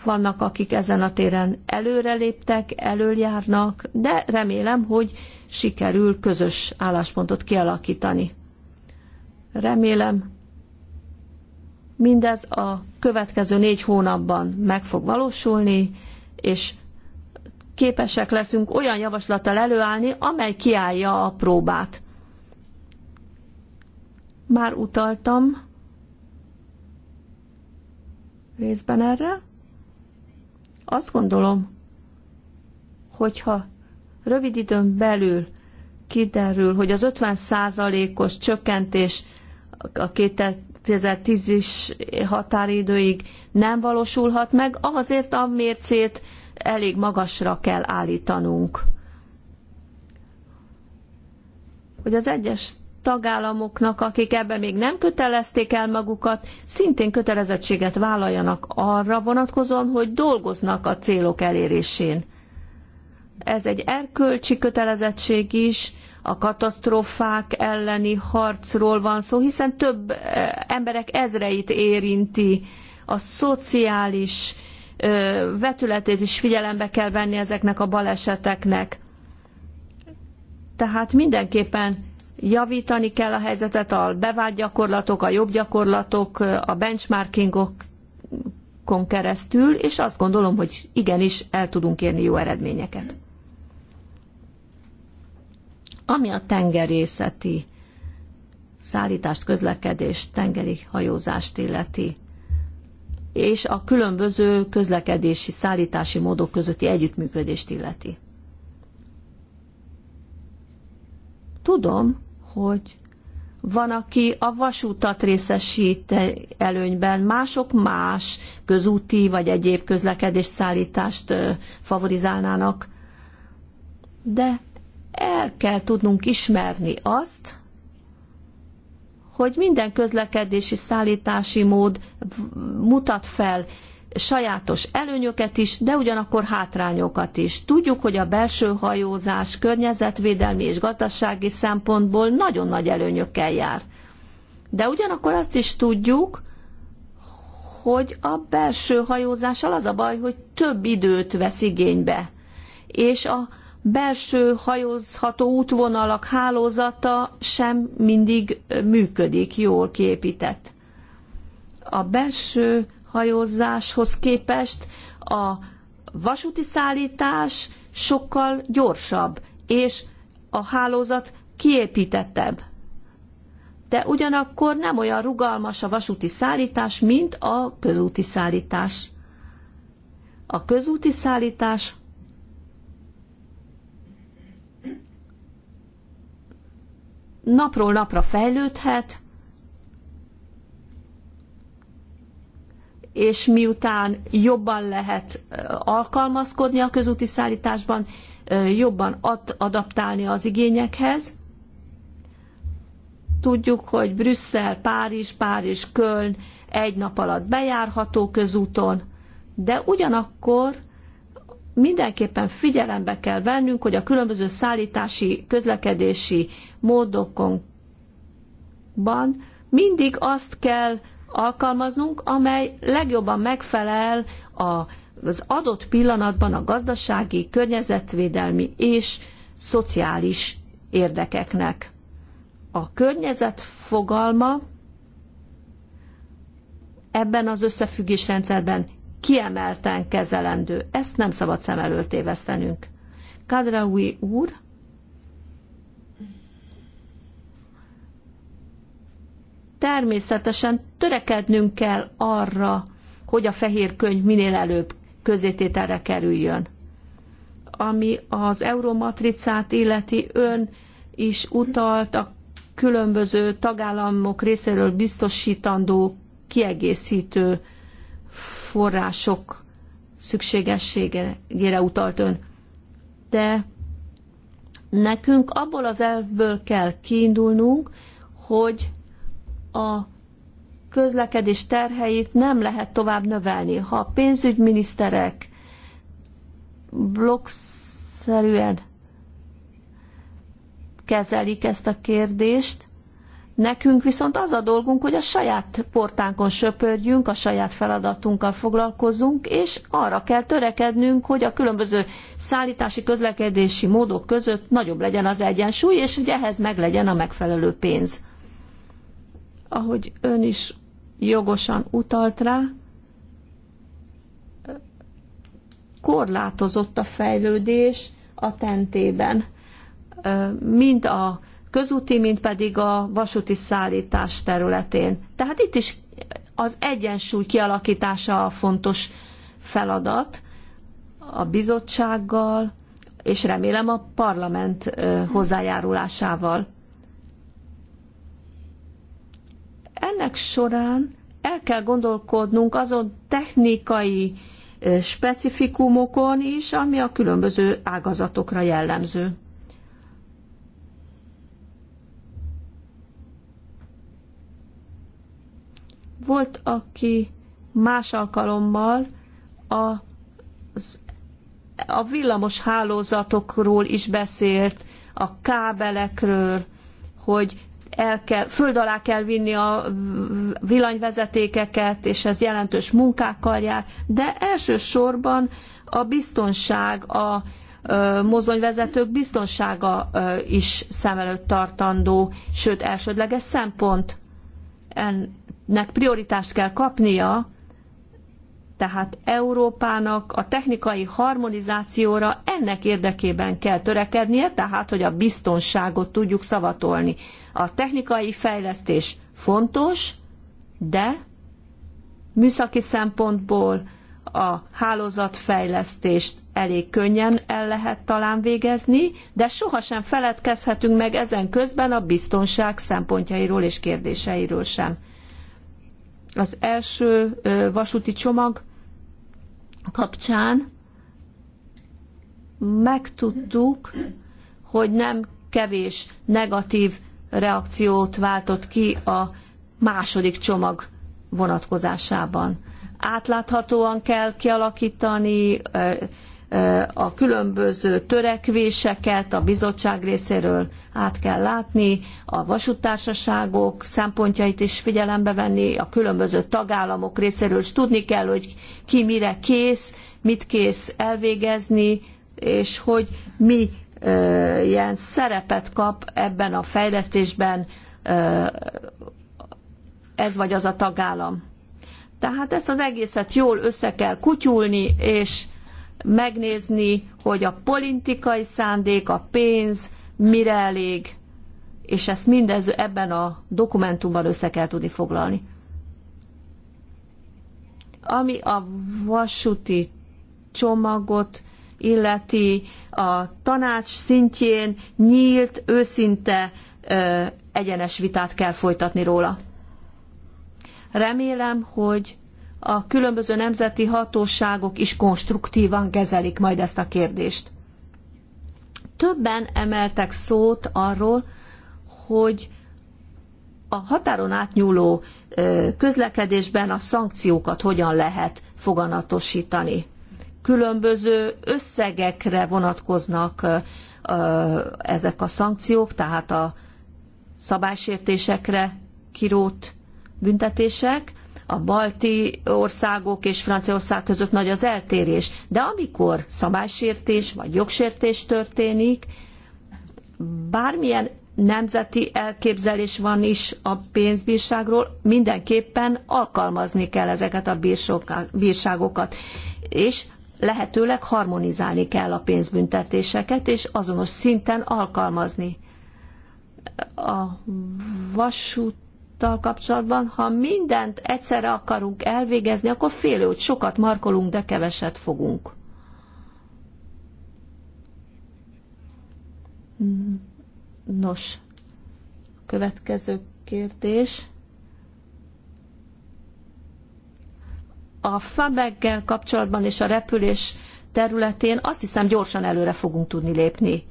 Speaker 1: vannak, akik ezen a téren előreléptek, előjárnak, de remélem, hogy sikerül közös álláspontot kialakítani. Remélem, mindez a következő négy hónapban meg fog valósulni, és képesek leszünk olyan javaslattal előállni, amely kiállja a próbát. Már utaltam részben erre. Azt gondolom, hogyha rövid időn belül kiderül, hogy az 50%-os csökkentés a 2010 es határidőig nem valósulhat meg, azért a mércét elég magasra kell állítanunk. Hogy az egyes tagállamoknak, akik ebbe még nem kötelezték el magukat, szintén kötelezettséget vállaljanak arra vonatkozóan, hogy dolgoznak a célok elérésén. Ez egy erkölcsi kötelezettség is, a katasztrófák elleni harcról van szó, hiszen több eh, emberek ezreit érinti a szociális vetületét is figyelembe kell venni ezeknek a baleseteknek. Tehát mindenképpen javítani kell a helyzetet, a bevált gyakorlatok, a jobb gyakorlatok, a benchmarkingokon keresztül, és azt gondolom, hogy igenis el tudunk érni jó eredményeket. Ami a tengerészeti szállítást, közlekedést, tengeri hajózást illeti és a különböző közlekedési, szállítási módok közötti együttműködést illeti. Tudom, hogy van, aki a vasútat részesít előnyben, mások más közúti vagy egyéb közlekedés szállítást favorizálnának, de el kell tudnunk ismerni azt, hogy minden közlekedési szállítási mód mutat fel sajátos előnyöket is, de ugyanakkor hátrányokat is. Tudjuk, hogy a belső hajózás környezetvédelmi és gazdasági szempontból nagyon nagy előnyökkel jár. De ugyanakkor azt is tudjuk, hogy a belső hajózással az a baj, hogy több időt vesz igénybe. És a belső hajózható útvonalak hálózata sem mindig működik, jól képített. A belső hajózáshoz képest a vasúti szállítás sokkal gyorsabb, és a hálózat kiépítettebb. De ugyanakkor nem olyan rugalmas a vasúti szállítás, mint a közúti szállítás. A közúti szállítás napról napra fejlődhet, és miután jobban lehet alkalmazkodni a közúti szállításban, jobban ad, adaptálni az igényekhez. Tudjuk, hogy Brüsszel, Párizs, Párizs, Köln egy nap alatt bejárható közúton, de ugyanakkor mindenképpen figyelembe kell vennünk, hogy a különböző szállítási, közlekedési módokonban mindig azt kell alkalmaznunk, amely legjobban megfelel a, az adott pillanatban a gazdasági, környezetvédelmi és szociális érdekeknek. A környezet fogalma ebben az összefüggésrendszerben kiemelten kezelendő. Ezt nem szabad szem elől tévesztenünk. Kadrawi úr, természetesen törekednünk kell arra, hogy a fehér könyv minél előbb közétételre kerüljön. Ami az euromatricát illeti ön is utalt a különböző tagállamok részéről biztosítandó kiegészítő források szükségességére utalt ön. De nekünk abból az elvből kell kiindulnunk, hogy a közlekedés terheit nem lehet tovább növelni. Ha a pénzügyminiszterek blokkszerűen kezelik ezt a kérdést, Nekünk viszont az a dolgunk, hogy a saját portánkon söpörjünk, a saját feladatunkkal foglalkozunk, és arra kell törekednünk, hogy a különböző szállítási közlekedési módok között nagyobb legyen az egyensúly, és hogy ehhez meglegyen a megfelelő pénz. Ahogy ön is jogosan utalt rá, korlátozott a fejlődés a tentében, mint a közúti, mint pedig a vasúti szállítás területén. Tehát itt is az egyensúly kialakítása a fontos feladat a bizottsággal, és remélem a parlament hozzájárulásával. Ennek során el kell gondolkodnunk azon technikai specifikumokon is, ami a különböző ágazatokra jellemző. Volt, aki más alkalommal a, a villamos hálózatokról is beszélt, a kábelekről, hogy el kell, föld alá kell vinni a villanyvezetékeket, és ez jelentős munkákkal jár, de elsősorban a biztonság, a mozdonyvezetők biztonsága is szem előtt tartandó, sőt elsődleges szempont nek prioritást kell kapnia, tehát Európának a technikai harmonizációra ennek érdekében kell törekednie, tehát hogy a biztonságot tudjuk szavatolni. A technikai fejlesztés fontos, de műszaki szempontból a hálózatfejlesztést elég könnyen el lehet talán végezni, de sohasem feledkezhetünk meg ezen közben a biztonság szempontjairól és kérdéseiről sem az első vasúti csomag kapcsán megtudtuk, hogy nem kevés negatív reakciót váltott ki a második csomag vonatkozásában. Átláthatóan kell kialakítani, a különböző törekvéseket a bizottság részéről át kell látni, a vasútársaságok szempontjait is figyelembe venni, a különböző tagállamok részéről is tudni kell, hogy ki mire kész, mit kész elvégezni, és hogy mi ilyen szerepet kap ebben a fejlesztésben ez vagy az a tagállam. Tehát ezt az egészet jól össze kell kutyulni, és megnézni, hogy a politikai szándék, a pénz mire elég, és ezt mindez ebben a dokumentumban össze kell tudni foglalni. Ami a vasúti csomagot illeti a tanács szintjén nyílt, őszinte ö, egyenes vitát kell folytatni róla. Remélem, hogy a különböző nemzeti hatóságok is konstruktívan kezelik majd ezt a kérdést. Többen emeltek szót arról, hogy a határon átnyúló közlekedésben a szankciókat hogyan lehet foganatosítani. Különböző összegekre vonatkoznak ezek a szankciók, tehát a szabálysértésekre kirót büntetések, a balti országok és Franciaország között nagy az eltérés. De amikor szabálysértés vagy jogsértés történik, bármilyen nemzeti elképzelés van is a pénzbírságról, mindenképpen alkalmazni kell ezeket a bírságokat. És lehetőleg harmonizálni kell a pénzbüntetéseket, és azonos szinten alkalmazni. A vasút tal kapcsolatban, ha mindent egyszerre akarunk elvégezni, akkor félő, hogy sokat markolunk, de keveset fogunk. Nos, következő kérdés. A fabeggel kapcsolatban és a repülés területén azt hiszem gyorsan előre fogunk tudni lépni.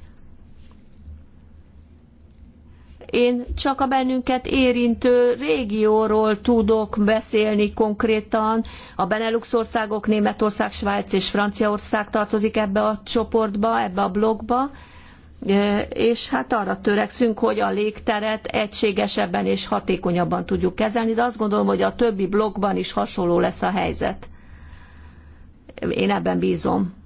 Speaker 1: Én csak a bennünket érintő régióról tudok beszélni konkrétan. A Benelux országok, Németország, Svájc és Franciaország tartozik ebbe a csoportba, ebbe a blogba és hát arra törekszünk, hogy a légteret egységesebben és hatékonyabban tudjuk kezelni, de azt gondolom, hogy a többi blokkban is hasonló lesz a helyzet. Én ebben bízom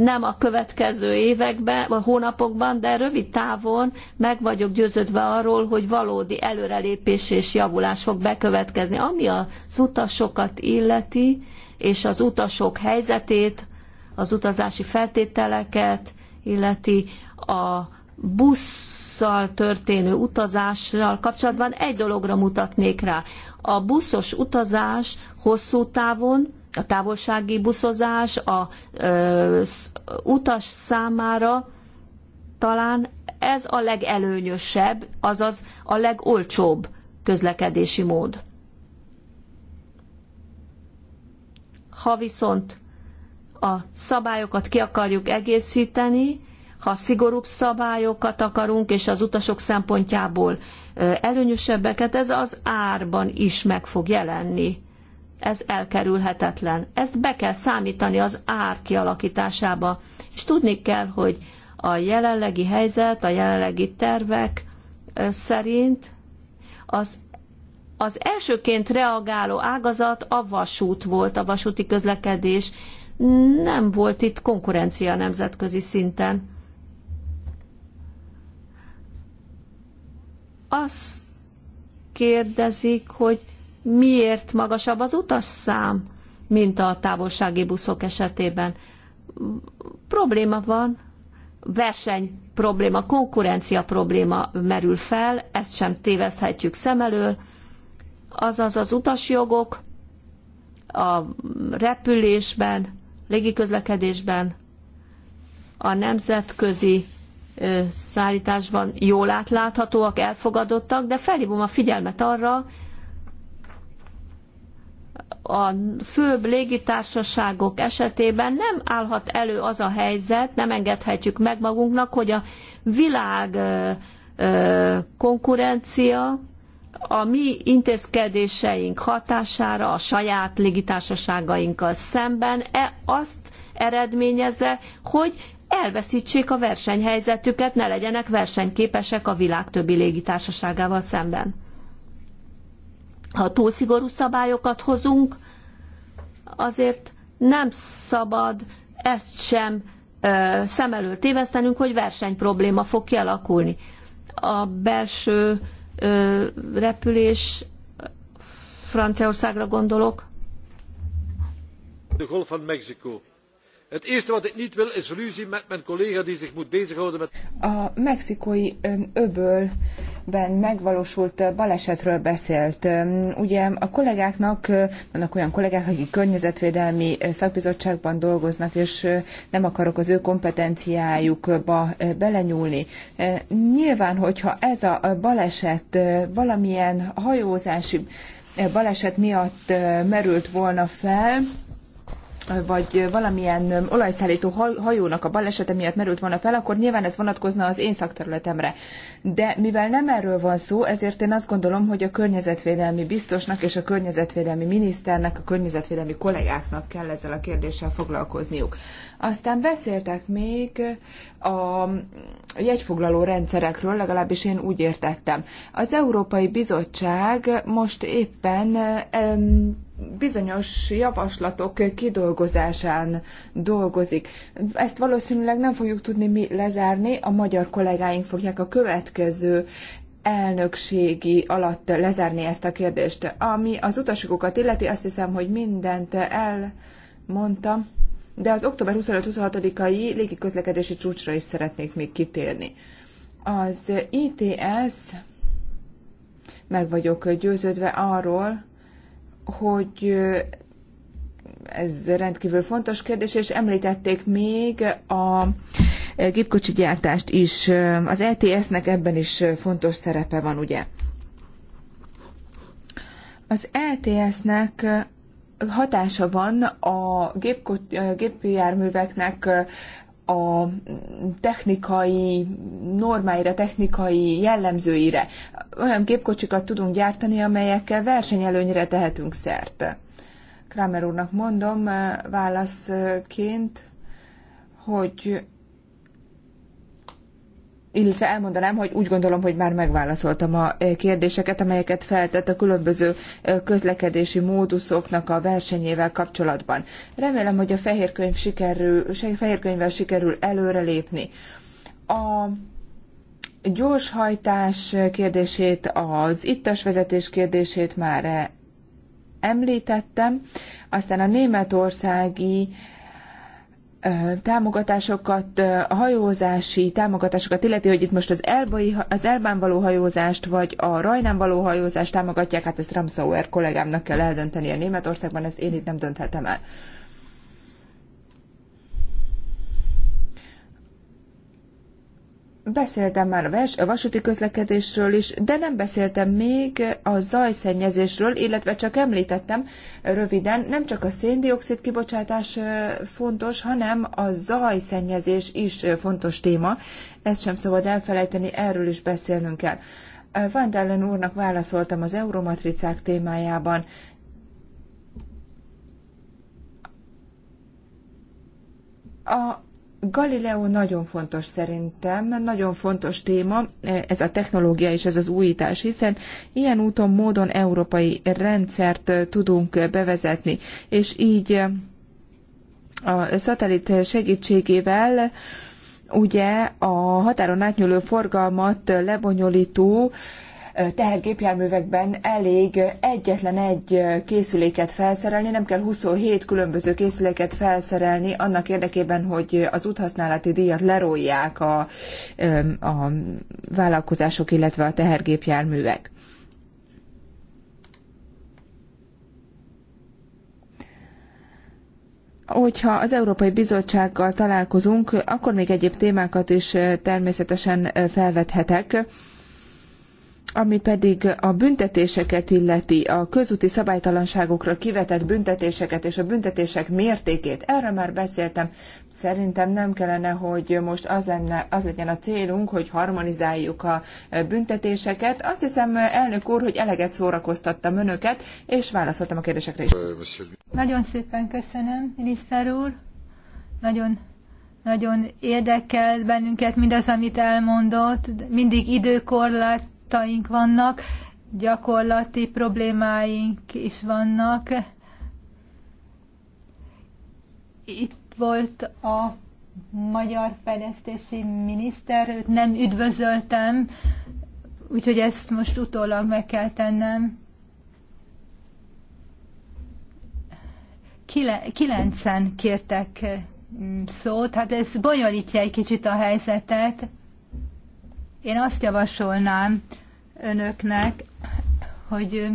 Speaker 1: nem a következő években, vagy hónapokban, de rövid távon meg vagyok győződve arról, hogy valódi előrelépés és javulás fog bekövetkezni. Ami az utasokat illeti, és az utasok helyzetét, az utazási feltételeket illeti, a busszal történő utazással kapcsolatban egy dologra mutatnék rá. A buszos utazás hosszú távon a távolsági buszozás a ö, utas számára talán ez a legelőnyösebb, azaz a legolcsóbb közlekedési mód. Ha viszont a szabályokat ki akarjuk egészíteni, ha szigorúbb szabályokat akarunk, és az utasok szempontjából előnyösebbeket, ez az árban is meg fog jelenni ez elkerülhetetlen. Ezt be kell számítani az ár kialakításába, és tudni kell, hogy a jelenlegi helyzet, a jelenlegi tervek szerint az, az elsőként reagáló ágazat a vasút volt, a vasúti közlekedés. Nem volt itt konkurencia nemzetközi szinten. Azt kérdezik, hogy miért magasabb az utasszám, mint a távolsági buszok esetében. Probléma van, verseny probléma, konkurencia probléma merül fel, ezt sem téveszthetjük szem elől, azaz az utasjogok a repülésben, légiközlekedésben, a nemzetközi szállításban jól átláthatóak, elfogadottak, de felhívom a figyelmet arra, a főbb légitársaságok esetében nem állhat elő az a helyzet, nem engedhetjük meg magunknak, hogy a világ konkurencia a mi intézkedéseink hatására a saját légitársaságainkkal szemben e azt eredményezze, hogy elveszítsék a versenyhelyzetüket, ne legyenek versenyképesek a világ többi légitársaságával szemben. Ha túl szigorú szabályokat hozunk, azért nem szabad ezt sem ö, szem elől tévesztenünk, hogy versenyprobléma fog kialakulni. A belső ö, repülés, Franciaországra gondolok. Het eerste wat ik niet wil is ruzie met mijn collega die zich moet bezighouden met... A mexikói
Speaker 3: um, öbölben megvalósult uh, balesetről beszélt. Um, ugye a kollégáknak, uh, vannak olyan kollégák, akik környezetvédelmi uh, szakbizottságban dolgoznak, és nem akarok az ő kompetenciájukba belenyúlni. Nyilván, hogyha ez a baleset valamilyen hajózási baleset miatt merült volna fel, vagy valamilyen olajszállító hajónak a balesete miatt merült volna fel, akkor nyilván ez vonatkozna az én szakterületemre. De mivel nem erről van szó, ezért én azt gondolom, hogy a környezetvédelmi biztosnak és a környezetvédelmi miniszternek, a környezetvédelmi kollégáknak kell ezzel a kérdéssel foglalkozniuk. Aztán beszéltek még a jegyfoglaló rendszerekről, legalábbis én úgy értettem. Az Európai Bizottság most éppen bizonyos javaslatok kidolgozásán dolgozik. Ezt valószínűleg nem fogjuk tudni mi lezárni, a magyar kollégáink fogják a következő elnökségi alatt lezárni ezt a kérdést. Ami az utasokat illeti, azt hiszem, hogy mindent elmondtam de az október 25-26-ai közlekedési csúcsra is szeretnék még kitérni. Az ITS, meg vagyok győződve arról, hogy ez rendkívül fontos kérdés, és említették még a gépkocsi gyártást is. Az ETS-nek ebben is fontos szerepe van, ugye? Az ETS-nek hatása van a gépjárműveknek a technikai normáira, technikai jellemzőire. Olyan gépkocsikat tudunk gyártani, amelyekkel versenyelőnyre tehetünk szert. Kramer úrnak mondom válaszként, hogy illetve elmondanám, hogy úgy gondolom, hogy már megválaszoltam a eh, kérdéseket, amelyeket feltett a különböző eh, közlekedési móduszoknak a versenyével kapcsolatban. Remélem, hogy a fehérkönyv sikerül, fehérkönyvvel sikerül előrelépni. A gyorshajtás kérdését, az ittas vezetés kérdését már eh, említettem, aztán a németországi támogatásokat, a hajózási támogatásokat illeti, hogy itt most az, elbai, az Elbán való hajózást, vagy a Rajnán való hajózást támogatják, hát ezt Ramsauer kollégámnak kell eldönteni a Németországban, ezt én itt nem dönthetem el. Beszéltem már a, vers, a vasúti közlekedésről is, de nem beszéltem még a zajszennyezésről, illetve csak említettem röviden, nem csak a széndiokszid kibocsátás fontos, hanem a zajszennyezés is fontos téma. Ezt sem szabad elfelejteni, erről is beszélnünk kell. Van Dellen úrnak válaszoltam az euromatricák témájában. A Galileo nagyon fontos szerintem, nagyon fontos téma, e, ez a technológia és ez az újítás, hiszen ilyen úton, módon európai rendszert e, tudunk bevezetni, és így e, a szatellit segítségével ugye a határon átnyúló forgalmat lebonyolító tehergépjárművekben elég egyetlen egy készüléket felszerelni, nem kell 27 különböző készüléket felszerelni annak érdekében, hogy az úthasználati díjat lerolják a, a vállalkozások, illetve a tehergépjárművek. hogyha az Európai Bizottsággal találkozunk, akkor még egyéb témákat is természetesen felvethetek ami pedig a büntetéseket illeti, a közúti szabálytalanságokra kivetett büntetéseket és a büntetések mértékét, erről már beszéltem. Szerintem nem kellene, hogy most az, lenne, az legyen a célunk, hogy harmonizáljuk a büntetéseket. Azt hiszem, elnök úr, hogy eleget szórakoztattam önöket, és válaszoltam a kérdésekre is.
Speaker 2: Nagyon szépen köszönöm, miniszter úr. Nagyon nagyon érdekel bennünket mindaz, amit elmondott. Mindig időkorlát gondjaink vannak, gyakorlati problémáink is vannak. Itt volt a magyar fejlesztési miniszter, őt nem üdvözöltem, úgyhogy ezt most utólag meg kell tennem. Kilencen kértek mm, szót, hát ez bonyolítja egy kicsit a helyzetet. Én azt javasolnám önöknek, hogy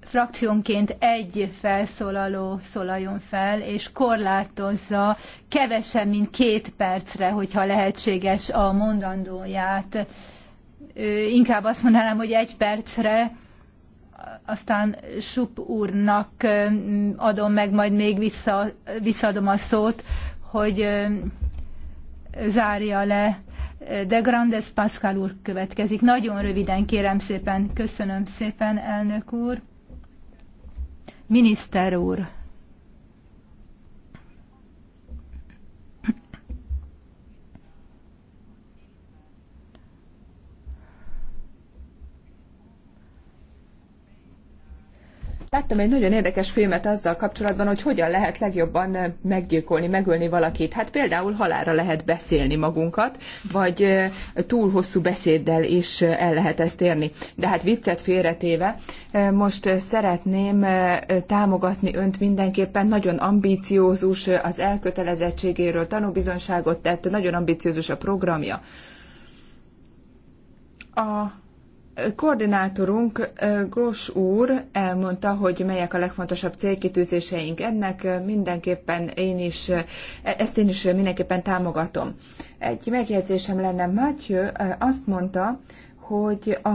Speaker 2: frakciónként egy felszólaló szólaljon fel, és korlátozza kevesebb, mint két percre, hogyha lehetséges a mondandóját. Inkább azt mondanám, hogy egy percre, aztán Sup úrnak adom meg, majd még vissza, visszaadom a szót, hogy zárja le de Grandes Pascal úr következik. Nagyon röviden kérem szépen. Köszönöm szépen, elnök úr. Miniszter úr.
Speaker 3: Láttam egy nagyon érdekes filmet azzal kapcsolatban, hogy hogyan lehet legjobban eh, meggyilkolni, megölni valakit. Hát például halára lehet beszélni magunkat, vagy eh, túl hosszú beszéddel is eh, el lehet ezt érni. De hát viccet félretéve, most szeretném támogatni önt mindenképpen. Nagyon ambíciózus az elkötelezettségéről tanúbizonságot tett, nagyon ambíciózus a programja. A Koordinátorunk Gros úr elmondta, hogy melyek a legfontosabb célkitűzéseink ennek, mindenképpen én is, ezt én is mindenképpen támogatom. Egy megjegyzésem lenne, Mathieu azt mondta, hogy a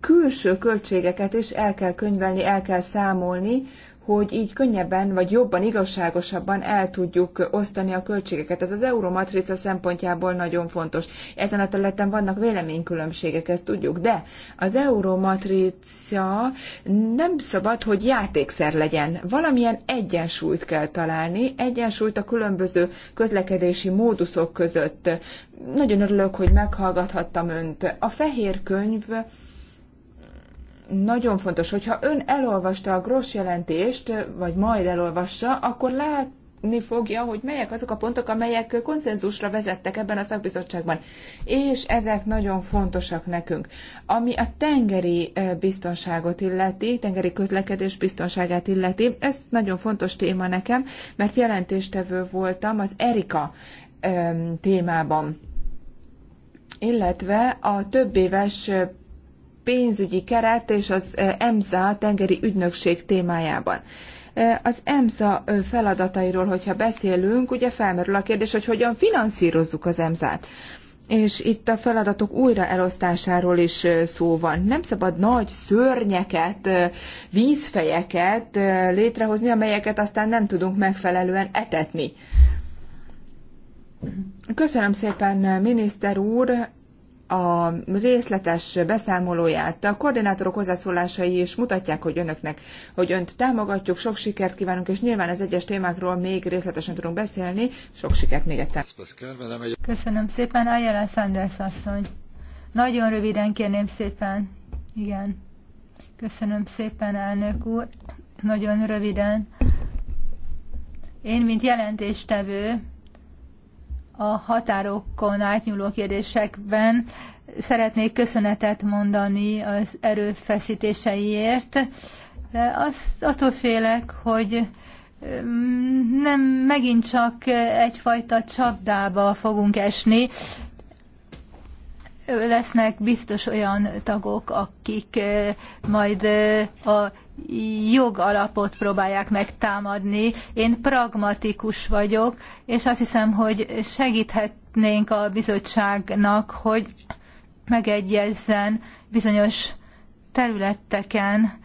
Speaker 3: külső költségeket is el kell könyvelni, el kell számolni, hogy így könnyebben vagy jobban, igazságosabban el tudjuk osztani a költségeket. Ez az euromatrica szempontjából nagyon fontos. Ezen a területen vannak véleménykülönbségek, ezt tudjuk, de az euromatrica nem szabad, hogy játékszer legyen. Valamilyen egyensúlyt kell találni, egyensúlyt a különböző közlekedési móduszok között. Nagyon örülök, hogy meghallgathattam önt. A fehér könyv nagyon fontos, hogyha ön elolvasta a Gross jelentést, vagy majd elolvassa, akkor lehet látni fogja, hogy melyek azok a pontok, amelyek konszenzusra vezettek ebben a szakbizottságban. És ezek nagyon fontosak nekünk. Ami a tengeri biztonságot illeti, tengeri közlekedés biztonságát illeti, ez nagyon fontos téma nekem, mert jelentéstevő voltam az Erika témában illetve a több éves pénzügyi keret és az EMSA tengeri ügynökség témájában. Az EMSA feladatairól, hogyha beszélünk, ugye felmerül a kérdés, hogy hogyan finanszírozzuk az EMSA-t. És itt a feladatok újraelosztásáról is szó van. Nem szabad nagy szörnyeket, vízfejeket létrehozni, amelyeket aztán nem tudunk megfelelően etetni. Köszönöm szépen, miniszter úr, a részletes beszámolóját. A koordinátorok hozzászólásai is mutatják, hogy önöknek, hogy önt támogatjuk, sok sikert kívánunk, és nyilván az egyes témákról még részletesen tudunk beszélni. Sok sikert még egyszer.
Speaker 2: Köszönöm szépen, Ayala Sanders asszony. Nagyon röviden kérném szépen. Igen. Köszönöm szépen, elnök úr. Nagyon röviden. Én, mint jelentéstevő, a határokon átnyúló kérdésekben szeretnék köszönetet mondani az erőfeszítéseiért. Azt attól félek, hogy mm, nem megint csak egyfajta csapdába fogunk esni, lesznek biztos olyan tagok, akik eh, majd eh, a jogalapot próbálják megtámadni. Én pragmatikus vagyok, és azt hiszem, hogy segíthetnénk a bizottságnak, hogy megegyezzen bizonyos területeken,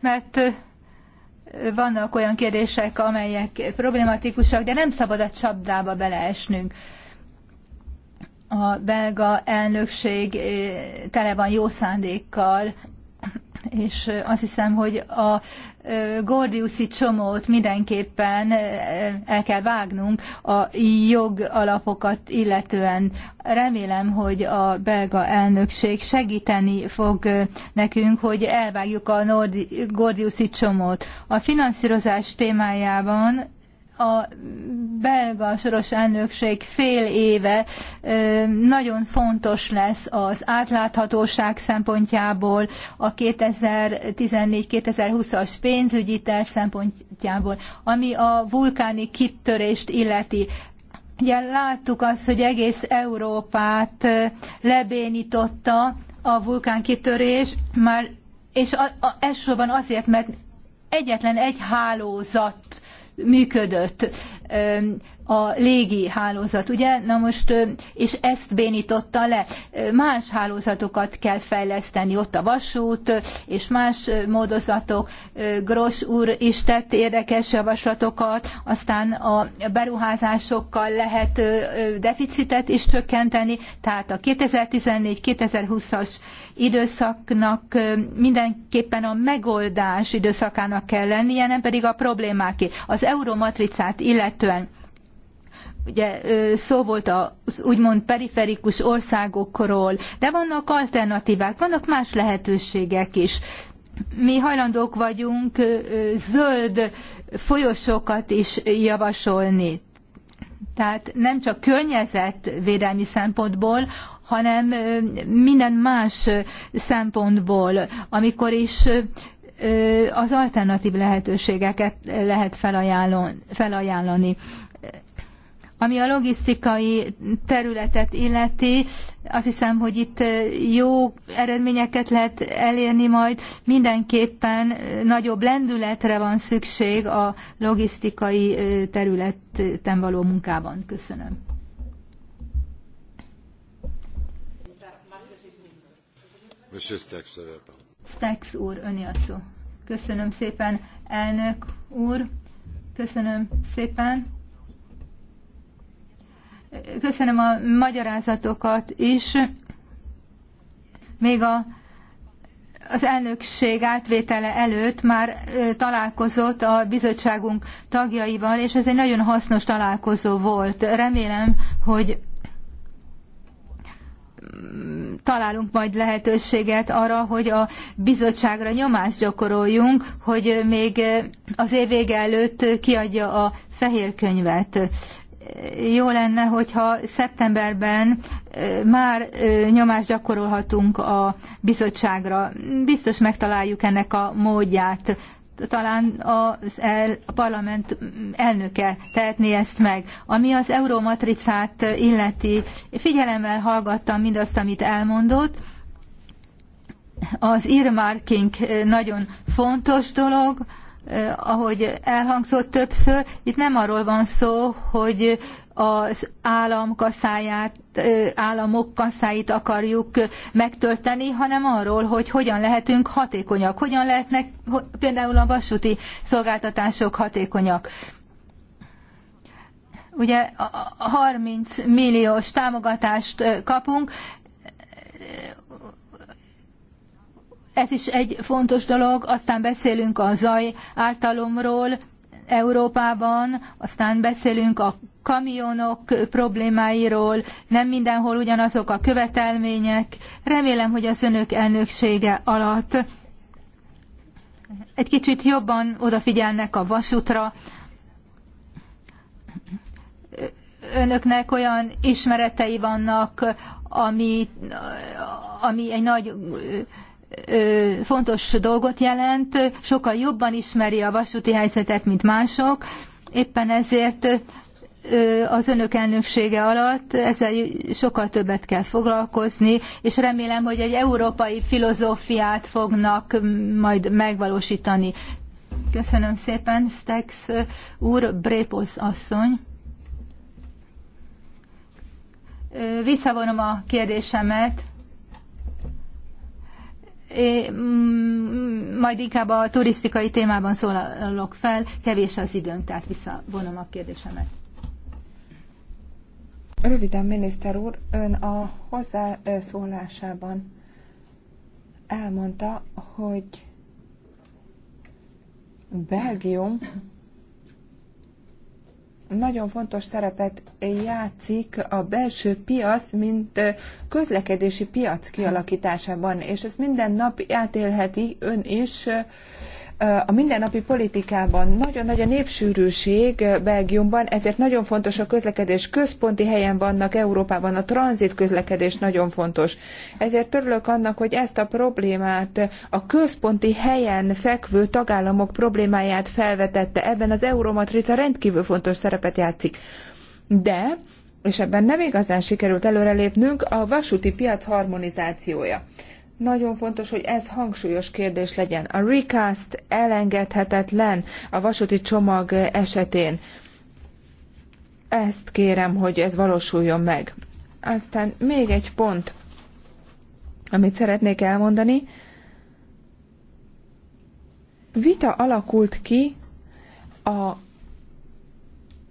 Speaker 2: mert eh, vannak olyan kérdések, amelyek problematikusak, de nem szabad a csapdába beleesnünk. A belga elnökség eh, tele van jó szándékkal, és azt hiszem, hogy a Gordiuszi csomót mindenképpen el kell vágnunk a jog alapokat illetően. Remélem, hogy a belga elnökség segíteni fog nekünk, hogy elvágjuk a Gordiuszi csomót. A finanszírozás témájában a belga soros elnökség fél éve nagyon fontos lesz az átláthatóság szempontjából, a 2014-2020-as pénzügyi terv szempontjából, ami a vulkáni kitörést illeti. Ugye láttuk azt, hogy egész Európát lebénította a kitörés, már, és a, a, elsősorban azért, mert egyetlen egy hálózat működött a légi hálózat, ugye? Na most, és ezt bénította le. Más hálózatokat kell fejleszteni, ott a vasút, és más módozatok. Gross úr is tett érdekes javaslatokat, aztán a beruházásokkal lehet deficitet is csökkenteni, tehát a 2014-2020-as időszaknak mindenképpen a megoldás időszakának kell lennie, nem pedig a problémáké. Az euromatricát illetően ugye szó volt az úgymond periferikus országokról, de vannak alternatívák, vannak más lehetőségek is. Mi hajlandók vagyunk zöld folyosókat is javasolni. Tehát nem csak környezetvédelmi szempontból, hanem minden más szempontból, amikor is az alternatív lehetőségeket lehet felajánlani. Ami a logisztikai területet illeti, azt hiszem, hogy itt jó eredményeket lehet elérni majd. Mindenképpen nagyobb lendületre van szükség a logisztikai területen való munkában. Köszönöm.
Speaker 3: Monsieur
Speaker 2: úr, öni a szó. Köszönöm szépen, elnök úr. Köszönöm szépen köszönöm a magyarázatokat is. Még a, az elnökség átvétele előtt már találkozott a bizottságunk tagjaival, és ez egy nagyon hasznos találkozó volt. Remélem, hogy találunk majd lehetőséget arra, hogy a bizottságra nyomást gyakoroljunk, hogy még az év vége előtt kiadja a fehér könyvet jó lenne, hogyha szeptemberben már nyomást gyakorolhatunk a bizottságra. Biztos megtaláljuk ennek a módját. Talán az el, a parlament elnöke tehetné ezt meg. Ami az eurómatricát illeti, figyelemmel hallgattam mindazt, amit elmondott. Az earmarking nagyon fontos dolog, Eh, ahogy elhangzott többször, itt nem arról van szó, hogy az állam kasszáját, eh, államok kasszáit akarjuk eh, megtölteni, hanem arról, hogy hogyan lehetünk hatékonyak, hogyan lehetnek például a vasúti szolgáltatások hatékonyak. Ugye 30 milliós támogatást kapunk, ez is egy fontos dolog, aztán beszélünk a zaj ártalomról Európában, aztán beszélünk a kamionok problémáiról, nem mindenhol ugyanazok a követelmények. Remélem, hogy az önök elnöksége alatt egy kicsit jobban odafigyelnek a vasútra. Önöknek olyan ismeretei vannak, ami, ami egy nagy fontos dolgot jelent, sokkal jobban ismeri a vasúti helyzetet, mint mások, éppen ezért az önök elnöksége alatt ezzel sokkal többet kell foglalkozni, és remélem, hogy egy európai filozófiát fognak majd megvalósítani. Köszönöm szépen, Stex úr, Brépolsz asszony. Visszavonom a kérdésemet. Mm, majd inkább a turisztikai témában szólalok fel, kevés az időnk, tehát visszavonom a kérdésemet. Röviden, miniszter úr,
Speaker 3: ön a hozzászólásában elmondta, hogy Belgium nagyon fontos szerepet játszik a belső piac, mint közlekedési piac kialakításában, és ezt minden nap átélheti ön is a mindennapi politikában nagyon nagy a népsűrűség eh, Belgiumban, ezért nagyon fontos a közlekedés. Központi helyen vannak Európában, a tranzit közlekedés nagyon fontos. Ezért örülök annak, hogy ezt a problémát eh, a központi helyen fekvő tagállamok problémáját felvetette. Ebben az Euromatrica rendkívül fontos szerepet játszik. De és ebben nem igazán sikerült előrelépnünk, a vasúti piac harmonizációja. Nagyon fontos, hogy ez hangsúlyos kérdés legyen. A recast elengedhetetlen a vasúti csomag esetén. Ezt kérem, hogy ez valósuljon meg. Aztán még egy pont, amit szeretnék elmondani. Vita alakult ki a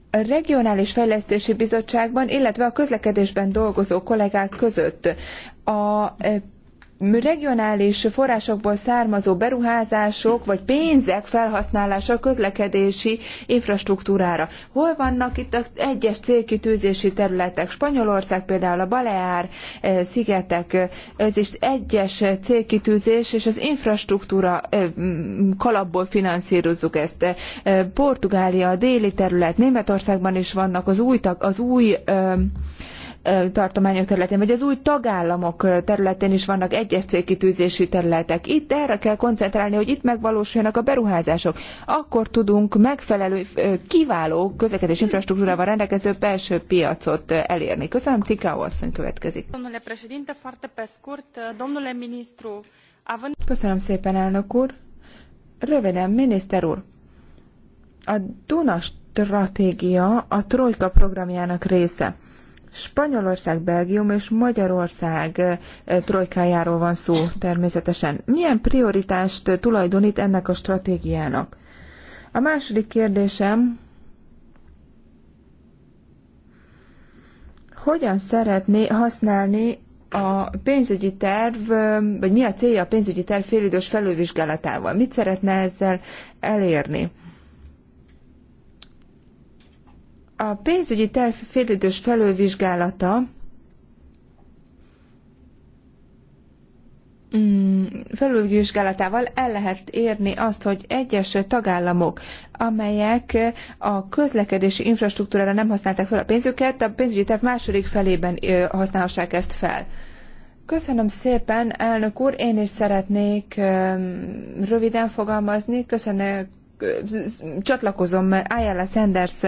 Speaker 3: a Regionális Fejlesztési Bizottságban, illetve a közlekedésben dolgozó kollégák között. A regionális forrásokból származó beruházások vagy pénzek felhasználása közlekedési infrastruktúrára. Hol vannak itt az egyes célkitűzési területek? Spanyolország például a Baleár eh, szigetek, eh, ez is egyes célkitűzés, és az infrastruktúra eh, kalapból finanszírozzuk ezt. Portugália, a déli terület, Németországban is vannak az új, az új tartományok területén, vagy az új tagállamok területén is vannak egyes célkitűzési területek. Itt erre kell koncentrálni, hogy itt megvalósuljanak a beruházások. Akkor tudunk megfelelő, kiváló közlekedés infrastruktúrával rendelkező belső piacot elérni. Köszönöm, Cikao asszony következik. Köszönöm szépen, elnök úr. Röviden, miniszter úr. A Duna stratégia a Trojka programjának része. Spanyolország, Belgium és Magyarország trojkájáról van szó természetesen. Milyen prioritást tulajdonít ennek a stratégiának? A második kérdésem, hogyan szeretné használni a pénzügyi terv, vagy mi a célja a pénzügyi terv félidős felülvizsgálatával? Mit szeretne ezzel elérni? A pénzügyi terv félidős felülvizsgálata mm, felülvizsgálatával el lehet érni azt, hogy egyes tagállamok, amelyek a közlekedési infrastruktúrára nem használták fel a pénzüket, a pénzügyi terv második felében használhassák ezt fel. Köszönöm szépen, elnök úr, én is szeretnék röviden fogalmazni. Köszönöm, csatlakozom Ayala Sanders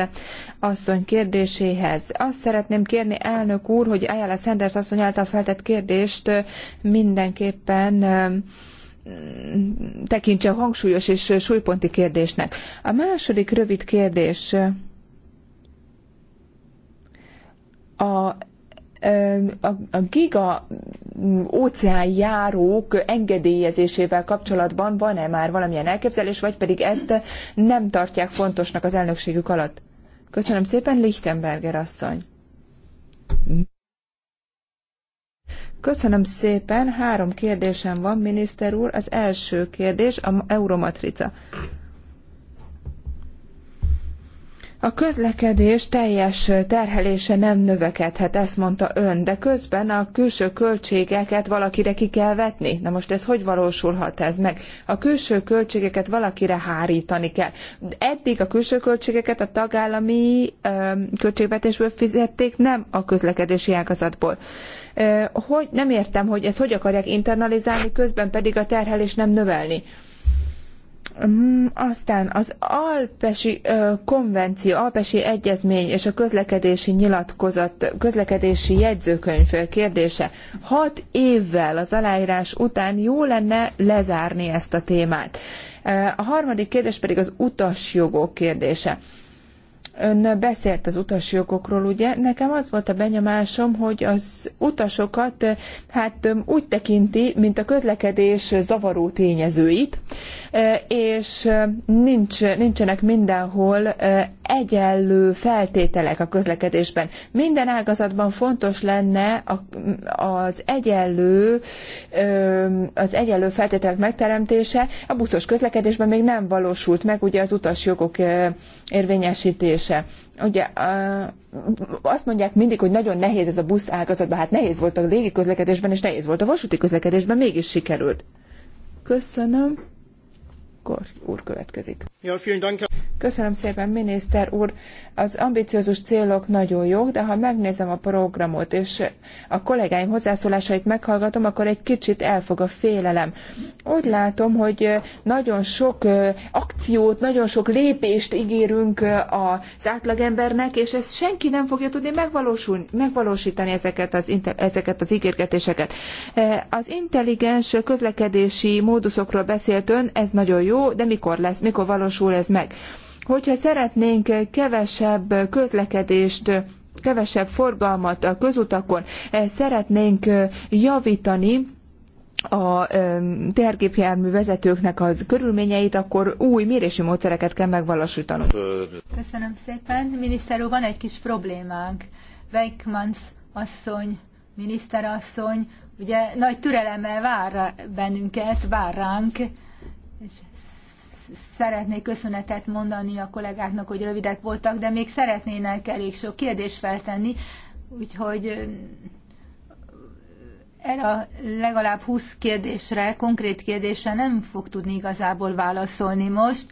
Speaker 3: asszony kérdéséhez. Azt szeretném kérni, elnök úr, hogy Ayala Sanders asszony által feltett kérdést mindenképpen tekintse hangsúlyos és súlyponti kérdésnek. A második rövid kérdés a a giga mm, óceánjárók engedélyezésével kapcsolatban van-e már valamilyen elképzelés, vagy pedig ezt nem tartják fontosnak az elnökségük alatt? Köszönöm szépen, Lichtenberger asszony. Köszönöm szépen, három kérdésem van, miniszter úr. Az első kérdés a euromatrica. A közlekedés teljes terhelése nem növekedhet, ezt mondta ön, de közben a külső költségeket valakire ki kell vetni. Na most ez hogy valósulhat ez meg? A külső költségeket valakire hárítani kell. Eddig a külső költségeket a tagállami költségvetésből fizették, nem a közlekedési ágazatból. hogy, nem értem, hogy ezt hogy akarják internalizálni, közben pedig a terhelés nem növelni. Mm, aztán az Alpesi konvenció, Alpesi egyezmény és a közlekedési nyilatkozat, közlekedési jegyzőkönyv kérdése. Hat évvel az aláírás után jó lenne lezárni ezt a témát. A harmadik kérdés pedig az utasjogok kérdése. Ön beszélt az jogokról, ugye? Nekem az volt a benyomásom, hogy az utasokat hát úgy tekinti, mint a közlekedés zavaró tényezőit, és nincs, nincsenek mindenhol egyenlő feltételek a közlekedésben. Minden ágazatban fontos lenne az egyenlő, az egyenlő feltételek megteremtése. A buszos közlekedésben még nem valósult meg ugye az utasjogok érvényesítése. Ugye azt mondják mindig, hogy nagyon nehéz ez a busz ágazatban, hát nehéz volt a légi közlekedésben, és nehéz volt a vasúti közlekedésben, mégis sikerült. Köszönöm. Kor úr következik. Ja, vielen Dank. Köszönöm szépen, miniszter úr. Az ambiciózus célok nagyon jók, de ha megnézem a programot, és a kollégáim hozzászólásait meghallgatom, akkor egy kicsit elfog a félelem. Úgy látom, hogy nagyon sok akciót, nagyon sok lépést ígérünk az átlagembernek, és ezt senki nem fogja tudni megvalósulni, megvalósítani ezeket az, ezeket az ígérgetéseket. Az intelligens közlekedési móduszokról beszélt ön, ez nagyon jó jó, de mikor lesz, mikor valósul ez meg? Hogyha szeretnénk kevesebb közlekedést kevesebb forgalmat a közutakon eh, szeretnénk eh, javítani, a tehergépjármű vezetőknek az körülményeit, akkor új mérési módszereket kell megvalósítanunk.
Speaker 2: Köszönöm szépen. Miniszter úr, van egy kis problémánk. Weikmans asszony, asszony, ugye nagy türelemmel vár bennünket, vár ránk, és szeretnék köszönetet mondani a kollégáknak, hogy rövidek voltak, de még szeretnének elég sok kérdést feltenni, úgyhogy erre a legalább 20 kérdésre, konkrét kérdésre nem fog tudni igazából válaszolni most,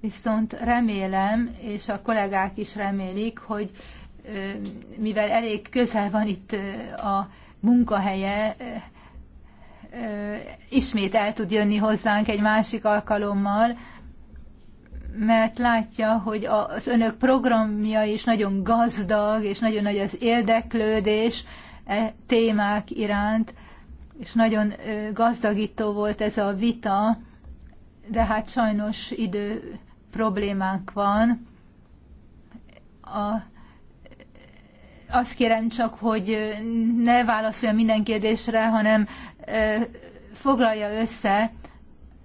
Speaker 2: viszont remélem, és a kollégák is remélik, hogy mivel elég közel van itt a munkahelye, ismét el tud jönni hozzánk egy másik alkalommal, mert látja, hogy az önök programja is nagyon gazdag, és nagyon nagy az érdeklődés e témák iránt, és nagyon gazdagító volt ez a vita, de hát sajnos idő problémánk van. A azt kérem csak, hogy ne válaszoljon minden kérdésre, hanem foglalja össze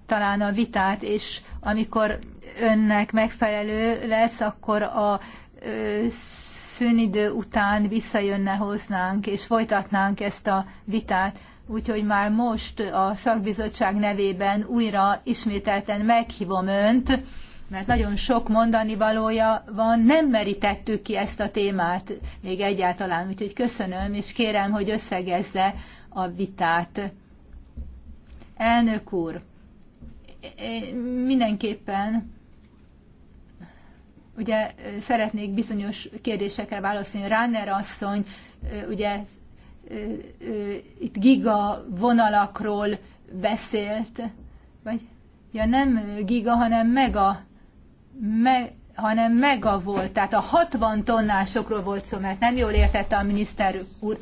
Speaker 2: talán a vitát, és amikor önnek megfelelő lesz, akkor a szünidő után visszajönne hoznánk, és folytatnánk ezt a vitát. Úgyhogy már most a szakbizottság nevében újra ismételten meghívom önt, mert nagyon sok mondani valója van, nem merítettük ki ezt a témát még egyáltalán, úgyhogy köszönöm, és kérem, hogy összegezze a vitát. Elnök úr, mindenképpen ugye szeretnék bizonyos kérdésekre válaszolni. Ráner asszony, ugye itt giga vonalakról beszélt, vagy ja nem giga, hanem mega me, hanem mega volt, tehát a 60 tonnásokról volt szó, mert nem jól értette a miniszter úr.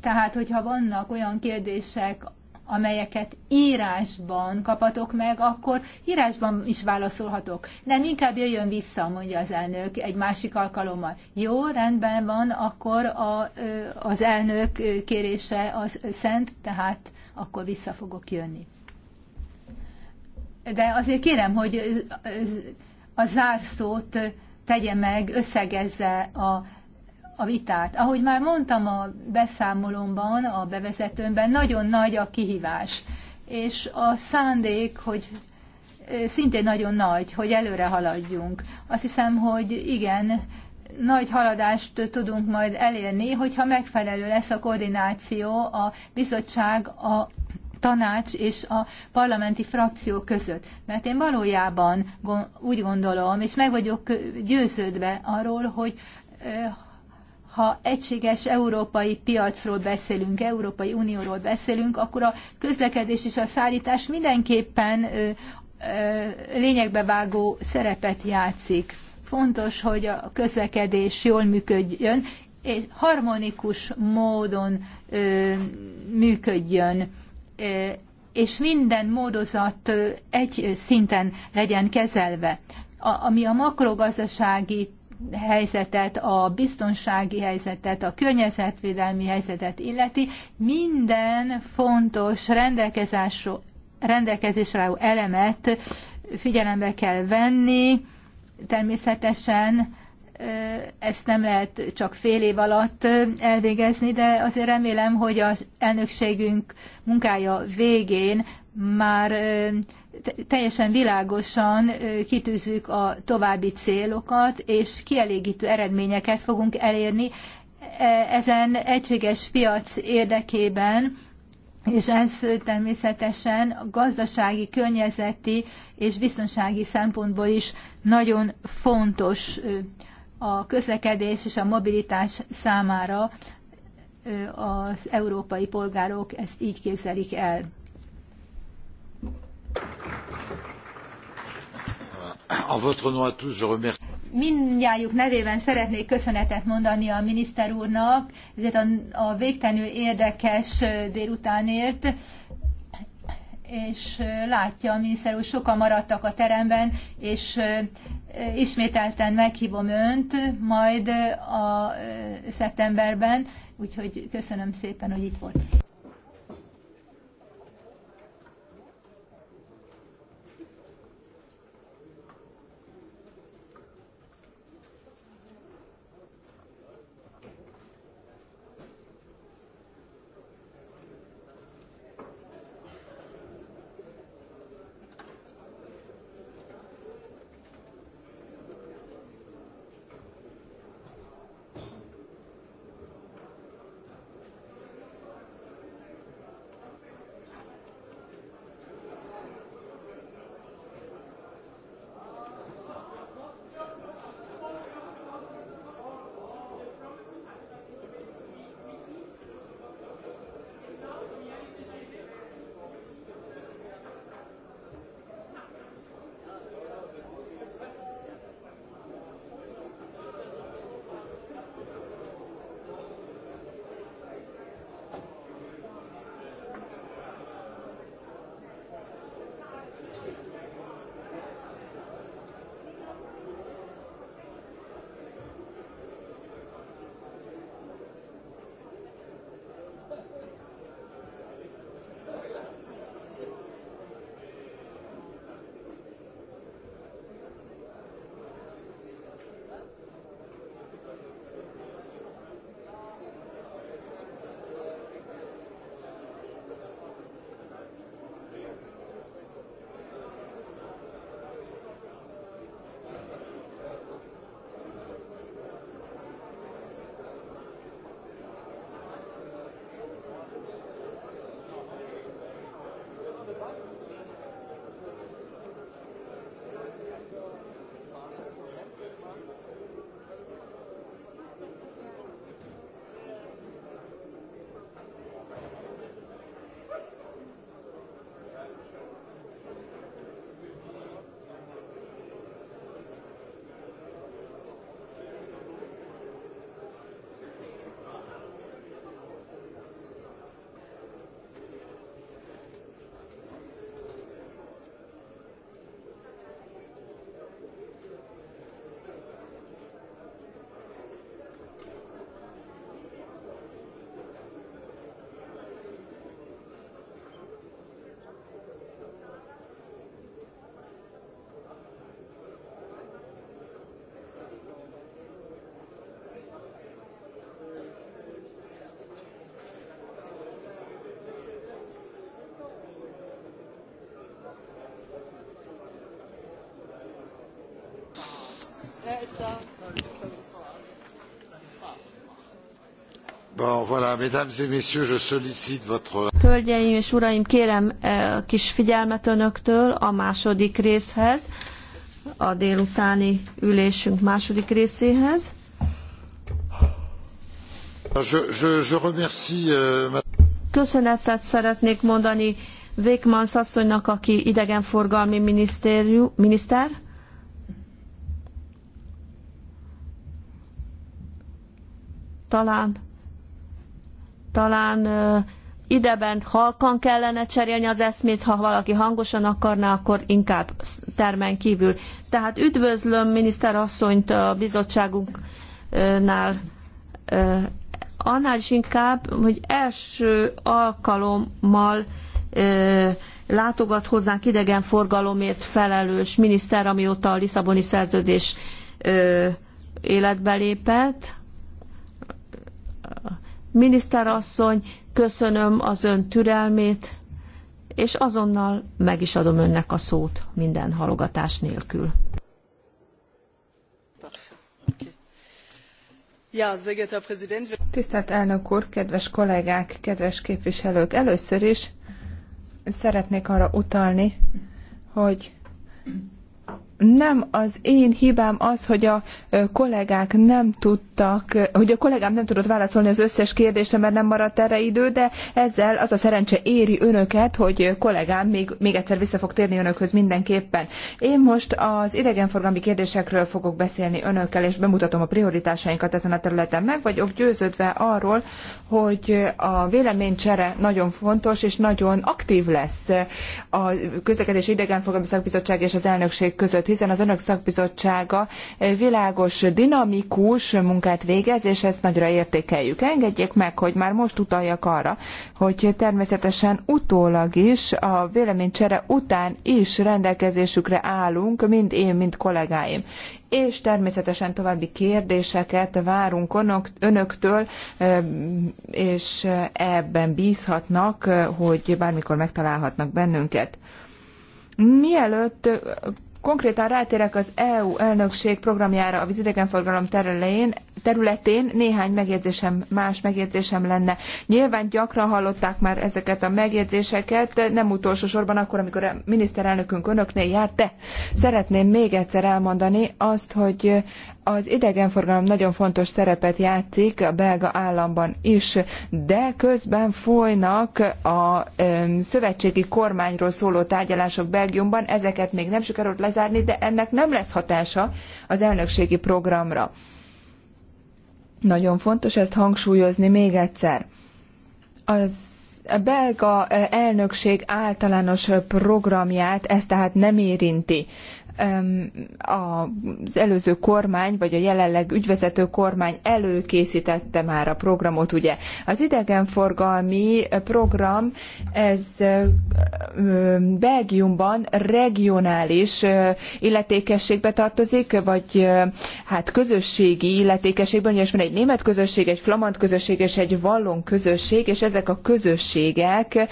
Speaker 2: Tehát, hogyha vannak olyan kérdések, amelyeket írásban kapatok meg, akkor írásban is válaszolhatok. Nem, inkább jöjjön vissza, mondja az elnök egy másik alkalommal. Jó, rendben van, akkor a, az elnök kérése az szent, tehát akkor vissza fogok jönni. De azért kérem, hogy a zárszót tegye meg, összegezze a, a vitát. Ahogy már mondtam a beszámolomban, a bevezetőmben, nagyon nagy a kihívás, és a szándék, hogy szintén nagyon nagy, hogy előre haladjunk. Azt hiszem, hogy igen, nagy haladást tudunk majd elérni, hogyha megfelelő lesz a koordináció a bizottság, a tanács és a parlamenti frakció között. Mert én valójában úgy gondolom, és meg vagyok győződve arról, hogy ha egységes európai piacról beszélünk, Európai Unióról beszélünk, akkor a közlekedés és a szállítás mindenképpen lényegbe vágó szerepet játszik. Fontos, hogy a közlekedés jól működjön, és harmonikus módon ö, működjön és minden módozat egy szinten legyen kezelve. A, ami a makrogazdasági helyzetet, a biztonsági helyzetet, a környezetvédelmi helyzetet illeti, minden fontos rendelkezésre álló elemet figyelembe kell venni, természetesen ezt nem lehet csak fél év alatt elvégezni, de azért remélem, hogy az elnökségünk munkája végén már teljesen világosan kitűzzük a további célokat, és kielégítő eredményeket fogunk elérni e, ezen egységes piac érdekében, és ez természetesen a gazdasági, környezeti és biztonsági szempontból is nagyon fontos a közlekedés és a mobilitás számára az európai polgárok ezt így képzelik el. En mindjájuk nevében szeretnék köszönetet mondani a miniszter úrnak, ezért a, a végtelenül érdekes délutánért és látja a miniszter úr, sokan maradtak a teremben, és ismételten meghívom önt majd a szeptemberben, úgyhogy köszönöm szépen, hogy itt volt.
Speaker 1: Hölgyeim és uraim, kérem eh, a kis figyelmet önöktől a második részhez, a délutáni ülésünk második részéhez.
Speaker 2: Euh,
Speaker 1: Köszönetet szeretnék mondani Vékman asszonynak, aki idegenforgalmi miniszter. talán, talán ideben halkan kellene cserélni az eszmét, ha valaki hangosan akarná, akkor inkább termen kívül. Tehát üdvözlöm miniszterasszonyt a bizottságunknál annál is inkább, hogy első alkalommal látogat hozzánk idegenforgalomért felelős miniszter, amióta a Lisszaboni szerződés életbe lépett. Miniszterasszony, köszönöm az ön türelmét, és azonnal meg is adom önnek a szót minden halogatás nélkül.
Speaker 3: Tisztelt elnök úr, kedves kollégák, kedves képviselők! Először is szeretnék arra utalni, hogy nem az én hibám az, hogy a kollégák nem tudtak, hogy a kollégám nem tudott válaszolni az összes kérdésre, mert nem maradt erre idő, de ezzel az a szerencse éri önöket, hogy kollégám még, még egyszer vissza fog térni önökhöz mindenképpen. Én most az idegenforgalmi kérdésekről fogok beszélni önökkel, és bemutatom a prioritásainkat ezen a területen. Meg vagyok győződve arról, hogy a véleménycsere nagyon fontos, és nagyon aktív lesz a közlekedési idegenforgalmi szakbizottság és az elnökség között hiszen az önök szakbizottsága világos, dinamikus munkát végez, és ezt nagyra értékeljük. Engedjék meg, hogy már most utaljak arra, hogy természetesen utólag is, a véleménycsere után is rendelkezésükre állunk, mind én, mind kollégáim és természetesen további kérdéseket várunk önöktől, és ebben bízhatnak, hogy bármikor megtalálhatnak bennünket. Mielőtt Konkrétan rátérek az EU elnökség programjára a vízidegenforgalom területén, területén néhány megjegyzésem, más megjegyzésem lenne. Nyilván gyakran hallották már ezeket a megjegyzéseket, nem utolsó sorban akkor, amikor a miniszterelnökünk önöknél járt, de szeretném még egyszer elmondani azt, hogy az idegenforgalom nagyon fontos szerepet játszik a belga államban is, de közben folynak a szövetségi kormányról szóló tárgyalások Belgiumban, ezeket még nem sikerült lezárni, de ennek nem lesz hatása az elnökségi programra. Nagyon fontos ezt hangsúlyozni még egyszer. Az a belga eh, elnökség általános programját ez tehát nem érinti az előző kormány, vagy a jelenleg ügyvezető kormány előkészítette már a programot, ugye. Az idegenforgalmi program, ez Belgiumban regionális illetékességbe tartozik, vagy hát közösségi illetékességben, ugye van egy német közösség, egy flamand közösség és egy vallon közösség, és ezek a közösségek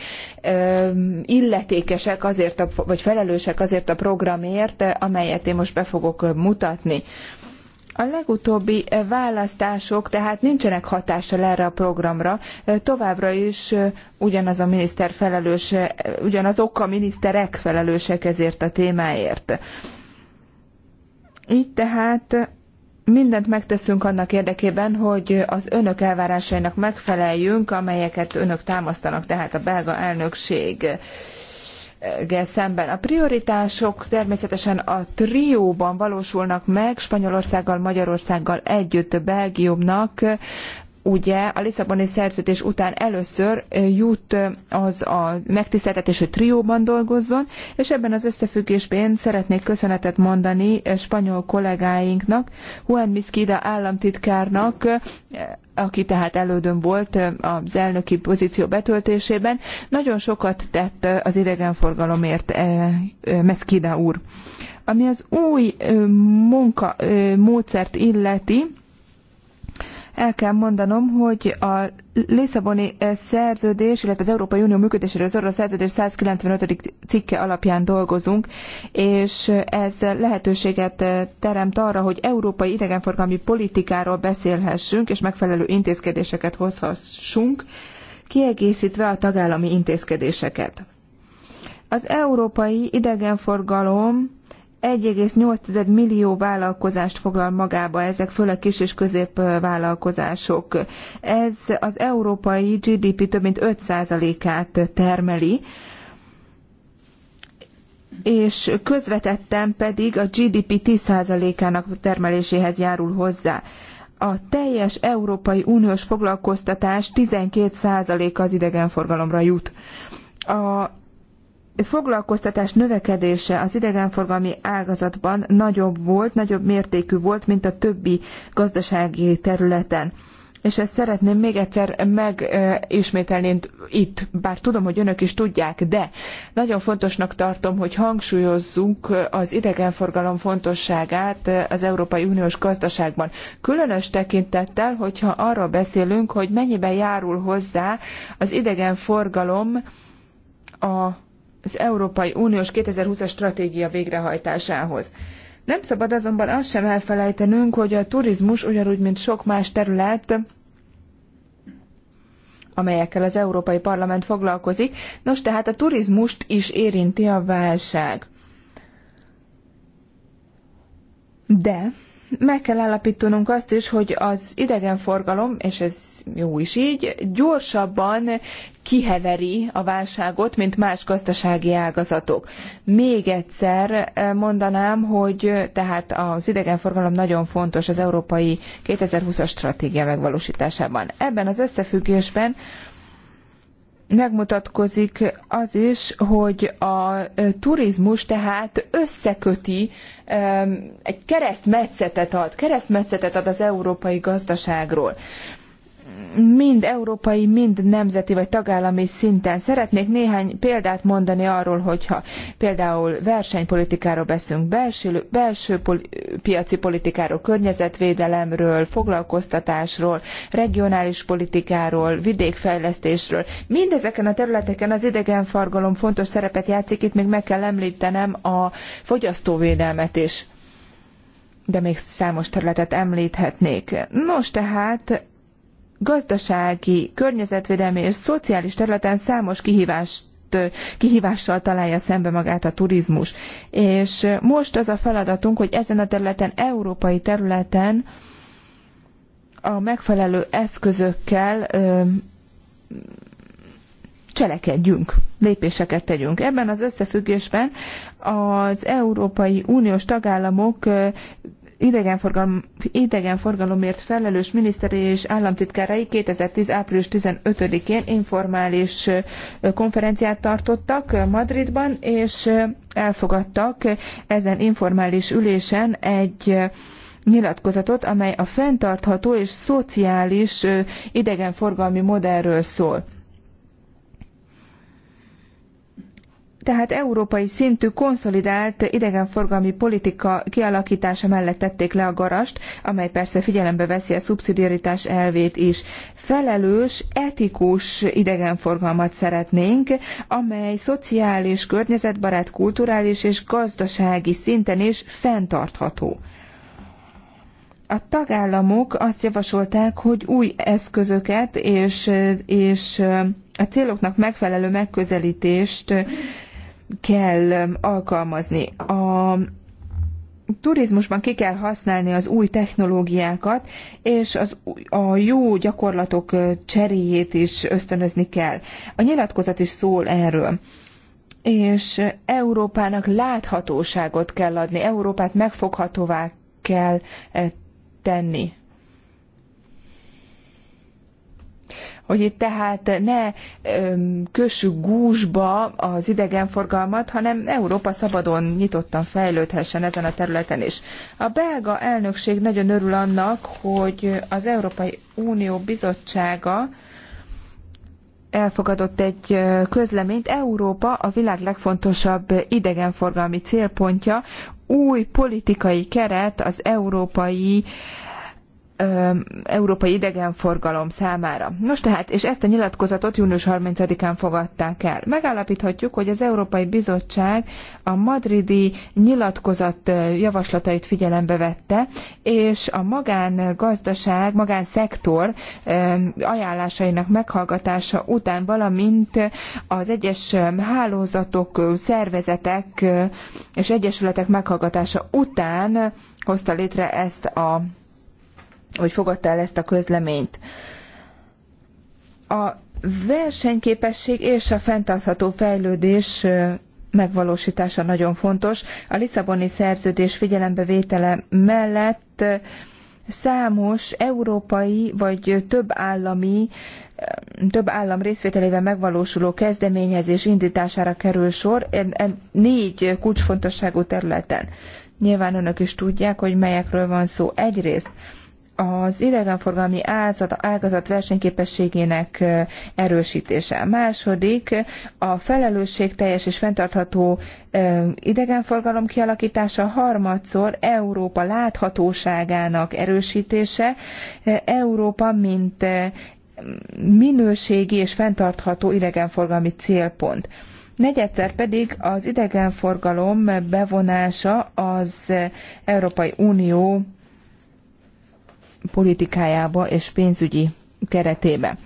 Speaker 3: illetékesek azért, a, vagy felelősek azért a programért, amelyet én most be fogok mutatni. A legutóbbi választások tehát nincsenek hatással erre a programra. Továbbra is ugyanaz a miniszter felelős, ugyanazok a miniszterek felelősek ezért a témáért. Így tehát mindent megteszünk annak érdekében, hogy az önök elvárásainak megfeleljünk, amelyeket önök támasztanak, tehát a belga elnökség szemben. A prioritások természetesen a trióban valósulnak meg, Spanyolországgal, Magyarországgal együtt Belgiumnak ugye a Lisszaboni szerződés után először jut az a megtiszteltetés, hogy trióban dolgozzon, és ebben az összefüggésben szeretnék köszönetet mondani spanyol kollégáinknak, Juan Miskida államtitkárnak, aki tehát elődön volt az elnöki pozíció betöltésében, nagyon sokat tett az idegenforgalomért Meszkida úr. Ami az új munka módszert illeti, el kell mondanom, hogy a Lisszaboni eh, szerződés, illetve az Európai Unió működéséről szóló szerződés 195. cikke alapján dolgozunk, és ez lehetőséget eh, teremt arra, hogy európai idegenforgalmi politikáról beszélhessünk, és megfelelő intézkedéseket hozhassunk, kiegészítve a tagállami intézkedéseket. Az európai idegenforgalom 1,8 millió vállalkozást foglal magába, ezek főleg kis és középvállalkozások. Ez az európai GDP több mint 5%-át termeli, és közvetetten pedig a GDP 10%-ának termeléséhez járul hozzá. A teljes Európai Uniós foglalkoztatás 12% az idegenforgalomra jut. A foglalkoztatás növekedése az idegenforgalmi ágazatban nagyobb volt, nagyobb mértékű volt, mint a többi gazdasági területen. És ezt szeretném még egyszer megismételni itt, bár tudom, hogy önök is tudják, de nagyon fontosnak tartom, hogy hangsúlyozzuk az idegenforgalom fontosságát az Európai Uniós gazdaságban. Különös tekintettel, hogyha arról beszélünk, hogy mennyiben járul hozzá az idegenforgalom a az Európai Uniós 2020-as stratégia végrehajtásához. Nem szabad azonban azt sem elfelejtenünk, hogy a turizmus ugyanúgy, mint sok más terület, amelyekkel az Európai Parlament foglalkozik, nos tehát a turizmust is érinti a válság. De meg kell állapítanunk azt is, hogy az idegenforgalom, és ez jó is így, gyorsabban kiheveri a válságot, mint más gazdasági ágazatok. Még egyszer eh, mondanám, hogy eh, tehát az idegenforgalom nagyon fontos az európai 2020-as stratégia megvalósításában. Ebben az összefüggésben megmutatkozik az is, hogy a e, turizmus tehát összeköti, e, egy keresztmetszetet ad, keresztmetszetet ad az európai gazdaságról mind európai, mind nemzeti vagy tagállami szinten. Szeretnék néhány példát mondani arról, hogyha például versenypolitikáról beszélünk, belső, belső piaci politikáról, környezetvédelemről, foglalkoztatásról, regionális politikáról, vidékfejlesztésről. Mindezeken a területeken az idegenforgalom fontos szerepet játszik, itt még meg kell említenem a fogyasztóvédelmet is de még számos területet említhetnék. Nos, tehát gazdasági, környezetvédelmi és szociális területen számos kihívást kihívással találja szembe magát a turizmus. És most az a feladatunk, hogy ezen a területen, európai területen a megfelelő eszközökkel ö, cselekedjünk, lépéseket tegyünk. Ebben az összefüggésben az Európai Uniós tagállamok idegenforgalom, idegenforgalomért felelős miniszteri és államtitkárai 2010. április 15-én informális konferenciát tartottak Madridban, és elfogadtak ezen informális ülésen egy nyilatkozatot, amely a fenntartható és szociális idegenforgalmi modellről szól. tehát európai szintű konszolidált idegenforgalmi politika kialakítása mellett tették le a garast, amely persze figyelembe veszi a szubszidiaritás elvét is. Felelős, etikus idegenforgalmat szeretnénk, amely szociális, környezetbarát, kulturális és gazdasági szinten is fenntartható. A tagállamok azt javasolták, hogy új eszközöket és, és a céloknak megfelelő megközelítést kell alkalmazni. A turizmusban ki kell használni az új technológiákat, és az, a jó gyakorlatok cseréjét is ösztönözni kell. A nyilatkozat is szól erről és Európának láthatóságot kell adni, Európát megfoghatóvá kell tenni. hogy itt tehát ne kössük gúzsba az idegenforgalmat, hanem Európa szabadon nyitottan fejlődhessen ezen a területen is. A belga elnökség nagyon örül annak, hogy az Európai Unió Bizottsága elfogadott egy közleményt, Európa a világ legfontosabb idegenforgalmi célpontja, új politikai keret az európai európai idegenforgalom számára. Nos tehát, és ezt a nyilatkozatot június 30-án fogadták el. Megállapíthatjuk, hogy az Európai Bizottság a madridi nyilatkozat javaslatait figyelembe vette, és a magángazdaság, magánszektor ajánlásainak meghallgatása után, valamint az egyes hálózatok, szervezetek és egyesületek meghallgatása után hozta létre ezt a hogy fogadta el ezt a közleményt. A versenyképesség és a fenntartható fejlődés megvalósítása nagyon fontos. A Lisszaboni szerződés figyelembevétele mellett számos európai vagy több állami több állam részvételével megvalósuló kezdeményezés indítására kerül sor e, e négy kulcsfontosságú területen. Nyilván önök is tudják, hogy melyekről van szó. Egyrészt az idegenforgalmi ágazat versenyképességének erősítése. második a felelősség teljes és fenntartható idegenforgalom kialakítása. Harmadszor Európa láthatóságának erősítése. Európa, mint minőségi és fenntartható idegenforgalmi célpont. Negyedszer pedig az idegenforgalom bevonása az Európai Unió politikájába és pénzügyi keretébe.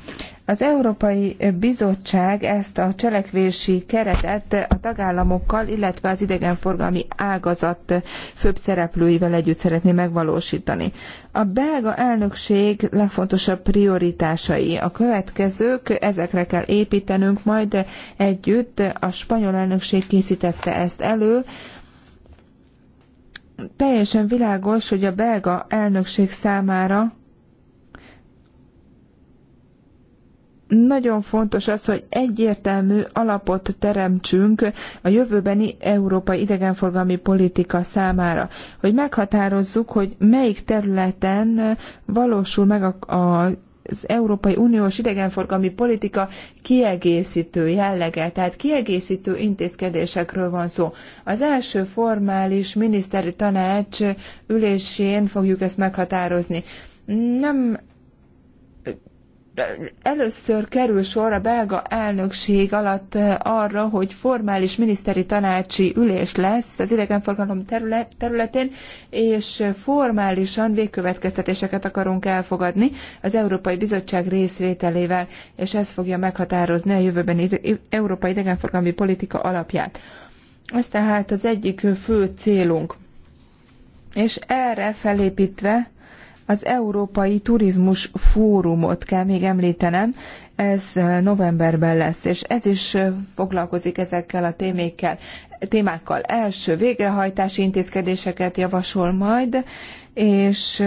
Speaker 3: Az Európai Bizottság ezt a cselekvési keretet a tagállamokkal, illetve az idegenforgalmi ágazat főbb szereplőivel együtt szeretné megvalósítani. A belga elnökség legfontosabb prioritásai a következők, ezekre kell építenünk majd együtt. A spanyol elnökség készítette ezt elő, teljesen világos, hogy a belga elnökség számára nagyon fontos az, hogy egyértelmű alapot teremtsünk a jövőbeni európai idegenforgalmi politika számára, hogy meghatározzuk, hogy melyik területen valósul meg a, a az Európai Uniós idegenforgalmi politika kiegészítő jellege, tehát kiegészítő intézkedésekről van szó. Az első formális miniszteri tanács ülésén fogjuk ezt meghatározni. Nem először kerül sor a belga elnökség alatt eh, arra, hogy formális miniszteri tanácsi ülés lesz az idegenforgalom területén, és formálisan végkövetkeztetéseket akarunk elfogadni az Európai Bizottság részvételével, és ez fogja meghatározni a jövőben Európai Idegenforgalmi Politika alapját. Ez tehát az egyik fő célunk. És erre felépítve az Európai Turizmus Fórumot kell még említenem, ez novemberben lesz, és ez is foglalkozik ezekkel a témékkel, témákkal. Első végrehajtási intézkedéseket javasol majd, és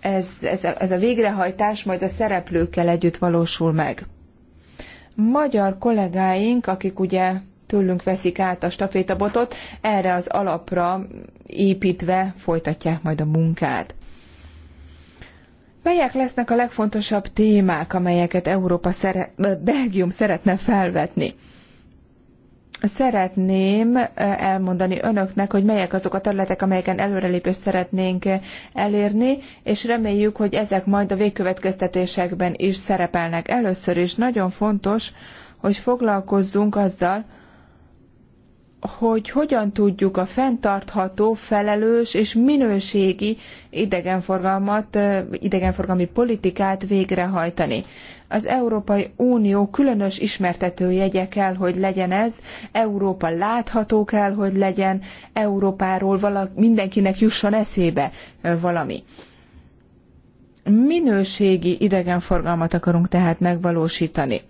Speaker 3: ez, ez, a, ez a végrehajtás majd a szereplőkkel együtt valósul meg. Magyar kollégáink, akik ugye tőlünk veszik át a stafétabotot, erre az alapra építve folytatják majd a munkát. Melyek lesznek a legfontosabb témák, amelyeket Európa szere- Belgium szeretne felvetni? Szeretném elmondani önöknek, hogy melyek azok a területek, amelyeken előrelépést szeretnénk elérni, és reméljük, hogy ezek majd a végkövetkeztetésekben is szerepelnek. Először is nagyon fontos, hogy foglalkozzunk azzal, hogy hogyan tudjuk a fenntartható, felelős és minőségi idegenforgalmat, idegenforgalmi politikát végrehajtani. Az Európai Unió különös jegye kell, hogy legyen ez, Európa látható kell, hogy legyen, Európáról valak, mindenkinek jusson eszébe valami. Minőségi idegenforgalmat akarunk tehát megvalósítani.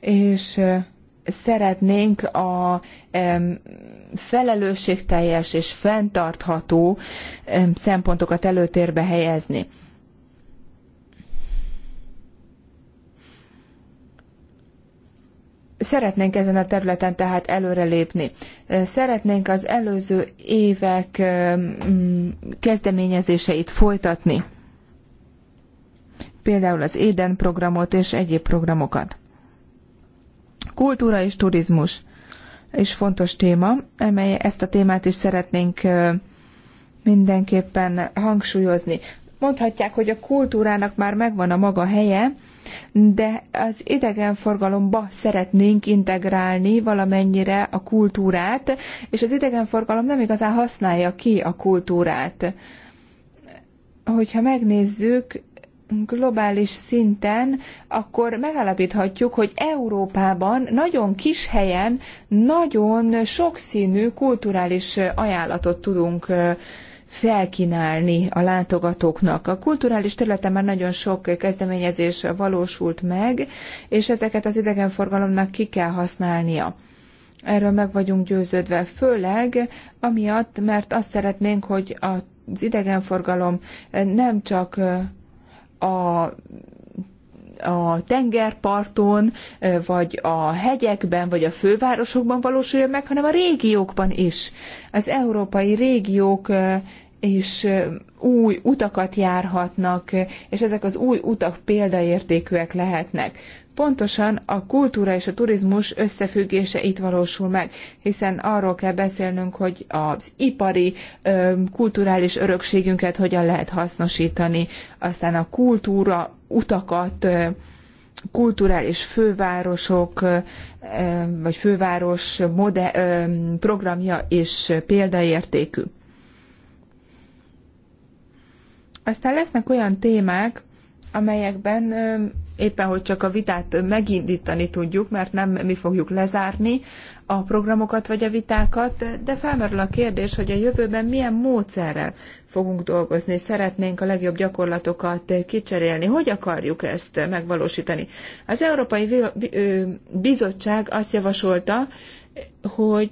Speaker 3: És szeretnénk a felelősségteljes és fenntartható szempontokat előtérbe helyezni. Szeretnénk ezen a területen tehát előrelépni. Szeretnénk az előző évek kezdeményezéseit folytatni, például az Éden programot és egyéb programokat. Kultúra és turizmus is fontos téma, amely ezt a témát is szeretnénk mindenképpen hangsúlyozni. Mondhatják, hogy a kultúrának már megvan a maga helye, de az idegenforgalomba szeretnénk integrálni valamennyire a kultúrát, és az idegenforgalom nem igazán használja ki a kultúrát. Hogyha megnézzük, globális szinten, akkor megállapíthatjuk, hogy Európában nagyon kis helyen nagyon sokszínű kulturális ajánlatot tudunk felkínálni a látogatóknak. A kulturális területen már nagyon sok kezdeményezés valósult meg, és ezeket az idegenforgalomnak ki kell használnia. Erről meg vagyunk győződve, főleg amiatt, mert azt szeretnénk, hogy az idegenforgalom nem csak a a tengerparton, vagy a hegyekben, vagy a fővárosokban valósuljon meg, hanem a régiókban is. Az európai régiók és új utakat járhatnak, és ezek az új utak példaértékűek lehetnek pontosan a kultúra és a turizmus összefüggése itt valósul meg, hiszen arról kell beszélnünk, hogy az ipari, kulturális örökségünket hogyan lehet hasznosítani, aztán a kultúra utakat, kulturális fővárosok vagy főváros mode- programja és példaértékű. Aztán lesznek olyan témák, amelyekben éppen hogy csak a vitát megindítani tudjuk, mert nem mi fogjuk lezárni a programokat vagy a vitákat, de felmerül a kérdés, hogy a jövőben milyen módszerrel fogunk dolgozni, szeretnénk a legjobb gyakorlatokat kicserélni. Hogy akarjuk ezt megvalósítani? Az Európai Bizottság azt javasolta, hogy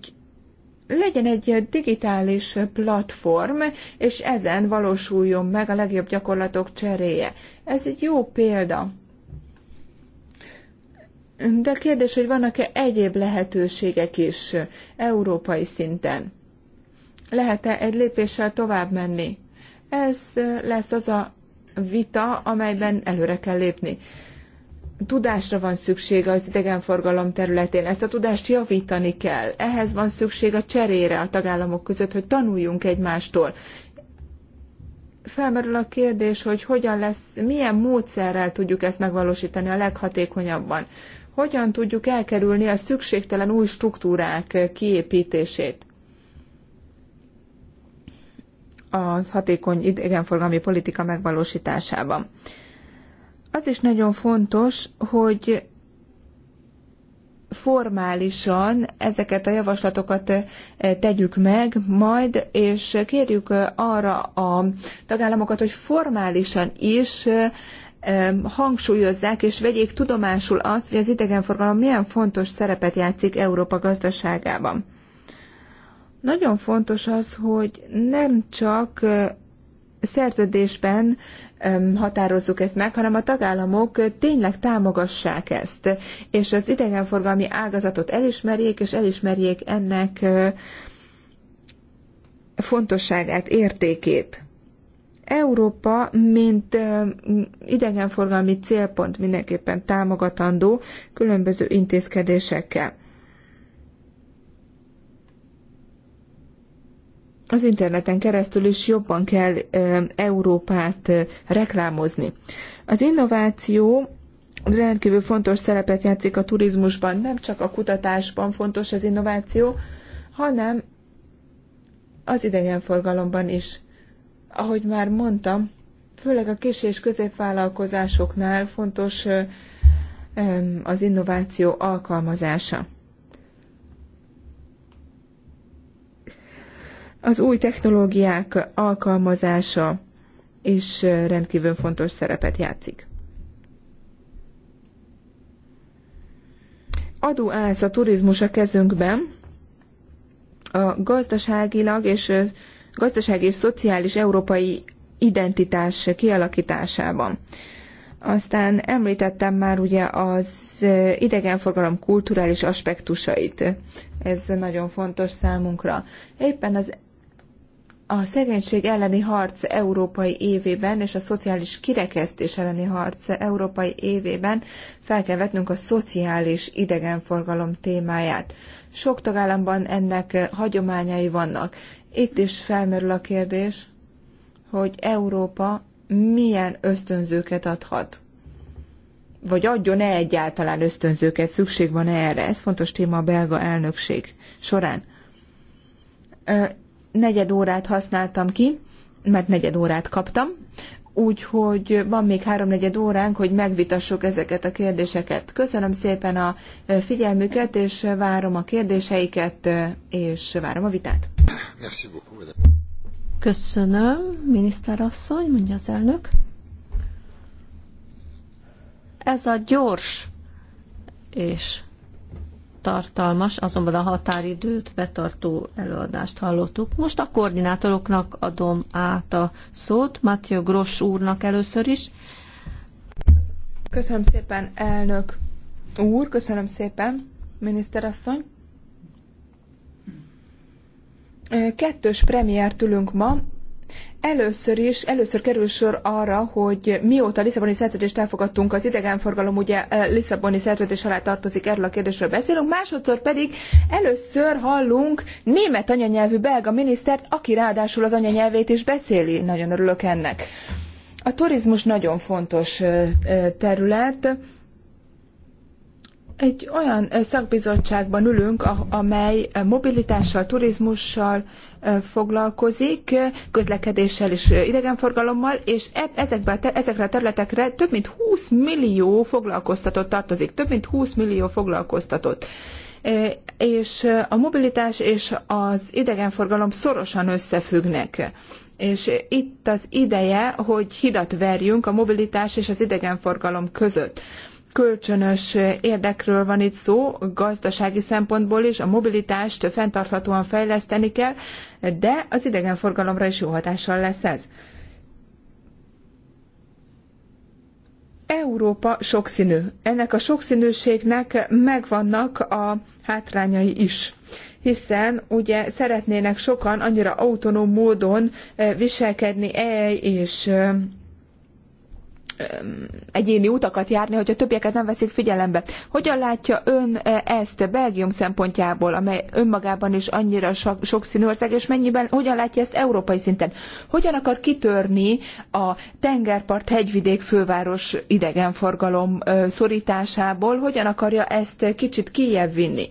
Speaker 3: legyen egy digitális platform, és ezen valósuljon meg a legjobb gyakorlatok cseréje. Ez egy jó példa de kérdés, hogy vannak-e egyéb lehetőségek is európai szinten? Lehet-e egy lépéssel tovább menni? Ez lesz az a vita, amelyben előre kell lépni. Tudásra van szükség az idegenforgalom területén, ezt a tudást javítani kell. Ehhez van szükség a cserére a tagállamok között, hogy tanuljunk egymástól. Felmerül a kérdés, hogy hogyan lesz, milyen módszerrel tudjuk ezt megvalósítani a leghatékonyabban hogyan tudjuk elkerülni a szükségtelen új struktúrák kiépítését a hatékony idegenforgalmi politika megvalósításában. Az is nagyon fontos, hogy formálisan ezeket a javaslatokat eh, tegyük meg majd, és kérjük eh, arra a tagállamokat, hogy formálisan is eh, hangsúlyozzák és vegyék tudomásul azt, hogy az idegenforgalom milyen fontos szerepet játszik Európa gazdaságában. Nagyon fontos az, hogy nem csak szerződésben határozzuk ezt meg, hanem a tagállamok tényleg támogassák ezt, és az idegenforgalmi ágazatot elismerjék, és elismerjék ennek fontosságát, értékét. Európa, mint idegenforgalmi célpont mindenképpen támogatandó különböző intézkedésekkel. Az interneten keresztül is jobban kell Európát reklámozni. Az innováció rendkívül fontos szerepet játszik a turizmusban, nem csak a kutatásban fontos az innováció, hanem az idegenforgalomban is ahogy már mondtam, főleg a kis és középvállalkozásoknál fontos az innováció alkalmazása. Az új technológiák alkalmazása is rendkívül fontos szerepet játszik. Adó állsz a turizmus a kezünkben, a gazdaságilag és gazdasági és szociális európai identitás kialakításában. Aztán említettem már ugye az idegenforgalom kulturális aspektusait. Ez nagyon fontos számunkra. Éppen az a szegénység elleni harc európai évében és a szociális kirekesztés elleni harc európai évében fel kell vetnünk a szociális idegenforgalom témáját. Sok tagállamban ennek hagyományai vannak, itt is felmerül a kérdés, hogy Európa milyen ösztönzőket adhat. Vagy adjon-e egyáltalán ösztönzőket, szükség van -e erre? Ez fontos téma a belga elnökség során. Ö, negyed órát használtam ki, mert negyed órát kaptam, úgyhogy van még háromnegyed óránk, hogy megvitassuk ezeket a kérdéseket. Köszönöm szépen a figyelmüket, és várom a kérdéseiket,
Speaker 1: és várom a vitát.
Speaker 3: Merci beaucoup, madame.
Speaker 1: Köszönöm, miniszterasszony, mondja az elnök. Ez a gyors és tartalmas, azonban a határidőt betartó előadást hallottuk. Most a koordinátoroknak adom át a szót, Matthieu Gross úrnak először is.
Speaker 3: Köszönöm szépen, elnök úr, köszönöm szépen, miniszterasszony. Kettős premiért ülünk ma. Először is, először kerül sor arra, hogy mióta a Lisszaboni szerződést elfogadtunk, az idegenforgalom ugye Lisszaboni szerződés alá tartozik, erről a kérdésről beszélünk, másodszor pedig először hallunk német anyanyelvű belga minisztert, aki ráadásul az anyanyelvét is beszéli. Nagyon örülök ennek. A turizmus nagyon fontos terület. Egy olyan szakbizottságban ülünk, amely mobilitással, turizmussal foglalkozik, közlekedéssel és idegenforgalommal, és e, ezekbe, ezekre a területekre több mint 20 millió foglalkoztatott tartozik, több mint 20 millió foglalkoztatott és a mobilitás és az idegenforgalom szorosan összefüggnek. És itt az ideje, hogy hidat verjünk a mobilitás és az idegenforgalom között kölcsönös érdekről van itt szó, gazdasági szempontból is, a mobilitást fenntarthatóan fejleszteni kell, de az idegenforgalomra is jó hatással lesz ez. Európa sokszínű. Ennek a sokszínűségnek megvannak a hátrányai is hiszen ugye szeretnének sokan annyira autonóm módon eh, viselkedni és eh, egyéni utakat járni, hogy a többieket nem veszik figyelembe. Hogyan látja ön e, ezt Belgium szempontjából, amely önmagában is annyira sok, sokszínű ország, és mennyiben, hogyan látja ezt európai szinten? Hogyan akar kitörni a tengerpart hegyvidék főváros idegenforgalom szorításából, hogyan akarja ezt kicsit kijebb vinni?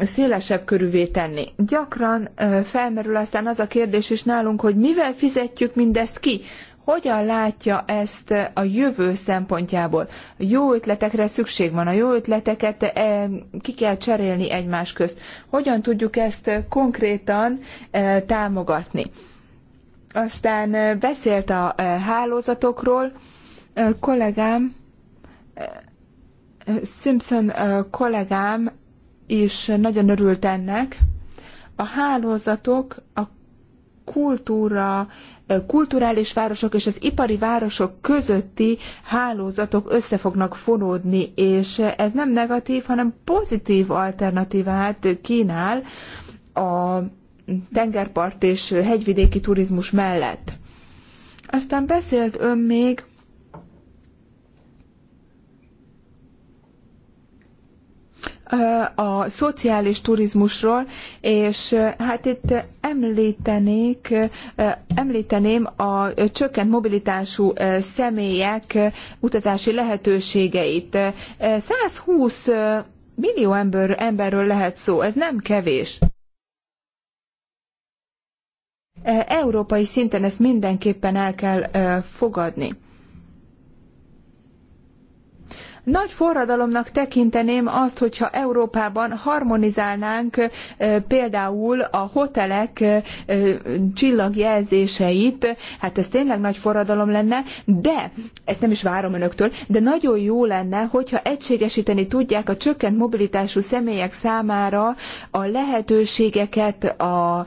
Speaker 3: szélesebb körűvé tenni. Gyakran felmerül aztán az a kérdés is nálunk, hogy mivel fizetjük mindezt ki, hogyan látja ezt a jövő szempontjából. Jó ötletekre szükség van, a jó ötleteket eh, ki kell cserélni egymás közt. Hogyan tudjuk ezt konkrétan eh, támogatni? Aztán eh, beszélt a hálózatokról, kollégám, Simpson kollégám is nagyon örült ennek. A hálózatok a kultúra kulturális városok és az ipari városok közötti hálózatok össze fognak fonódni, és ez nem negatív, hanem pozitív alternatívát kínál a tengerpart és hegyvidéki turizmus mellett. Aztán beszélt ön még a szociális turizmusról, és hát itt említenék, említeném a csökkent mobilitású személyek utazási lehetőségeit. 120 millió ember, emberről lehet szó, ez nem kevés. Európai szinten ezt mindenképpen el kell fogadni. Nagy forradalomnak tekinteném azt, hogyha Európában harmonizálnánk például a hotelek csillagjelzéseit, hát ez tényleg nagy forradalom lenne, de ezt nem is várom önöktől, de nagyon jó lenne, hogyha egységesíteni tudják a csökkent mobilitású személyek számára a lehetőségeket, a, a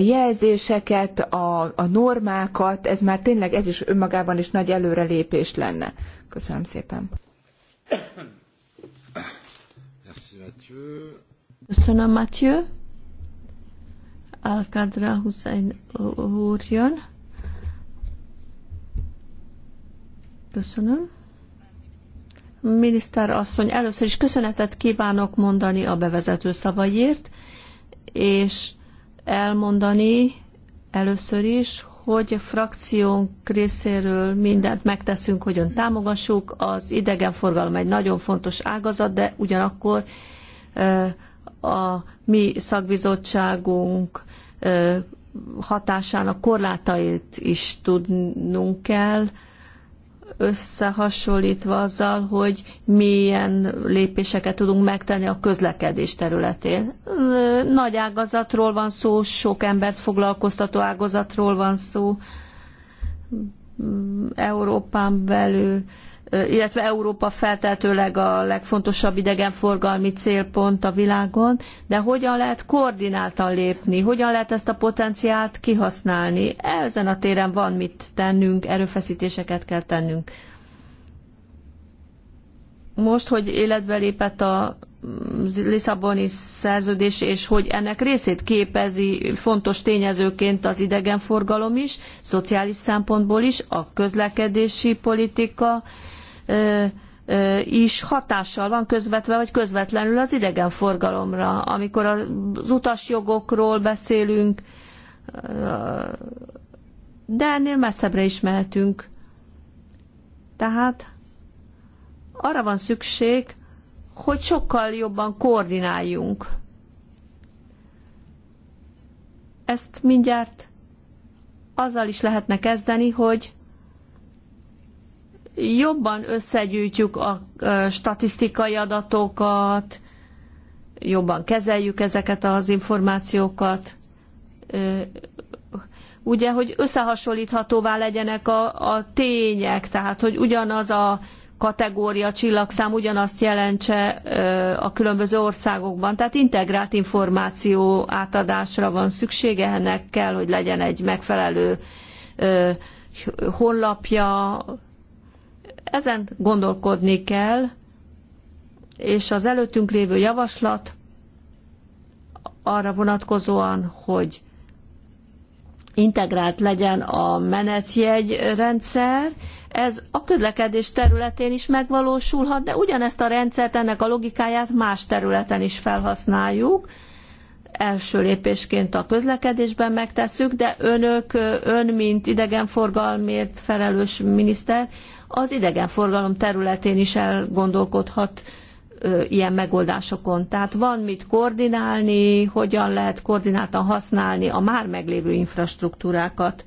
Speaker 3: jelzéseket, a, a normákat, ez már tényleg ez is önmagában is nagy előrelépés lenne. Köszönöm szépen.
Speaker 1: Köszönöm, Mathieu. Alkadra Hussein úr jön. Köszönöm. Miniszter asszony, először is köszönetet kívánok mondani a bevezető szavaiért, és elmondani először is, hogy frakciónk részéről mindent megteszünk, hogy ön támogassuk. Az idegenforgalom egy nagyon fontos ágazat, de ugyanakkor a mi szakbizottságunk hatásának korlátait is tudnunk kell összehasonlítva azzal, hogy milyen lépéseket tudunk megtenni a közlekedés területén. Nagy ágazatról van szó, sok embert foglalkoztató ágazatról van szó, Európán belül illetve Európa feltehetőleg a legfontosabb idegenforgalmi célpont a világon, de hogyan lehet koordináltan lépni, hogyan lehet ezt a potenciált kihasználni. Ezen a téren van mit tennünk, erőfeszítéseket kell tennünk. Most, hogy életbe lépett a Lisszaboni szerződés, és hogy ennek részét képezi fontos tényezőként az idegenforgalom is, szociális szempontból is, a közlekedési politika, is hatással van közvetve vagy közvetlenül az idegenforgalomra. Amikor az utasjogokról beszélünk, de ennél messzebbre is mehetünk. Tehát arra van szükség, hogy sokkal jobban koordináljunk. Ezt mindjárt azzal is lehetne kezdeni, hogy jobban összegyűjtjük a statisztikai adatokat, jobban kezeljük ezeket az információkat, ugye, hogy összehasonlíthatóvá legyenek a, a tények, tehát, hogy ugyanaz a kategória, csillagszám ugyanazt jelentse a különböző országokban. Tehát integrált információ átadásra van szüksége, ennek kell, hogy legyen egy megfelelő honlapja, ezen gondolkodni kell, és az előttünk lévő javaslat arra vonatkozóan, hogy integrált legyen a menetjegyrendszer, ez a közlekedés területén is megvalósulhat, de ugyanezt a rendszert, ennek a logikáját más területen is felhasználjuk. Első lépésként a közlekedésben megtesszük, de önök, ön, mint idegenforgalmért felelős miniszter, az idegenforgalom területén is elgondolkodhat ilyen megoldásokon. Tehát van mit koordinálni, hogyan lehet koordináltan használni a már meglévő infrastruktúrákat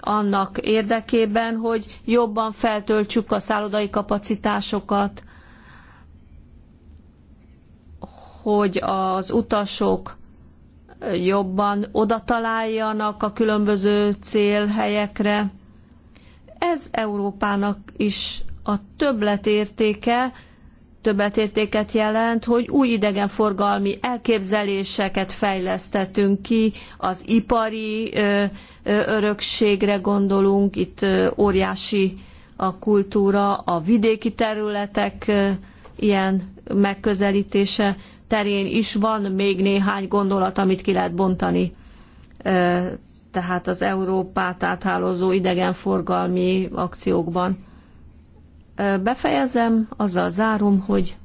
Speaker 1: annak érdekében, hogy jobban feltöltsük a szállodai kapacitásokat, hogy az utasok jobban oda találjanak a különböző célhelyekre, ez Európának is a többletértéke, többletértéket jelent, hogy új idegenforgalmi elképzeléseket fejlesztettünk ki, az ipari örökségre gondolunk, itt óriási a kultúra, a vidéki területek ilyen megközelítése terén is van még néhány gondolat, amit ki lehet bontani tehát az Európát áthálózó idegenforgalmi akciókban. Befejezem, azzal zárom, hogy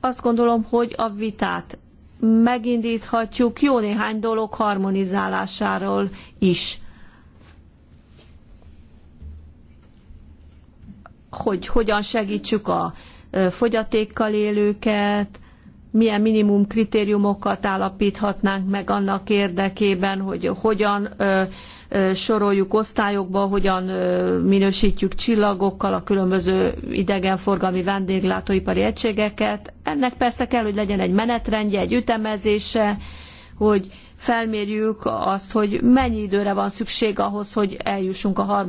Speaker 1: azt gondolom, hogy a vitát megindíthatjuk jó néhány dolog harmonizálásáról is. Hogy hogyan segítsük a fogyatékkal élőket, milyen minimum kritériumokat állapíthatnánk meg annak érdekében, hogy hogyan soroljuk osztályokba, hogyan ö, minősítjük csillagokkal a különböző idegenforgalmi vendéglátóipari egységeket. Ennek persze kell, hogy legyen egy menetrendje, egy ütemezése, hogy felmérjük azt, hogy mennyi időre van szükség ahhoz, hogy eljussunk a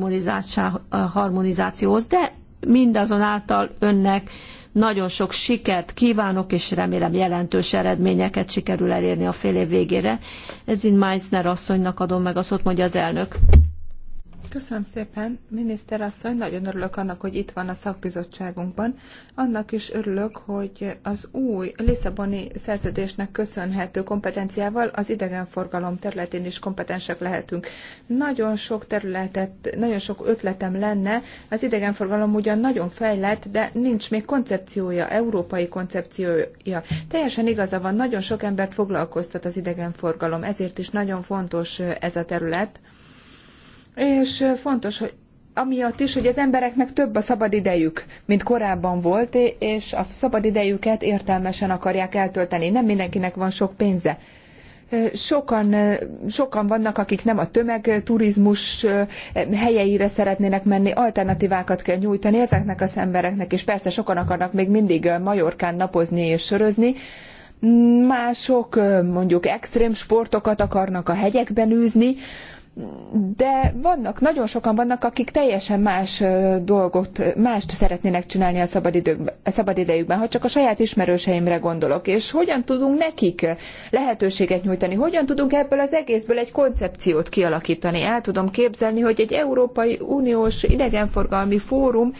Speaker 1: harmonizációhoz, de mindazonáltal önnek nagyon sok sikert kívánok, és remélem jelentős eredményeket sikerül elérni a fél év végére. Ezin Meissner asszonynak adom meg a szót, mondja az elnök.
Speaker 3: Köszönöm szépen, miniszter asszony, nagyon örülök annak, hogy itt van a szakbizottságunkban. Annak is örülök, hogy az új Lisszaboni szerződésnek köszönhető kompetenciával az idegenforgalom területén is kompetensek lehetünk. Nagyon sok területet, nagyon sok ötletem lenne. Az idegenforgalom ugyan nagyon fejlett, de nincs még koncepciója, európai koncepciója. Teljesen igaza van, nagyon sok embert foglalkoztat az idegenforgalom, ezért is nagyon fontos eh, ez a terület és fontos, hogy amiatt is, hogy az embereknek több a szabadidejük, mint korábban volt, és a szabadidejüket értelmesen akarják eltölteni. Nem mindenkinek van sok pénze. Sokan, sokan vannak, akik nem a tömegturizmus helyeire szeretnének menni, alternatívákat kell nyújtani ezeknek az embereknek, és persze sokan akarnak még mindig Majorkán napozni és sörözni, mások mondjuk extrém sportokat akarnak a hegyekben űzni, de vannak, nagyon sokan vannak, akik teljesen más dolgot, mást szeretnének csinálni a, szabadidőkben, a szabadidejükben, ha csak a saját ismerőseimre gondolok, és hogyan tudunk nekik lehetőséget nyújtani, hogyan tudunk ebből az egészből egy koncepciót kialakítani. El tudom képzelni, hogy egy Európai Uniós idegenforgalmi fórum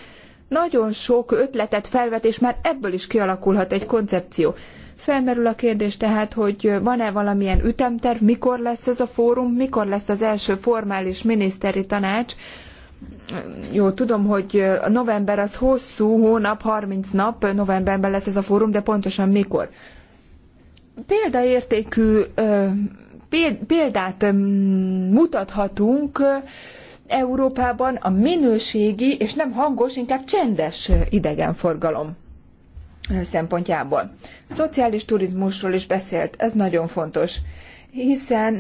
Speaker 3: nagyon sok ötletet felvet, és már ebből is kialakulhat egy koncepció. Felmerül a kérdés tehát, hogy van-e valamilyen ütemterv, mikor lesz ez a fórum, mikor lesz az első formális miniszteri tanács, jó, tudom, hogy november az hosszú hónap, 30 nap, novemberben lesz ez a fórum, de pontosan mikor? Példaértékű példát mutathatunk Európában a minőségi és nem hangos, inkább csendes idegenforgalom szempontjából. Szociális turizmusról is beszélt, ez nagyon fontos, hiszen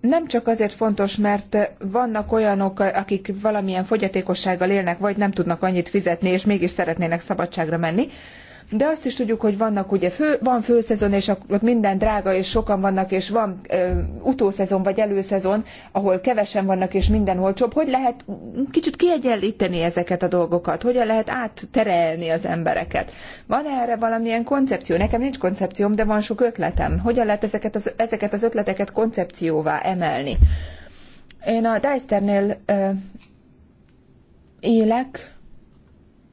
Speaker 3: nem csak azért fontos, mert vannak olyanok, akik valamilyen fogyatékossággal élnek, vagy nem tudnak annyit fizetni, és mégis szeretnének szabadságra menni, de azt is tudjuk, hogy vannak ugye fő, van főszezon, és ott minden drága, és sokan vannak, és van ö, utószezon vagy előszezon, ahol kevesen vannak, és minden olcsóbb. Hogy lehet kicsit kiegyenlíteni ezeket a dolgokat? Hogyan lehet átterelni az embereket? Van -e erre valamilyen koncepció? Nekem nincs koncepcióm, de van sok ötletem. Hogyan lehet ezeket az, ezeket az ötleteket koncepcióvá emelni? Én a Deisternél élek,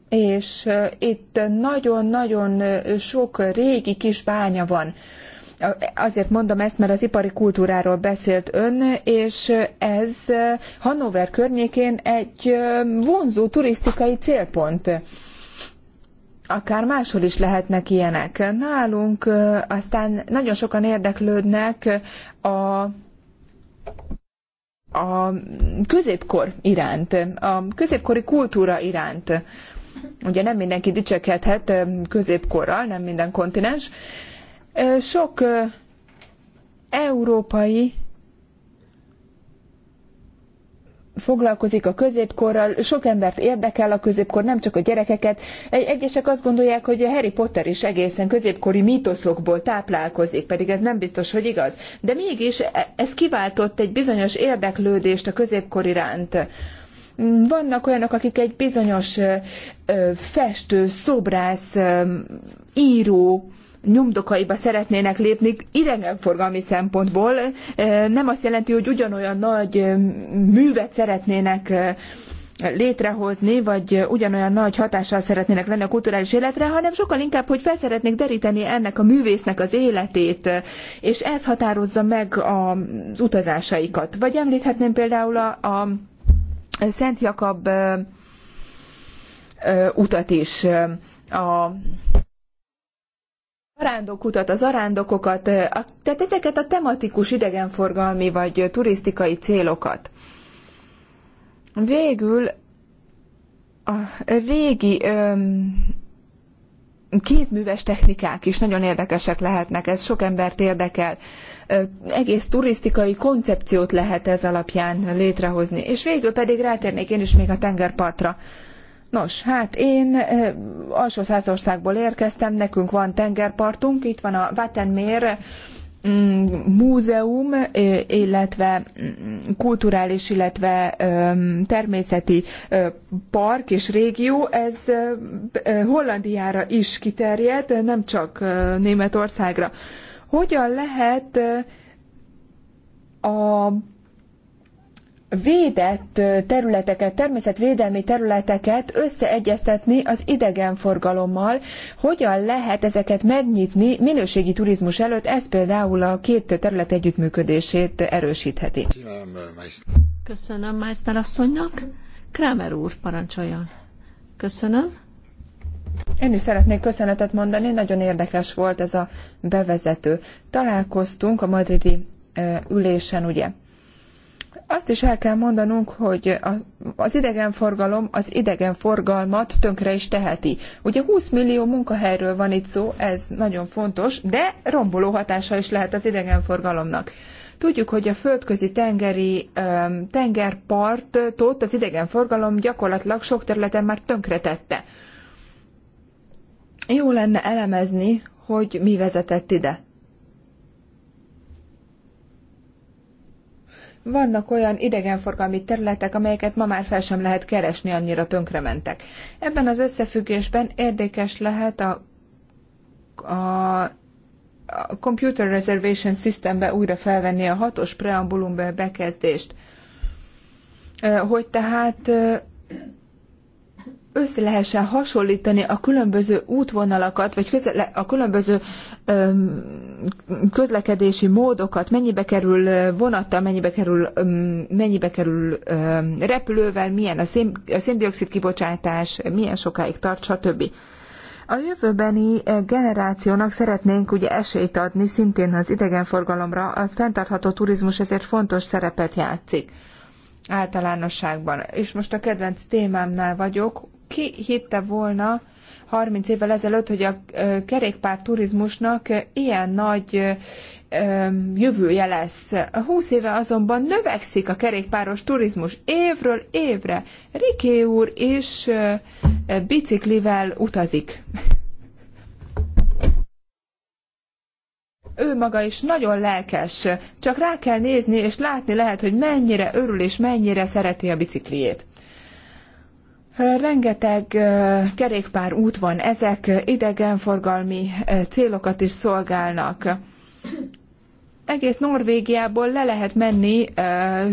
Speaker 3: és itt nagyon-nagyon sok régi kis bánya van. Azért mondom ezt, mert az ipari kultúráról beszélt ön, és ez Hannover környékén egy vonzó turisztikai célpont akár máshol is lehetnek ilyenek. Nálunk aztán nagyon sokan érdeklődnek a a középkor iránt, a középkori kultúra iránt. Ugye nem mindenki dicsekedhet középkorral, nem minden kontinens. Sok európai foglalkozik a középkorral, sok embert érdekel a középkor, nem csak a gyerekeket. Egyesek azt gondolják, hogy a Harry Potter is egészen középkori mítoszokból táplálkozik, pedig ez nem biztos, hogy igaz. De mégis e, ez kiváltott egy bizonyos érdeklődést a középkor iránt vannak olyanok, akik egy bizonyos festő, szobrász, író, nyomdokaiba szeretnének lépni idegenforgalmi szempontból, nem azt jelenti, hogy ugyanolyan nagy művet szeretnének létrehozni, vagy ugyanolyan nagy hatással szeretnének lenni a kulturális életre, hanem sokkal inkább, hogy felszeretnék deríteni ennek a művésznek az életét, és ez határozza meg az utazásaikat. Vagy említhetném például a, a Szent Jakab utat is, a arándokutat, az arándokokat, tehát ezeket a tematikus idegenforgalmi vagy turisztikai célokat. Végül a régi öm, kézműves technikák is nagyon érdekesek lehetnek, ez sok embert érdekel. Egész turisztikai koncepciót lehet ez alapján létrehozni. És végül pedig rátérnék én is még a tengerpartra. Nos, hát én alsó százországból érkeztem, nekünk van tengerpartunk, itt van a Vattenmeer, múzeum, illetve mm, kulturális, illetve természeti park és régió, ez Hollandiára is kiterjed, nem csak Németországra. Hogyan lehet a védett területeket, természetvédelmi területeket összeegyeztetni az idegenforgalommal, hogyan lehet ezeket megnyitni minőségi turizmus előtt, ez például a két terület együttműködését erősítheti.
Speaker 1: Köszönöm Meissner asszonynak. Kramer úr, parancsoljon. Köszönöm. Én is szeretnék köszönetet mondani, nagyon érdekes volt ez a
Speaker 3: bevezető. Találkoztunk a madridi ülésen, ugye? Azt is el kell mondanunk, hogy az idegenforgalom az idegenforgalmat tönkre is teheti. Ugye 20 millió munkahelyről van itt szó, ez nagyon fontos, de romboló hatása is lehet az idegenforgalomnak. Tudjuk, hogy a földközi tengeri tengerpartot az idegenforgalom gyakorlatilag sok területen már tönkretette. Jó lenne elemezni, hogy mi vezetett ide. Vannak olyan idegenforgalmi területek, amelyeket ma már fel sem lehet keresni, annyira tönkrementek. Ebben az összefüggésben érdekes lehet a, a, a Computer Reservation Systembe újra felvenni a hatos preambulum bekezdést, hogy tehát össze lehessen hasonlítani a különböző útvonalakat, vagy a különböző öm, közlekedési módokat, mennyibe kerül vonattal, mennyibe kerül, öm, mennyibe kerül öm, repülővel, milyen a, szén, a széndiokszid kibocsátás, milyen sokáig tart, stb. A jövőbeni generációnak szeretnénk ugye esélyt adni szintén az idegenforgalomra, a fenntartható turizmus ezért fontos szerepet játszik általánosságban. És most a kedvenc témámnál vagyok, ki hitte volna 30 évvel ezelőtt, hogy a kerékpár turizmusnak ilyen nagy jövője lesz. 20 éve azonban növekszik a kerékpáros turizmus évről évre. Riké úr is biciklivel utazik. ő maga is nagyon lelkes, csak rá kell nézni, és látni lehet, hogy mennyire örül és mennyire szereti a bicikliét. Rengeteg kerékpár út van, ezek idegenforgalmi célokat is szolgálnak. Egész Norvégiából le lehet menni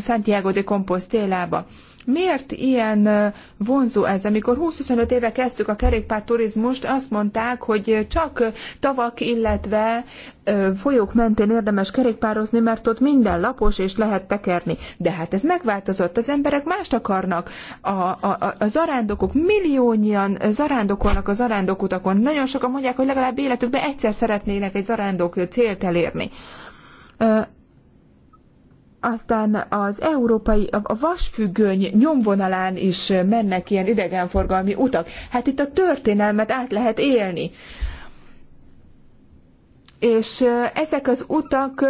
Speaker 3: Santiago de Compostelába. Miért ilyen vonzó ez? Amikor 20-25 éve kezdtük a kerékpárturizmust, azt mondták, hogy csak tavak, illetve folyók mentén érdemes kerékpározni, mert ott minden lapos és lehet tekerni. De hát ez megváltozott, az emberek mást akarnak. A, a, a zarándokok milliónyian zarándokolnak a zarándokutakon. Nagyon sokan mondják, hogy legalább életükben egyszer szeretnének egy zarándok célt elérni aztán az európai, a vasfüggöny nyomvonalán is mennek ilyen idegenforgalmi utak. Hát itt a történelmet át lehet élni. És ezek az utak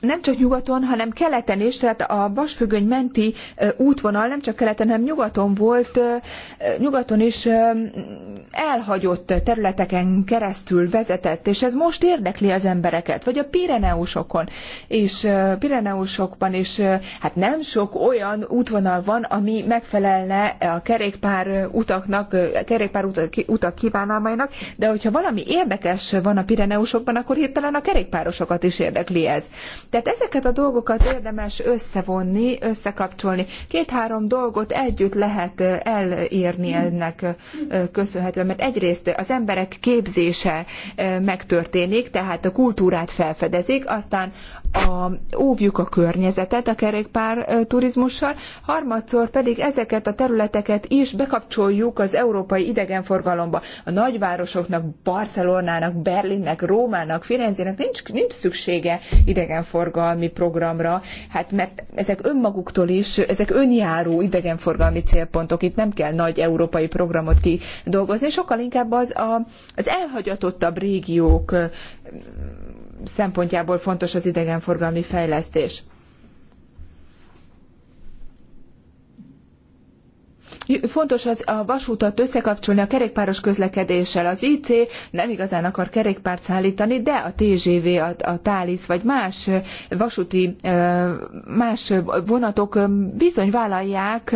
Speaker 3: nem csak nyugaton, hanem keleten is, tehát a vasfüggöny menti útvonal nem csak keleten, hanem nyugaton volt, nyugaton is elhagyott területeken keresztül vezetett, és ez most érdekli az embereket, vagy a Pireneusokon, és Pireneusokban is, hát nem sok olyan útvonal van, ami megfelelne a kerékpár utaknak, a kerékpár utak kívánalmainak, de hogyha valami érdekes van a Pireneusokban, akkor hirtelen a kerékpárosokat is érdekli ez. Tehát ezeket a dolgokat érdemes összevonni, összekapcsolni. Két-három dolgot együtt lehet elérni ennek köszönhetően, mert egyrészt az emberek képzése megtörténik, tehát a kultúrát felfedezik, aztán a, óvjuk a környezetet a kerékpár turizmussal, harmadszor pedig ezeket a területeket is bekapcsoljuk az európai idegenforgalomba. A nagyvárosoknak, Barcelonának, Berlinnek, Rómának, Firenzének nincs, nincs szüksége idegenforgalmi programra, hát mert ezek önmaguktól is, ezek önjáró idegenforgalmi célpontok, itt nem kell nagy európai programot kidolgozni, sokkal inkább az a, az elhagyatottabb régiók szempontjából fontos az idegenforgalmi fejlesztés. Fontos az a vasútat összekapcsolni a kerékpáros közlekedéssel. Az IC nem igazán akar kerékpárt szállítani, de a TGV, a, a Thalys vagy más vasúti, más vonatok bizony vállalják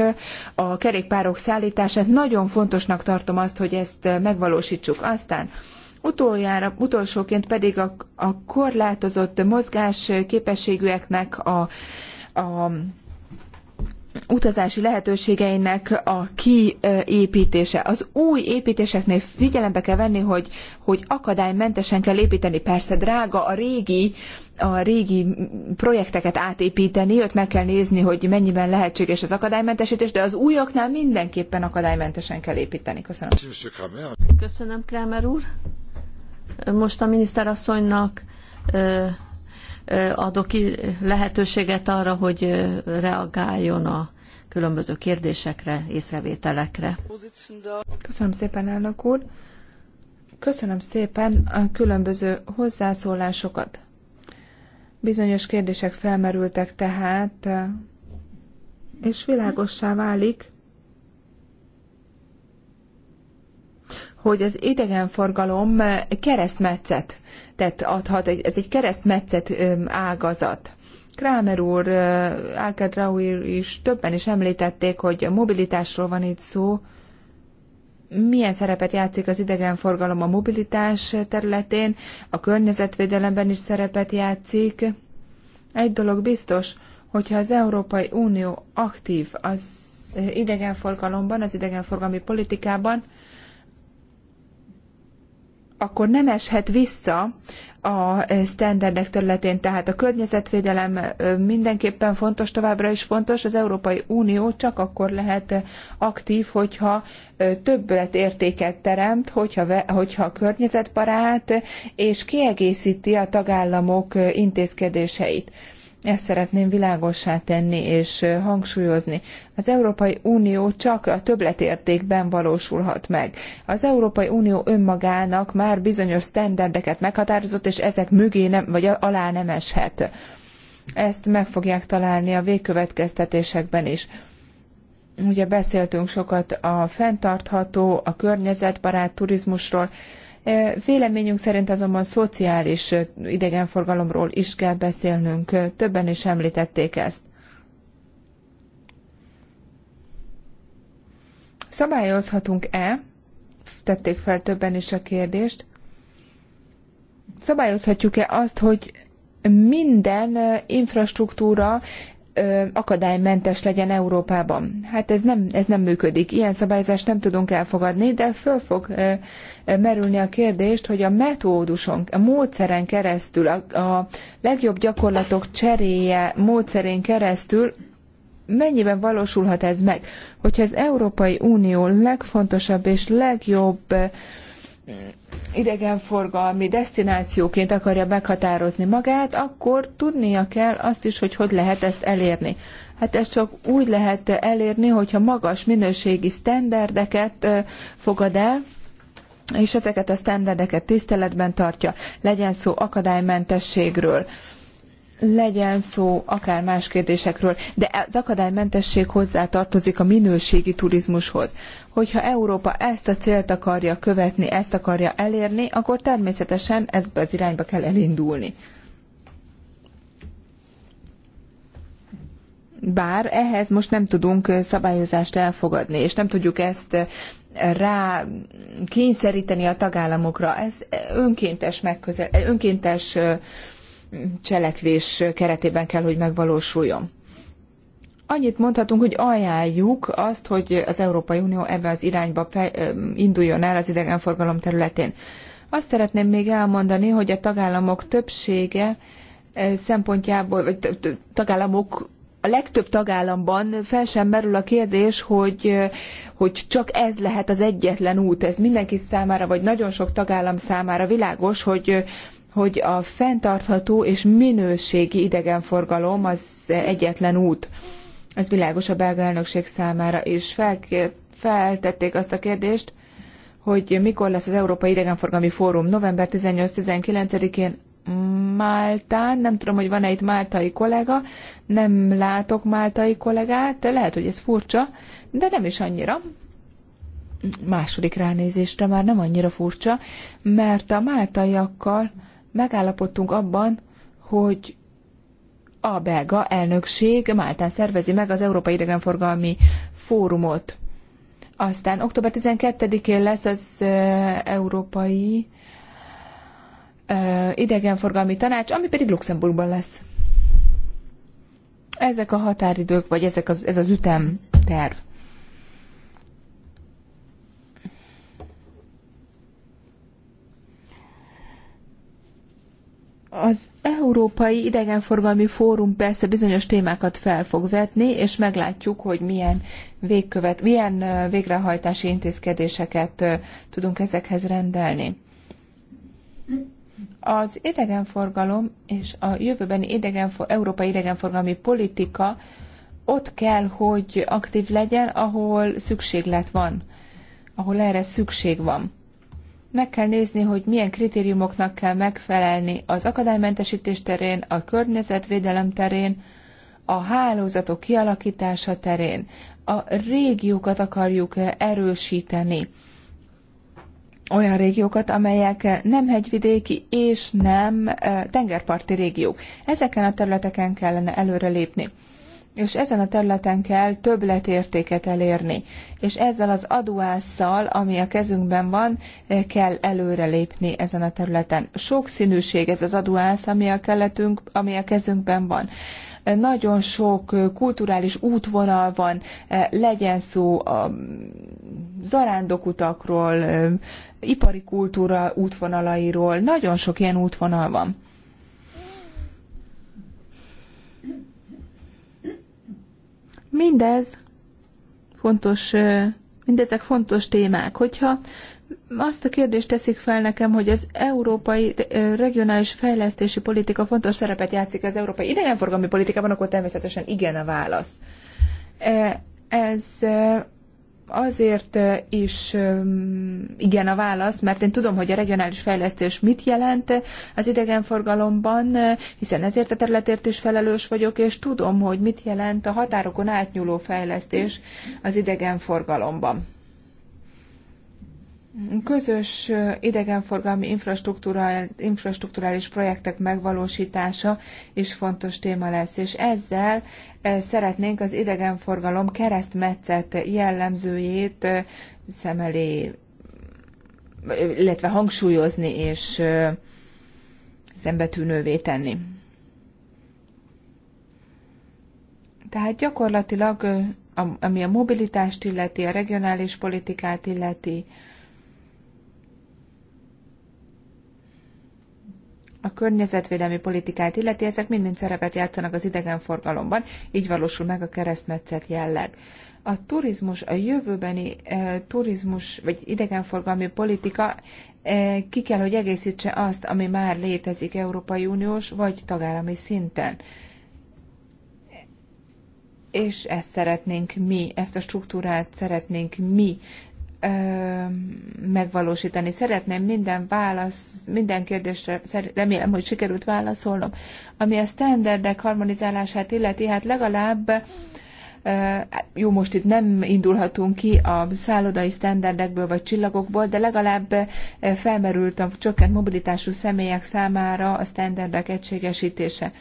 Speaker 3: a kerékpárok szállítását. Nagyon fontosnak tartom azt, hogy ezt megvalósítsuk. Aztán Utoljára, utolsóként pedig a, a korlátozott mozgás képességűeknek a, a utazási lehetőségeinek a kiépítése. Az új építéseknél figyelembe kell venni, hogy, hogy akadálymentesen kell építeni. Persze drága a régi, a régi projekteket átépíteni, ott meg kell nézni, hogy mennyiben lehetséges az akadálymentesítés, de az újaknál mindenképpen akadálymentesen
Speaker 1: kell építeni. Köszönöm. Köszönöm, Kramer úr. Most a miniszterasszonynak adok lehetőséget arra, hogy reagáljon a különböző kérdésekre, észrevételekre.
Speaker 3: Köszönöm szépen, elnök úr. Köszönöm szépen a különböző hozzászólásokat. Bizonyos kérdések felmerültek tehát, és világossá válik, hogy az idegenforgalom keresztmetszet, tehát adhat, ez egy keresztmetszet ágazat. Krámer úr, Alcadraui is többen is említették, hogy a mobilitásról van itt szó. Milyen szerepet játszik az idegenforgalom a mobilitás területén, a környezetvédelemben is szerepet játszik. Egy dolog biztos, hogyha az Európai Unió aktív az idegenforgalomban, az idegenforgalmi politikában, akkor nem eshet vissza a e, standardok területén, tehát a környezetvédelem e, mindenképpen fontos, továbbra is fontos, az Európai Unió csak akkor lehet aktív, hogyha e, többletértéket teremt, hogyha, hogyha környezetbarát, és kiegészíti a tagállamok intézkedéseit. Ezt szeretném világossá tenni és hangsúlyozni. Az Európai Unió csak a többletértékben valósulhat meg. Az Európai Unió önmagának már bizonyos sztenderdeket meghatározott, és ezek mögé nem, vagy alá nem eshet. Ezt meg fogják találni a végkövetkeztetésekben is. Ugye beszéltünk sokat a fenntartható, a környezetbarát turizmusról, Véleményünk szerint azonban szociális idegenforgalomról is kell beszélnünk, többen is említették ezt. Szabályozhatunk-e? Tették fel többen is a kérdést. Szabályozhatjuk-e azt, hogy minden infrastruktúra akadálymentes legyen Európában. Hát ez nem, ez nem működik. Ilyen szabályzást nem tudunk elfogadni, de föl fog merülni a kérdést, hogy a metóduson, a módszeren keresztül, a, a legjobb gyakorlatok cseréje módszerén keresztül mennyiben valósulhat ez meg? Hogyha az Európai Unió legfontosabb és legjobb idegenforgalmi destinációként akarja meghatározni magát, akkor tudnia kell azt is, hogy hogy lehet ezt elérni. Hát ezt csak úgy lehet elérni, hogyha magas minőségi sztenderdeket fogad el, és ezeket a sztenderdeket tiszteletben tartja, legyen szó akadálymentességről, legyen szó akár más kérdésekről, de az akadálymentesség hozzá tartozik a minőségi turizmushoz. Hogyha Európa ezt a célt akarja követni, ezt akarja elérni, akkor természetesen ezbe az irányba kell elindulni. Bár ehhez most nem tudunk szabályozást elfogadni, és nem tudjuk ezt rá kényszeríteni a tagállamokra. Ez önkéntes, megközel, önkéntes cselekvés keretében kell, hogy megvalósuljon. Annyit mondhatunk, hogy ajánljuk azt, hogy az Európai Unió ebbe az irányba induljon el az idegenforgalom területén. Azt szeretném még elmondani, hogy a tagállamok többsége szempontjából, vagy tagállamok a legtöbb tagállamban fel sem merül a kérdés, hogy, hogy csak ez lehet az egyetlen út. Ez mindenki számára, vagy nagyon sok tagállam számára világos, hogy hogy a fenntartható és minőségi idegenforgalom az egyetlen út. Ez világos a belga elnökség számára, és feltették azt a kérdést, hogy mikor lesz az Európai Idegenforgalmi Fórum november 18-19-én Máltán, nem tudom, hogy van-e itt máltai kollega, nem látok máltai kollégát, de lehet, hogy ez furcsa, de nem is annyira. Második ránézésre már nem annyira furcsa, mert a máltaiakkal megállapodtunk abban, hogy a belga elnökség Máltán szervezi meg az Európai Idegenforgalmi Fórumot. Aztán október 12-én lesz az Európai Idegenforgalmi Tanács, ami pedig Luxemburgban lesz. Ezek a határidők, vagy ezek az, ez az ütemterv. Az Európai Idegenforgalmi Fórum persze bizonyos témákat fel fog vetni, és meglátjuk, hogy milyen, végkövet, milyen végrehajtási intézkedéseket tudunk ezekhez rendelni. Az idegenforgalom és a jövőbeni idegenfor, európai idegenforgalmi politika ott kell, hogy aktív legyen, ahol szükséglet van, ahol erre szükség van. Meg kell nézni, hogy milyen kritériumoknak kell megfelelni az akadálymentesítés terén, a környezetvédelem terén, a hálózatok kialakítása terén. A régiókat akarjuk erősíteni. Olyan régiókat, amelyek nem hegyvidéki és nem eh, tengerparti régiók. Ezeken a területeken kellene előrelépni. lépni és ezen a területen kell többletértéket elérni. És ezzel az aduásszal, ami a kezünkben van, eh, kell előrelépni ezen a területen. Sok színűség ez az aduász, ami a, keletünk, ami a kezünkben van. Eh, nagyon sok eh, kulturális útvonal van, legyen szó a mm, zarándokutakról, ipari kultúra útvonalairól, nagyon sok ilyen útvonal van Mindez fontos, mindezek fontos témák. Hogyha azt a kérdést teszik fel nekem, hogy az európai regionális fejlesztési politika fontos szerepet játszik az európai idegenforgalmi politikában, akkor természetesen igen a válasz. Ez Azért is igen a válasz, mert én tudom, hogy a regionális fejlesztés mit jelent az idegenforgalomban, hiszen ezért a területért is felelős vagyok, és tudom, hogy mit jelent a határokon átnyúló fejlesztés az idegenforgalomban. Közös idegenforgalmi infrastruktúra, infrastruktúrális projektek megvalósítása is fontos téma lesz, és ezzel szeretnénk az idegenforgalom keresztmetszet jellemzőjét szem elé, illetve hangsúlyozni és szembetűnővé tenni. Tehát gyakorlatilag, ami a mobilitást illeti, a regionális politikát illeti, a környezetvédelmi politikát illeti, ezek mind-mind szerepet játszanak az idegenforgalomban, így valósul meg a keresztmetszet jelleg. A turizmus, a jövőbeni e, turizmus vagy idegenforgalmi politika e, ki kell, hogy egészítse azt, ami már létezik Európai Uniós vagy tagállami szinten. És ezt szeretnénk mi, ezt a struktúrát szeretnénk mi megvalósítani. Szeretném minden válasz, minden kérdésre, remélem, hogy sikerült válaszolnom. Ami a standardek harmonizálását illeti, hát legalább hát jó, most itt nem indulhatunk ki a szállodai sztenderdekből vagy csillagokból, de legalább felmerült a csökkent mobilitású személyek számára a sztenderdek egységesítése.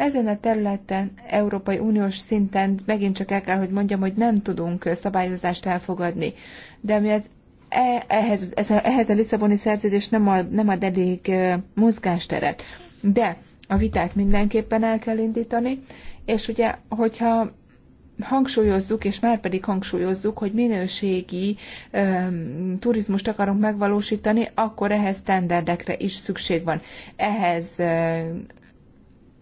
Speaker 3: Ezen a területen, Európai Uniós szinten megint csak el kell, hogy mondjam, hogy nem tudunk szabályozást elfogadni. De mi az e, ehhez, ez a, ehhez a Lisszaboni szerződés nem ad, nem ad elég mozgásteret. De a vitát mindenképpen el kell indítani, és ugye, hogyha hangsúlyozzuk, és már pedig hangsúlyozzuk, hogy minőségi öm, turizmust akarunk megvalósítani, akkor ehhez standardekre is szükség van. Ehhez öm,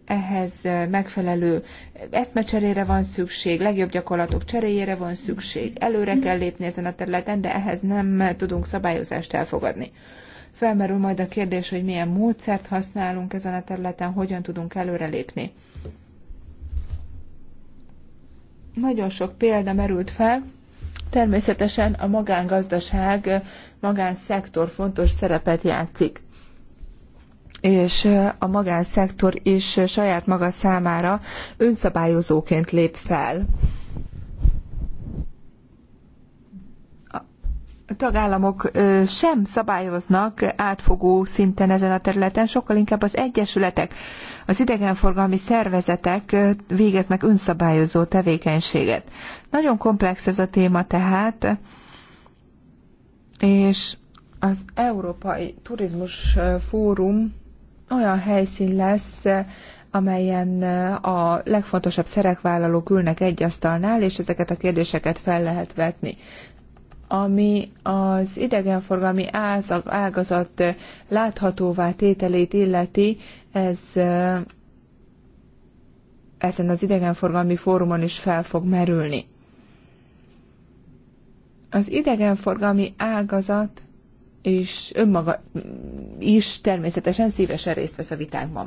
Speaker 3: ehhez eh, megfelelő eszmecserére van szükség, legjobb gyakorlatok cseréjére van szükség, előre kell lépni ezen a területen, de ehhez nem tudunk szabályozást elfogadni. Felmerül majd a kérdés, hogy milyen módszert használunk ezen a területen, hogyan tudunk előrelépni. Nagyon sok példa merült fel, természetesen a magángazdaság, magánszektor fontos szerepet játszik és a magánszektor is saját maga számára önszabályozóként lép fel. A tagállamok sem szabályoznak átfogó szinten ezen a területen, sokkal inkább az egyesületek, az idegenforgalmi szervezetek végeznek önszabályozó tevékenységet. Nagyon komplex ez a téma tehát, és az Európai Turizmus Fórum olyan helyszín lesz, amelyen a legfontosabb szerekvállalók ülnek egy asztalnál, és ezeket a kérdéseket fel lehet vetni ami az idegenforgalmi ágazat láthatóvá tételét illeti, ez ezen az idegenforgalmi fórumon is fel fog merülni. Az idegenforgalmi ágazat és önmaga is természetesen szívesen részt
Speaker 1: vesz a vitákban.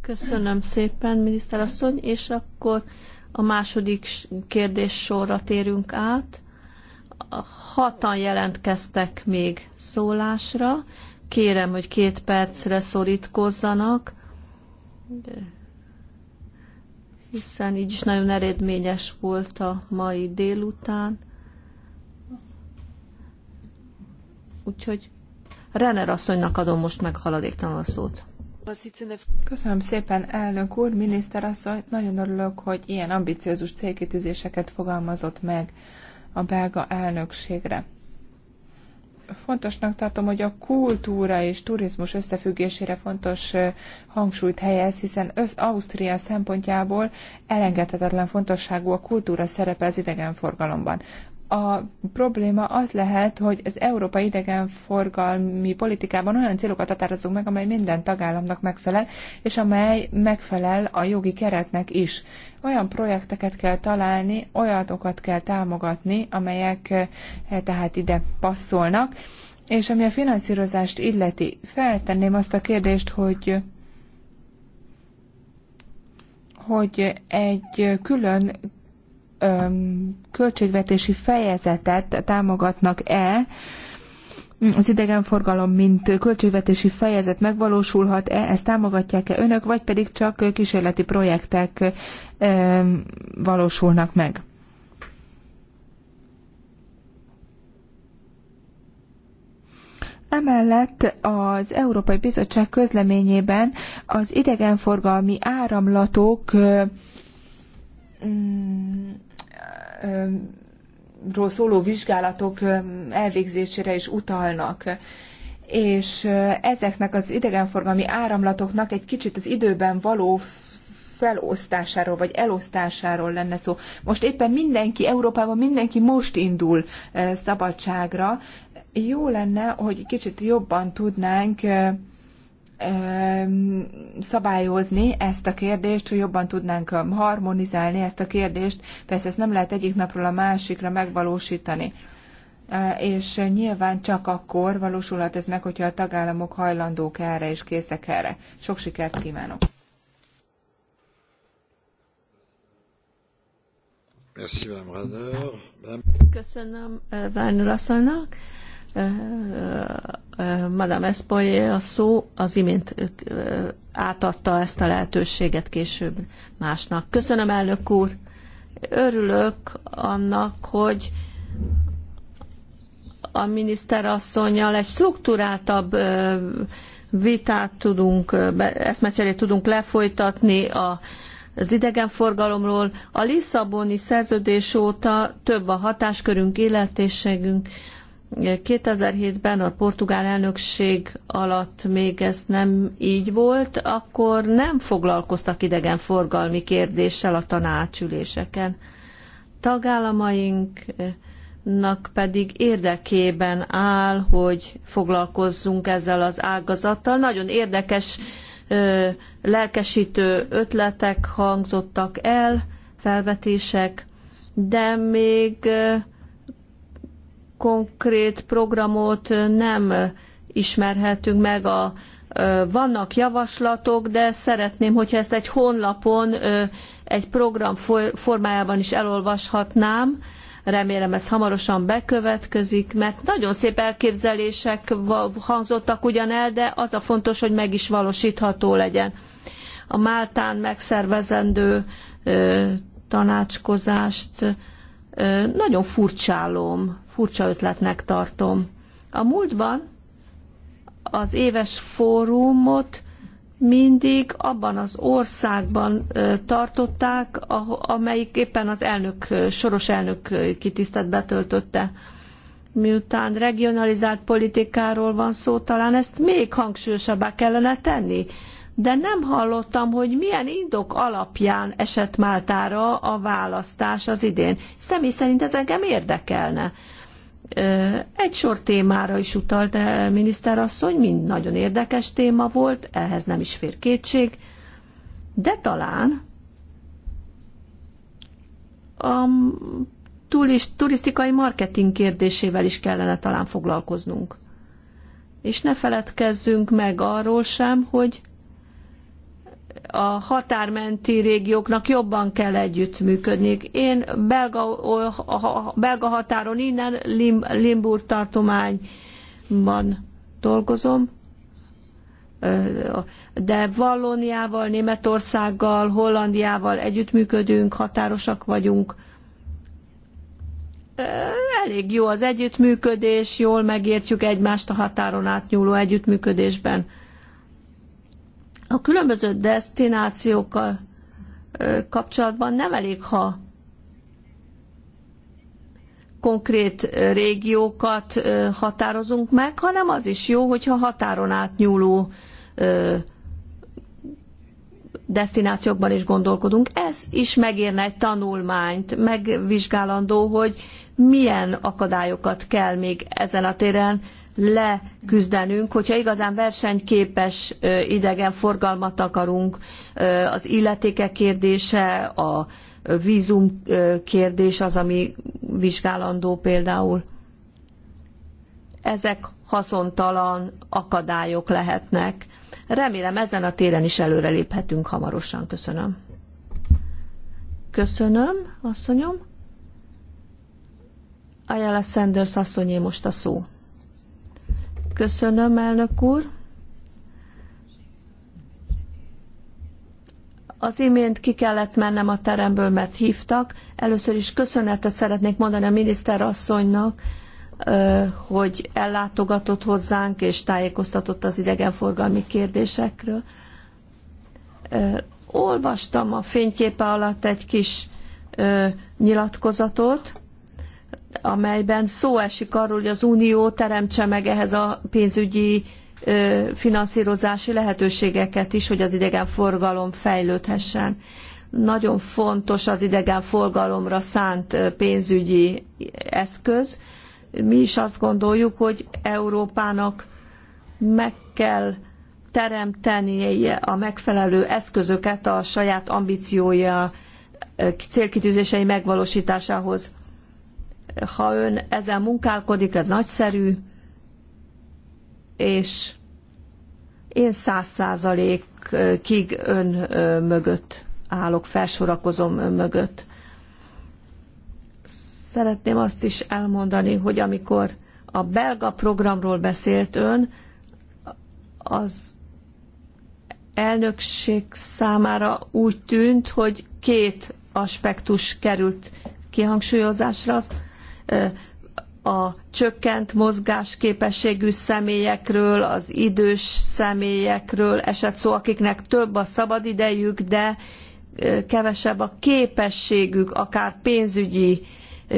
Speaker 3: Köszönöm
Speaker 1: szépen, miniszterasszony, és akkor a második kérdés sorra térünk át. Hatan jelentkeztek még szólásra. Kérem, hogy két percre szorítkozzanak, hiszen így is nagyon eredményes volt a mai délután. Úgyhogy Renner asszonynak adom most meg haladéktalan a szót. Köszönöm szépen,
Speaker 3: elnök úr, miniszter asszony. Nagyon örülök, hogy ilyen ambiciózus célkitűzéseket fogalmazott meg a belga elnökségre. Fontosnak tartom, hogy a kultúra és turizmus összefüggésére fontos hangsúlyt helyez, hiszen össz Ausztria szempontjából elengedhetetlen fontosságú a kultúra szerepe az idegenforgalomban a probléma az lehet, hogy az európai idegenforgalmi politikában olyan célokat határozunk meg, amely minden tagállamnak megfelel, és amely megfelel a jogi keretnek is. Olyan projekteket kell találni, olyatokat kell támogatni, amelyek eh, tehát ide passzolnak, és ami a finanszírozást illeti, feltenném azt a kérdést, hogy hogy egy külön költségvetési fejezetet támogatnak-e, az idegenforgalom, mint költségvetési fejezet megvalósulhat-e, ezt támogatják-e önök, vagy pedig csak kísérleti projektek valósulnak meg? Emellett az Európai Bizottság közleményében az idegenforgalmi áramlatok mm, ról szóló vizsgálatok elvégzésére is utalnak és ezeknek az idegenforgalmi áramlatoknak egy kicsit az időben való felosztásáról vagy elosztásáról lenne szó. Most éppen mindenki, Európában mindenki most indul szabadságra. Jó lenne, hogy kicsit jobban tudnánk Ehm, szabályozni ezt a kérdést, hogy jobban tudnánk harmonizálni ezt a kérdést. Persze ezt nem lehet egyik napról a másikra megvalósítani. E, és nyilván csak akkor valósulhat ez meg, hogyha a tagállamok hajlandók erre és készek erre. Sok sikert kívánok!
Speaker 1: Köszönöm Várnul eh, asszonynak. Madame Espoyé a szó az imént átadta ezt a lehetőséget később másnak. Köszönöm, elnök úr! Örülök annak, hogy a miniszterasszonynal egy struktúráltabb vitát tudunk, eszmecserét tudunk lefolytatni a az idegenforgalomról. A Lisszaboni szerződés óta több a hatáskörünk, illetészségünk, 2007-ben a portugál elnökség alatt még ez nem így volt, akkor nem foglalkoztak idegenforgalmi kérdéssel a tanácsüléseken. Tagállamainknak pedig érdekében áll, hogy foglalkozzunk ezzel az ágazattal. Nagyon érdekes, lelkesítő ötletek hangzottak el, felvetések, de még konkrét programot nem ismerhetünk meg a vannak javaslatok, de szeretném, hogyha ezt egy honlapon, egy program formájában is elolvashatnám. Remélem ez hamarosan bekövetkezik, mert nagyon szép elképzelések hangzottak ugyan el, de az a fontos, hogy meg is valósítható legyen. A Máltán megszervezendő tanácskozást nagyon furcsálom, furcsa ötletnek tartom. A múltban az éves fórumot mindig abban az országban tartották, ah, amelyik éppen az elnök, soros elnök kitisztelt betöltötte. Miután regionalizált politikáról van szó, talán ezt még hangsúlyosabbá kellene tenni de nem hallottam, hogy milyen indok alapján esett Máltára a választás az idén. Személy szerint ez engem érdekelne. Egy sor témára is utalt a eh, miniszterasszony, mind nagyon érdekes téma volt, ehhez nem is fér kétség, de talán a turisztikai marketing kérdésével is kellene talán foglalkoznunk. És ne feledkezzünk meg arról sem, hogy a határmenti régióknak jobban kell együttműködni. Én belga, a belga határon innen Lim, Limburg tartományban dolgozom, de Vallóniával, Németországgal, Hollandiával együttműködünk, határosak vagyunk. Elég jó az együttműködés, jól megértjük egymást a határon átnyúló együttműködésben a különböző destinációkkal kapcsolatban nem elég, ha konkrét régiókat határozunk meg, hanem az is jó, hogyha határon átnyúló destinációkban is gondolkodunk. Ez is megérne egy tanulmányt, megvizsgálandó, hogy milyen akadályokat kell még ezen a téren leküzdenünk, hogyha igazán versenyképes idegenforgalmat akarunk, az illetékek kérdése, a vízum kérdés az, ami vizsgálandó például. Ezek haszontalan akadályok lehetnek. Remélem ezen a téren is előreléphetünk hamarosan. Köszönöm. Köszönöm, asszonyom. Ayala Sanders asszonyé most a szó. Köszönöm, elnök úr. Az imént ki kellett mennem a teremből, mert hívtak. Először is köszönetet szeretnék mondani a miniszter asszonynak, hogy ellátogatott hozzánk és tájékoztatott az idegenforgalmi kérdésekről. Olvastam a fényképe alatt egy kis nyilatkozatot, amelyben szó esik arról, hogy az Unió teremtse meg ehhez a pénzügyi finanszírozási lehetőségeket is, hogy az idegenforgalom fejlődhessen. Nagyon fontos az idegenforgalomra szánt pénzügyi eszköz. Mi is azt gondoljuk, hogy Európának meg kell teremtenie a megfelelő eszközöket a saját ambíciója célkitűzései megvalósításához ha ön ezen munkálkodik, ez nagyszerű, és én száz százalékig ön mögött állok, felsorakozom ön mögött. Szeretném azt is elmondani, hogy amikor a belga programról beszélt ön, az elnökség számára úgy tűnt, hogy két aspektus került kihangsúlyozásra. Az a csökkent mozgásképességű személyekről, az idős személyekről esett szó, akiknek több a szabadidejük, de kevesebb a képességük, akár pénzügyi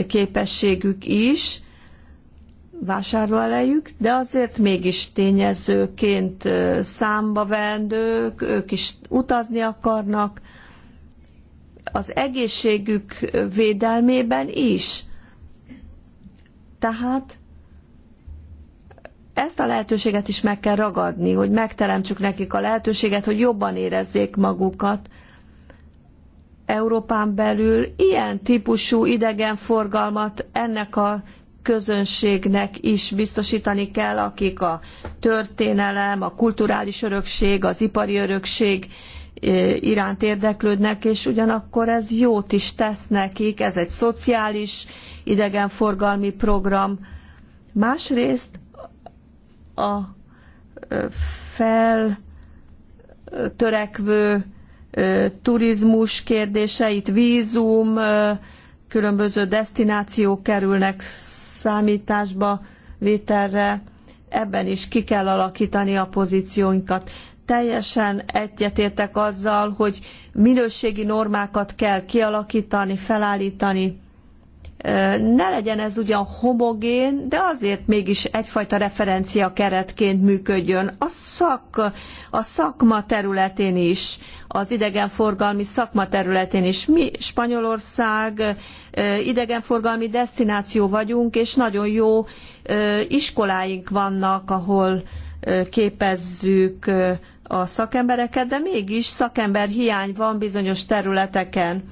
Speaker 1: képességük is, vásárlóelejük, de azért mégis tényezőként számba vendők, ők is utazni akarnak, az egészségük védelmében is tehát ezt a lehetőséget is meg kell ragadni, hogy megteremtsük nekik a lehetőséget, hogy jobban érezzék magukat Európán belül. Ilyen típusú idegenforgalmat ennek a közönségnek is biztosítani kell, akik a történelem, a kulturális örökség, az ipari örökség iránt érdeklődnek, és ugyanakkor ez jót is tesz nekik, ez egy szociális idegenforgalmi program. Másrészt a feltörekvő turizmus kérdése, itt vízum, különböző destinációk kerülnek számításba, vételre, ebben is ki kell alakítani a pozícióinkat teljesen egyetértek azzal, hogy minőségi normákat kell kialakítani, felállítani. Ne legyen ez ugyan homogén, de azért mégis egyfajta referencia keretként működjön. A, szak, a szakma területén is, az idegenforgalmi szakma területén is. Mi Spanyolország idegenforgalmi destináció vagyunk, és nagyon jó iskoláink vannak, ahol képezzük a szakembereket, de mégis szakember hiány van bizonyos területeken.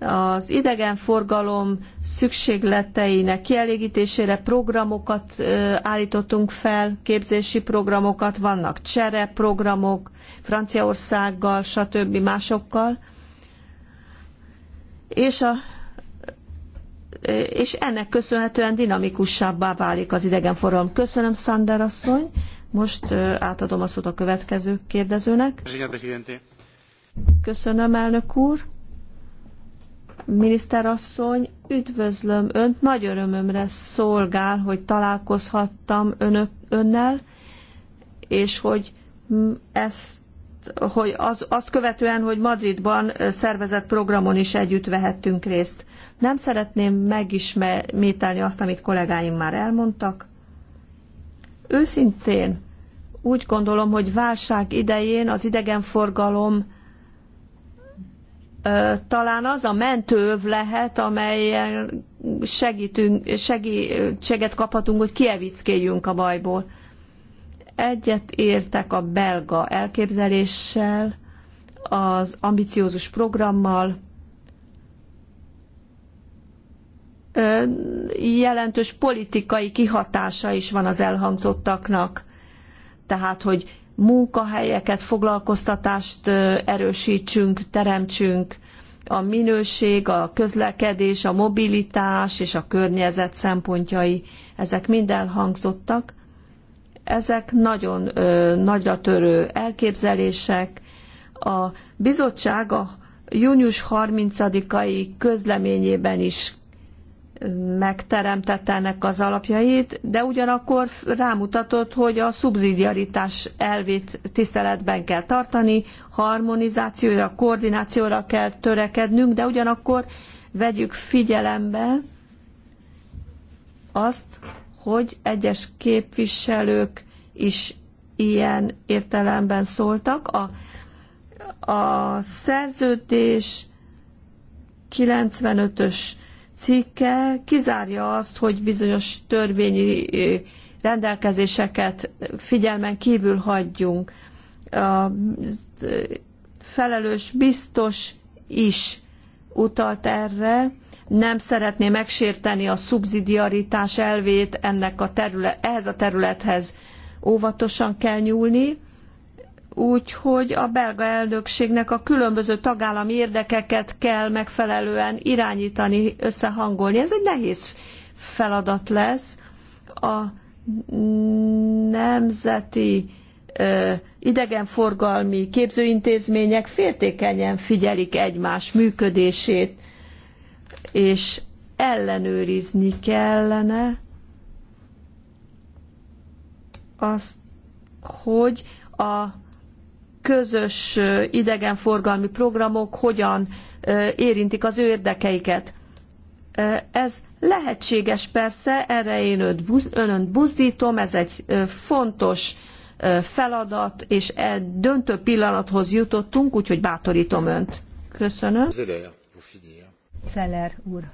Speaker 1: Az idegenforgalom szükségleteinek kielégítésére programokat állítottunk fel, képzési programokat, vannak csereprogramok Franciaországgal, stb. másokkal. És a és ennek köszönhetően dinamikusabbá válik az idegenforgalom. Köszönöm, Sander asszony. Most átadom a szót a következő kérdezőnek. Köszönöm, elnök úr. Miniszter asszony, üdvözlöm Önt, nagy örömömre szolgál, hogy találkozhattam önök, Önnel, és hogy ezt hogy az, azt követően, hogy Madridban szervezett programon is együtt vehettünk részt. Nem szeretném megismételni azt, amit kollégáim már elmondtak. Őszintén úgy gondolom, hogy válság idején az idegenforgalom talán az a mentőv lehet, amely segítünk, segítséget kaphatunk, hogy kievickéljünk a bajból. Egyet értek a belga elképzeléssel, az ambiciózus programmal, jelentős politikai kihatása is van az elhangzottaknak. Tehát, hogy munkahelyeket, foglalkoztatást erősítsünk, teremtsünk, a minőség, a közlekedés, a mobilitás és a környezet szempontjai, ezek mind elhangzottak. Ezek nagyon nagyra törő elképzelések. A bizottság a június 30-ai közleményében is megteremtette ennek az alapjait, de ugyanakkor rámutatott, hogy a szubszidiaritás elvét tiszteletben kell tartani, harmonizációra, koordinációra kell törekednünk, de ugyanakkor vegyük figyelembe azt, hogy egyes képviselők is ilyen értelemben szóltak. A, a szerződés 95-ös cikke kizárja azt, hogy bizonyos törvényi rendelkezéseket figyelmen kívül hagyjunk. A felelős biztos is utalt erre, nem szeretné megsérteni a szubszidiaritás elvét ennek a terület, ehhez a területhez óvatosan kell nyúlni, úgyhogy a belga elnökségnek a különböző tagállami érdekeket kell megfelelően irányítani, összehangolni. Ez egy nehéz feladat lesz. A nemzeti idegenforgalmi képzőintézmények féltékenyen figyelik egymás működését és ellenőrizni kellene azt, hogy a közös idegenforgalmi programok hogyan érintik az ő érdekeiket. Ez lehetséges persze, erre én önt, önönt buzdítom, ez egy fontos feladat, és egy döntő pillanathoz jutottunk, úgyhogy bátorítom önt. Köszönöm. Zidea.
Speaker 2: Celler úr.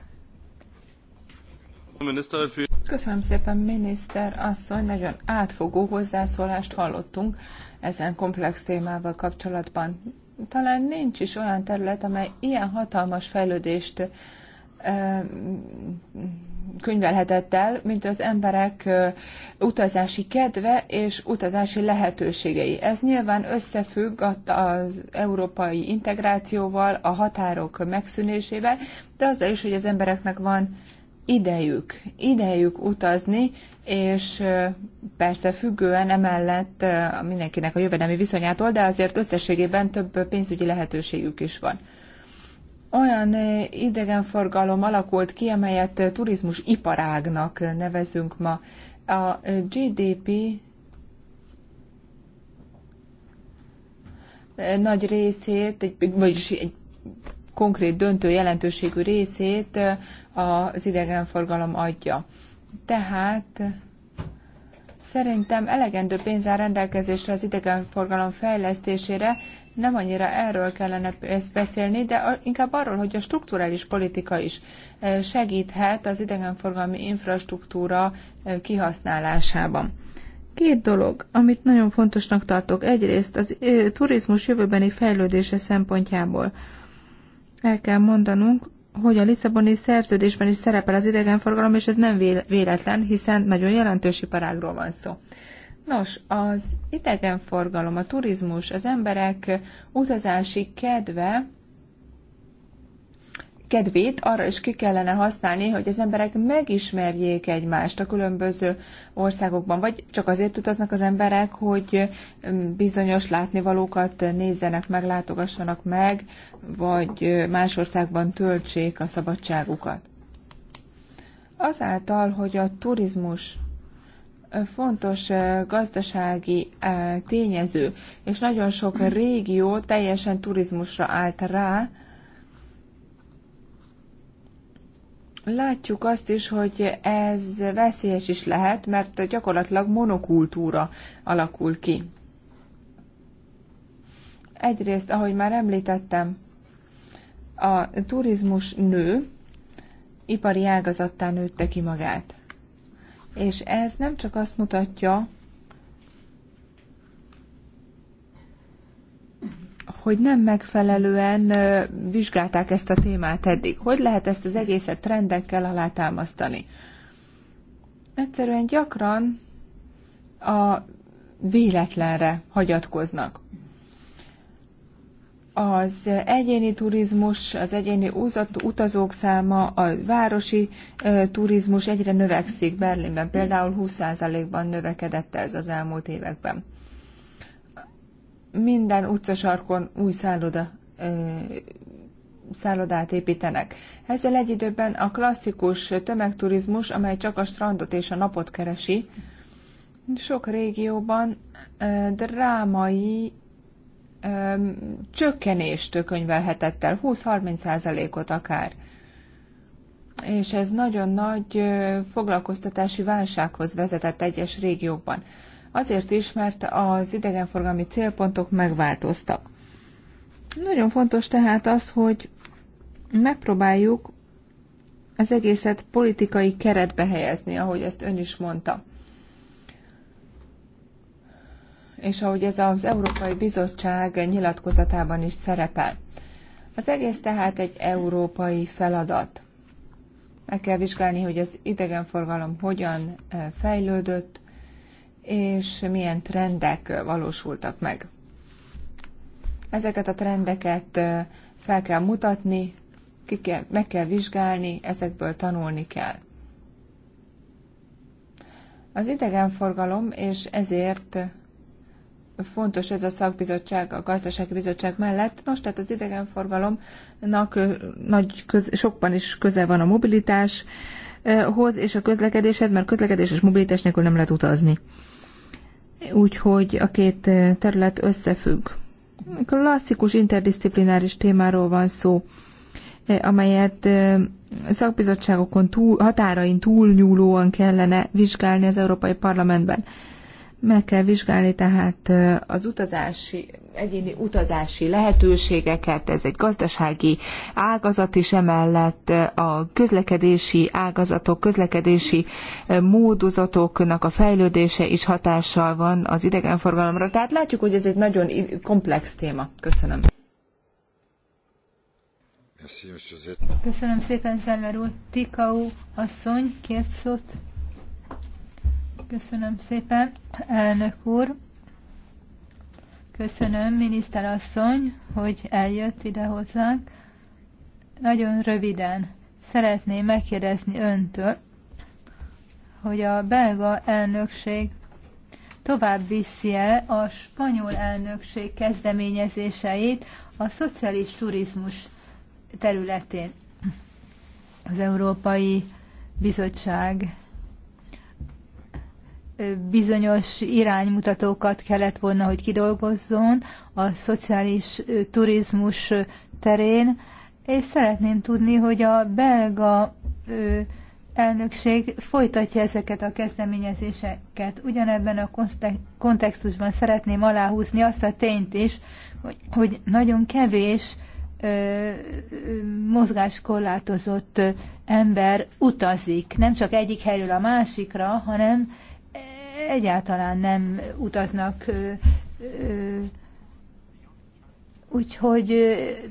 Speaker 3: Köszönöm szépen, miniszter asszony, nagyon átfogó hozzászólást hallottunk ezen komplex témával kapcsolatban. Talán nincs is olyan terület, amely ilyen hatalmas fejlődést könyvelhetett el, mint az emberek utazási kedve és utazási lehetőségei. Ez nyilván összefügg az európai integrációval, a határok megszűnésével, de azzal is, hogy az embereknek van idejük, idejük utazni, és persze függően emellett mindenkinek a jövedelmi viszonyától, de azért összességében több pénzügyi lehetőségük is van olyan idegenforgalom alakult ki, amelyet turizmus iparágnak nevezünk ma. A GDP nagy részét, vagyis egy konkrét döntő jelentőségű részét az idegenforgalom adja. Tehát szerintem elegendő pénz áll rendelkezésre az idegenforgalom fejlesztésére, nem annyira erről kellene ezt beszélni, de inkább arról, hogy a strukturális politika is e, segíthet az idegenforgalmi infrastruktúra e, kihasználásában. Két dolog, amit nagyon fontosnak tartok. Egyrészt az e, turizmus jövőbeni fejlődése szempontjából. El kell mondanunk, hogy a Lisszaboni szerződésben is szerepel az idegenforgalom, és ez nem véletlen, hiszen nagyon jelentős iparágról van szó. Nos, az idegenforgalom, a turizmus, az emberek utazási kedve, kedvét arra is ki kellene használni, hogy az emberek megismerjék egymást a különböző országokban, vagy csak azért utaznak az emberek, hogy mm, bizonyos látnivalókat nézzenek meg, látogassanak meg, vagy más országban töltsék a szabadságukat. Azáltal, hogy a turizmus fontos gazdasági tényező, és nagyon sok régió teljesen turizmusra állt rá. Látjuk azt is, hogy ez veszélyes is lehet, mert gyakorlatilag monokultúra alakul ki. Egyrészt, ahogy már említettem, a turizmus nő, ipari ágazattá nőtte ki magát és ez nem csak azt mutatja, hogy nem megfelelően vizsgálták ezt a témát eddig. Hogy lehet ezt az egészet trendekkel alátámasztani? Egyszerűen gyakran a véletlenre hagyatkoznak az egyéni turizmus, az egyéni utazók száma, a városi turizmus egyre növekszik. Berlinben például 20%-ban növekedett ez az elmúlt években. Minden utcasarkon új szálloda szállodát építenek. Ezzel egy időben a klasszikus tömegturizmus, amely csak a strandot és a napot keresi, sok régióban drámai csökkenést könyvelhetett el, 20-30 ot akár. És ez nagyon nagy foglalkoztatási válsághoz vezetett egyes régiókban. Azért is, mert az idegenforgalmi célpontok megváltoztak. Nagyon fontos tehát az, hogy megpróbáljuk az egészet politikai keretbe helyezni, ahogy ezt ön is mondta. és ahogy ez az Európai Bizottság nyilatkozatában is szerepel. Az egész tehát egy európai feladat. Meg kell vizsgálni, hogy az idegenforgalom hogyan eh, fejlődött, és milyen trendek valósultak meg. Ezeket a trendeket eh, fel kell mutatni, ki kell, meg kell vizsgálni, ezekből tanulni kell. Az idegenforgalom, és ezért fontos ez a szakbizottság, a gazdasági bizottság mellett. Nos, tehát az idegenforgalomnak nagy, köz, sokban is köze van a mobilitáshoz és a közlekedéshez, mert közlekedés és mobilitás nélkül nem lehet utazni. Úgyhogy a két terület összefügg. Klasszikus interdisziplináris témáról van szó, amelyet szakbizottságokon túl, határain túlnyúlóan kellene vizsgálni az Európai Parlamentben. Meg kell vizsgálni tehát az utazási, egyéni utazási lehetőségeket, ez egy gazdasági ágazat is emellett, a közlekedési ágazatok, közlekedési módozatoknak a fejlődése is hatással van az idegenforgalomra. Tehát látjuk, hogy ez egy nagyon komplex téma. Köszönöm.
Speaker 2: Köszönöm szépen, Zeller úr. Tikau asszony, kért szót. Köszönöm szépen, elnök úr. Köszönöm, miniszterasszony, hogy eljött ide hozzánk. Nagyon röviden szeretném megkérdezni öntől, hogy a belga elnökség tovább viszi -e a spanyol elnökség kezdeményezéseit a szociális turizmus területén. Az Európai Bizottság bizonyos iránymutatókat kellett volna, hogy kidolgozzon a szociális turizmus terén, és szeretném tudni, hogy a belga elnökség folytatja ezeket a kezdeményezéseket. Ugyanebben a kontextusban szeretném aláhúzni azt a tényt is, hogy, hogy nagyon kevés ö, mozgáskorlátozott ember utazik, nem csak egyik helyről a másikra, hanem egyáltalán nem utaznak Úgyhogy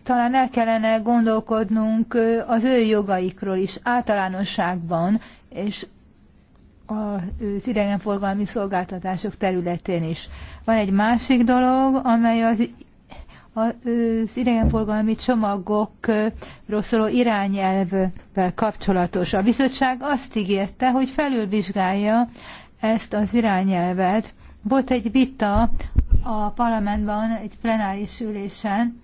Speaker 2: talán el kellene gondolkodnunk az ő jogaikról is általánosságban, és az idegenforgalmi szolgáltatások területén is. Van egy másik dolog, amely az, az idegenforgalmi csomagokról szóló irányelvvel kapcsolatos. A bizottság azt ígérte, hogy felülvizsgálja ezt az irányelvet. Volt egy vita a parlamentben, egy plenáris ülésen,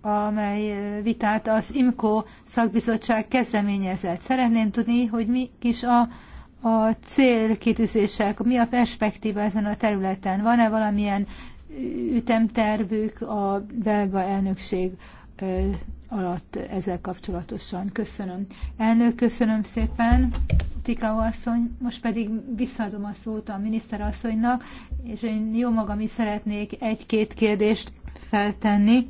Speaker 2: amely vitát az IMCO szakbizottság kezdeményezett. Szeretném tudni, hogy mi is a, a célkitűzések, mi a perspektíva ezen a területen. Van-e valamilyen ütemtervük a belga elnökség alatt ezzel kapcsolatosan? Köszönöm. Elnök, köszönöm szépen. Tikau asszony, most pedig visszaadom a szót a miniszter asszonynak, és én jó magam is szeretnék egy-két kérdést feltenni.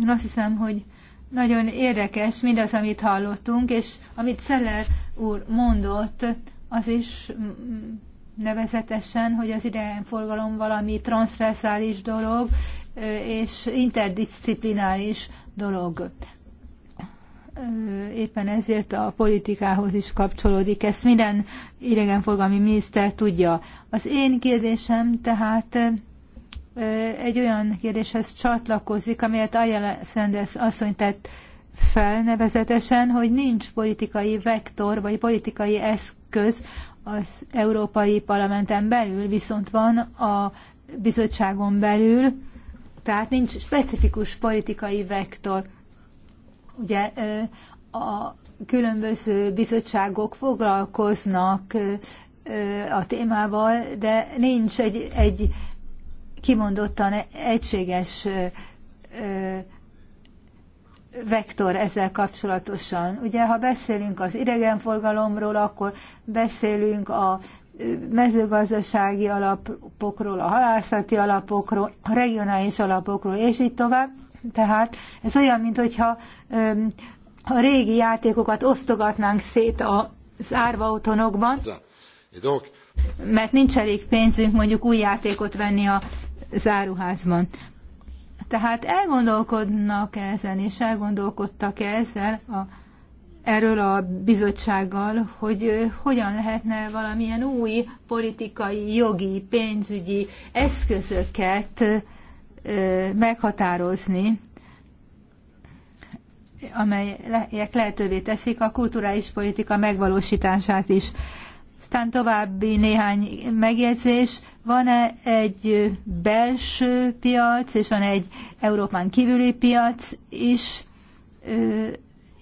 Speaker 2: Én azt hiszem, hogy nagyon érdekes mindaz, amit hallottunk, és amit Szeller úr mondott, az is mm, mm, nevezetesen, hogy az idegenforgalom valami transzverszális dolog, és interdisziplinális dolog éppen ezért a politikához is kapcsolódik. Ezt minden idegenforgalmi miniszter tudja. Az én kérdésem tehát egy olyan kérdéshez csatlakozik, amelyet Ayala Sanders asszony tett fel nevezetesen, hogy nincs politikai vektor vagy politikai eszköz az Európai Parlamenten belül, viszont van a bizottságon belül, tehát nincs specifikus politikai vektor. Ugye a különböző bizottságok foglalkoznak a témával, de nincs egy, egy kimondottan egységes vektor ezzel kapcsolatosan. Ugye, ha beszélünk az idegenforgalomról, akkor beszélünk a mezőgazdasági alapokról, a halászati alapokról, a regionális alapokról, és így tovább. Tehát ez olyan, mintha a régi játékokat osztogatnánk szét az árva otthonokban, mert nincs elég pénzünk mondjuk új játékot venni a záruházban. Tehát elgondolkodnak -e ezen, és elgondolkodtak -e ezzel a, erről a bizottsággal, hogy hogyan lehetne valamilyen új politikai, jogi, pénzügyi eszközöket meghatározni, amelyek lehetővé teszik a kulturális politika megvalósítását is. Aztán további néhány megjegyzés. Van-e egy belső piac, és van -e egy Európán kívüli piac is?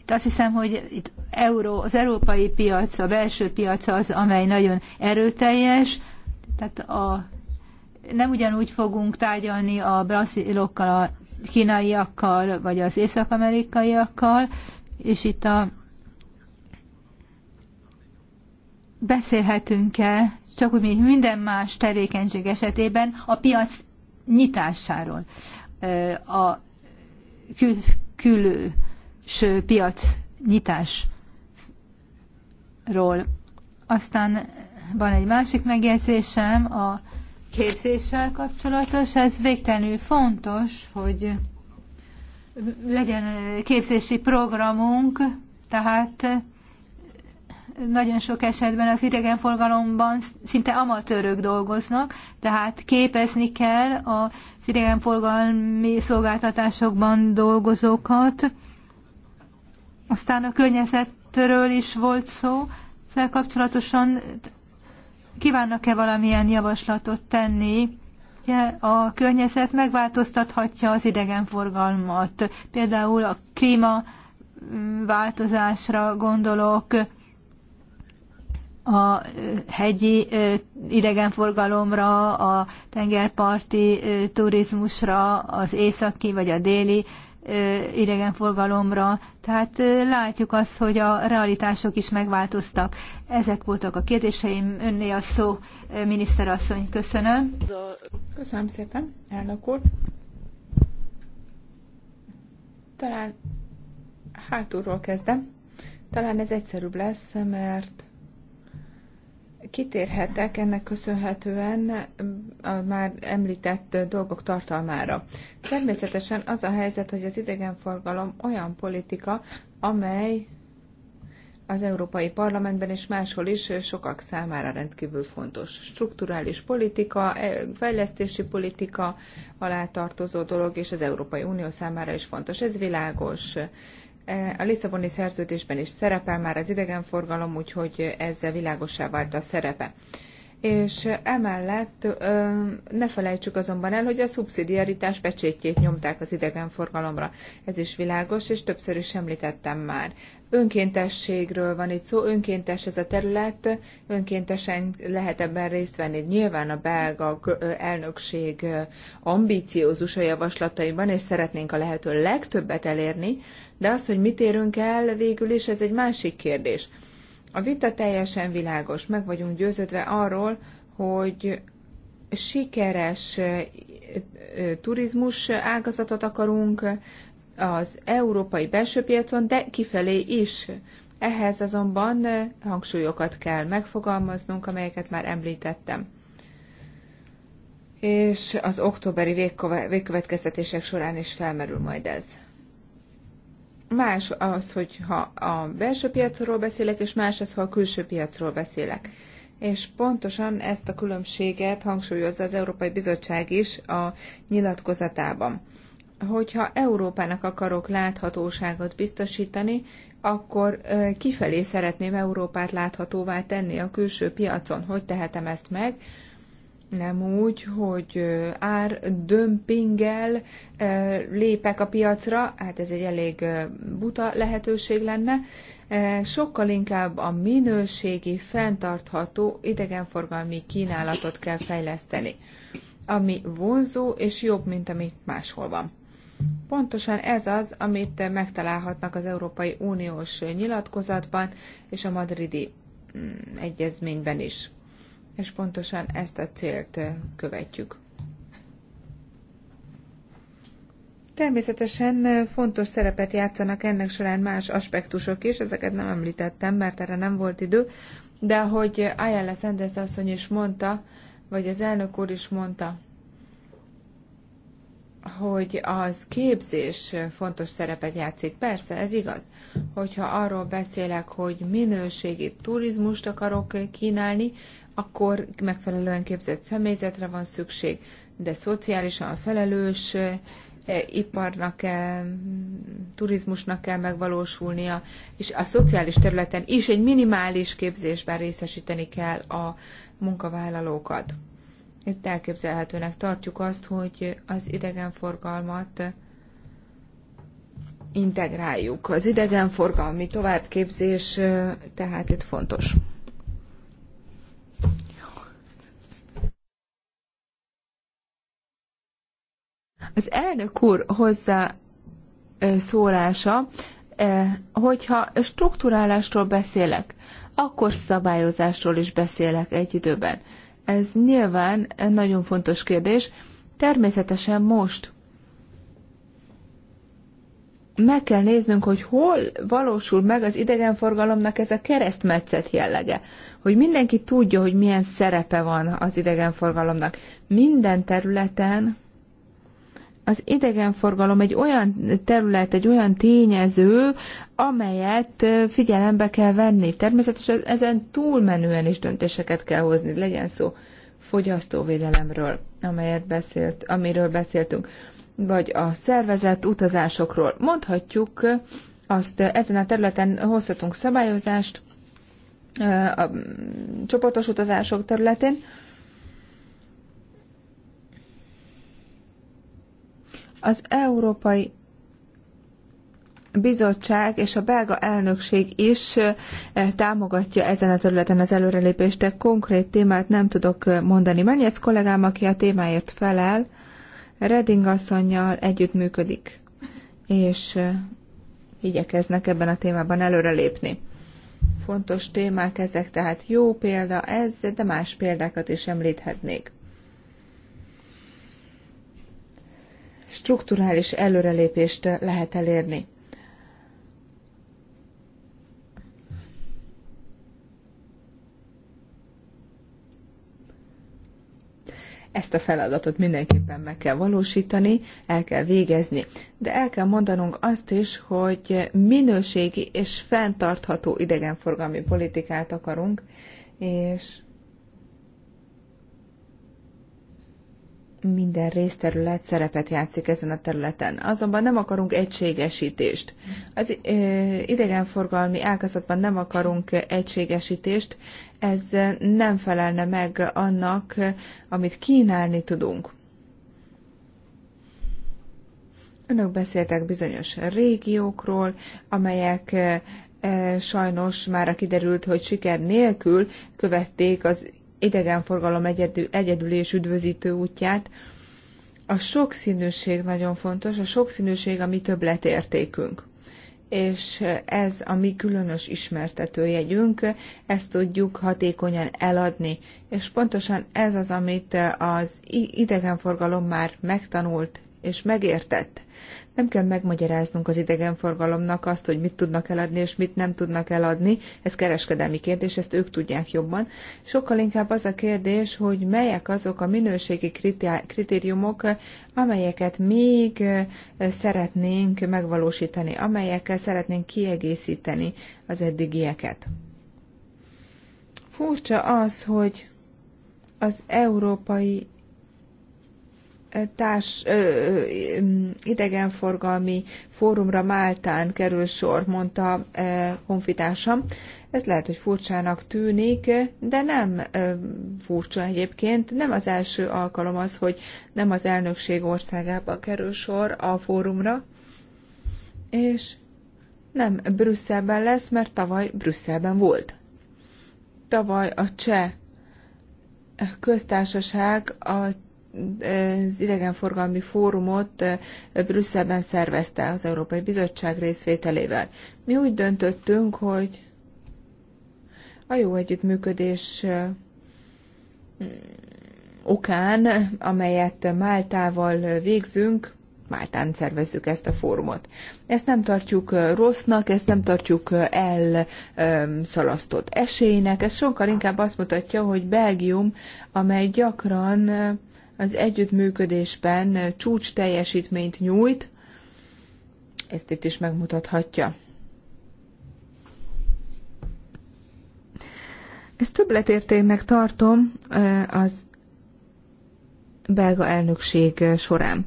Speaker 2: Itt azt hiszem, hogy itt euró, az európai piac, a belső piac az, amely nagyon erőteljes, tehát a nem ugyanúgy fogunk tárgyalni a brazilokkal, a kínaiakkal, vagy az észak-amerikaiakkal, és itt a beszélhetünk-e, csak úgy, mint minden más tevékenység esetében, a piac nyitásáról, a kül, külső piac nyitásról. Aztán van egy másik megjegyzésem, a képzéssel kapcsolatos, ez végtelenül fontos, hogy legyen eh, képzési programunk, tehát eh, nagyon sok esetben az idegenforgalomban szinte amatőrök dolgoznak, tehát képezni kell az idegenforgalmi szolgáltatásokban dolgozókat. Aztán a környezetről is volt szó, ezzel kapcsolatosan kívánnak-e valamilyen javaslatot tenni? A környezet megváltoztathatja az idegenforgalmat. Például a klíma mm, változásra gondolok, a hegyi idegenforgalomra, a tengerparti turizmusra, az északi vagy a déli idegenforgalomra. Tehát látjuk azt, hogy a realitások is megváltoztak. Ezek voltak a kérdéseim. Önné a szó, miniszterasszony. Köszönöm. Köszönöm szépen, elnök úr.
Speaker 3: Talán hátulról kezdem. Talán ez egyszerűbb lesz, mert kitérhetek ennek köszönhetően a már említett dolgok tartalmára. Természetesen az a helyzet, hogy az idegenforgalom olyan politika, amely az Európai Parlamentben és máshol is sokak számára rendkívül fontos. Strukturális politika, e, fejlesztési politika alá tartozó dolog, és az Európai Unió számára is fontos. Ez világos. A Lisszaboni szerződésben is szerepel már az idegenforgalom, úgyhogy ezzel világosá vált a szerepe. És emellett ne felejtsük azonban el, hogy a szubszidiaritás pecsétjét nyomták az idegenforgalomra. Ez is világos, és többször is említettem már. Önkéntességről van itt szó, önkéntes ez a terület, önkéntesen lehet ebben részt venni. Nyilván a belga elnökség ambíciózus a javaslataiban, és szeretnénk a lehető legtöbbet elérni, de az, hogy mit érünk el végül is, ez egy másik kérdés. A vita teljesen világos, meg vagyunk győződve arról, hogy sikeres turizmus ágazatot akarunk az európai belső piacon, de kifelé is. Ehhez azonban hangsúlyokat kell megfogalmaznunk, amelyeket már említettem. És az októberi végkövetkeztetések során is felmerül majd ez más az, hogy ha a belső piacról beszélek, és más az, ha a külső piacról beszélek. És pontosan ezt a különbséget hangsúlyozza az Európai Bizottság is a nyilatkozatában. Hogyha Európának akarok láthatóságot biztosítani, akkor kifelé szeretném Európát láthatóvá tenni a külső piacon. Hogy tehetem ezt meg? nem úgy, hogy ár dömpinggel lépek a piacra, hát ez egy elég buta lehetőség lenne, sokkal inkább a minőségi, fenntartható idegenforgalmi kínálatot kell fejleszteni, ami vonzó és jobb, mint ami máshol van. Pontosan ez az, amit megtalálhatnak az Európai Uniós nyilatkozatban és a madridi mm, egyezményben is és pontosan ezt a célt követjük. Természetesen fontos szerepet játszanak ennek során más aspektusok is, ezeket nem említettem, mert erre nem volt idő, de ahogy Ayala Sanders asszony is mondta, vagy az elnök úr is mondta, hogy az képzés fontos szerepet játszik. Persze, ez igaz. Hogyha arról beszélek, hogy minőségi turizmust akarok kínálni, akkor megfelelően képzett személyzetre van szükség, de szociálisan felelős eh, iparnak kell, turizmusnak kell megvalósulnia, és a szociális területen is egy minimális képzésben részesíteni kell a munkavállalókat. Itt elképzelhetőnek tartjuk azt, hogy az idegenforgalmat integráljuk. Az idegenforgalmi továbbképzés eh, tehát itt fontos. Az elnök úr hozzá szólása, hogyha struktúrálásról beszélek, akkor szabályozásról is beszélek egy időben. Ez nyilván nagyon fontos kérdés. Természetesen most meg kell néznünk, hogy hol valósul meg az idegenforgalomnak ez a keresztmetszet jellege hogy mindenki tudja, hogy milyen szerepe van az idegenforgalomnak. Minden területen az idegenforgalom egy olyan terület, egy olyan tényező, amelyet figyelembe kell venni. Természetesen ezen túlmenően is döntéseket kell hozni, legyen szó fogyasztóvédelemről, amelyet beszélt, amiről beszéltünk, vagy a szervezett utazásokról. Mondhatjuk azt, ezen a területen hozhatunk szabályozást, a csoportos utazások területén. Az Európai bizottság és a belga elnökség is támogatja ezen a területen az előrelépést, de konkrét témát nem tudok mondani. Menjec kollégám, aki a témáért felel, Reding asszonynal együttműködik, és igyekeznek ebben a témában előrelépni fontos témák ezek, tehát jó példa ez, de más példákat is említhetnék. Strukturális előrelépést lehet elérni. Ezt a feladatot mindenképpen meg kell valósítani, el kell végezni. De el kell mondanunk azt is, hogy minőségi és fenntartható idegenforgalmi politikát akarunk, és minden részterület szerepet játszik ezen a területen. Azonban nem akarunk egységesítést. Az idegenforgalmi ágazatban nem akarunk egységesítést, ez nem felelne meg annak, amit kínálni tudunk. Önök beszéltek bizonyos régiókról, amelyek eh, sajnos már kiderült, hogy siker nélkül követték az idegenforgalom egyedül, egyedül és üdvözítő útját. A sokszínűség nagyon fontos, a sokszínűség a mi többletértékünk és ez a mi különös ismertetőjegyünk, ezt tudjuk hatékonyan eladni. És pontosan ez az, amit az idegenforgalom már megtanult és megértett. Nem kell megmagyaráznunk az idegenforgalomnak azt, hogy mit tudnak eladni és mit nem tudnak eladni. Ez kereskedelmi kérdés, ezt ők tudják jobban. Sokkal inkább az a kérdés, hogy melyek azok a minőségi kritériumok, amelyeket még szeretnénk megvalósítani, amelyekkel szeretnénk kiegészíteni az eddigieket. Furcsa az, hogy az európai társ, ö, idegenforgalmi fórumra Máltán kerül sor, mondta ö, konfitársam. Ez lehet, hogy furcsának tűnik, de nem ö, furcsa egyébként. Nem az első alkalom az, hogy nem az elnökség országába kerül sor a fórumra, és nem Brüsszelben lesz, mert tavaly Brüsszelben volt. Tavaly a cseh köztársaság a az idegenforgalmi fórumot Brüsszelben szervezte az Európai Bizottság részvételével. Mi úgy döntöttünk, hogy a jó együttműködés mm, okán, amelyet Máltával végzünk, Máltán szervezzük ezt a fórumot. Ezt nem tartjuk rossznak, ezt nem tartjuk elszalasztott esélynek, ez sokkal inkább azt mutatja, hogy Belgium, amely gyakran az együttműködésben csúcs teljesítményt nyújt, ezt itt is megmutathatja. Ezt többletértéknek tartom az belga elnökség során.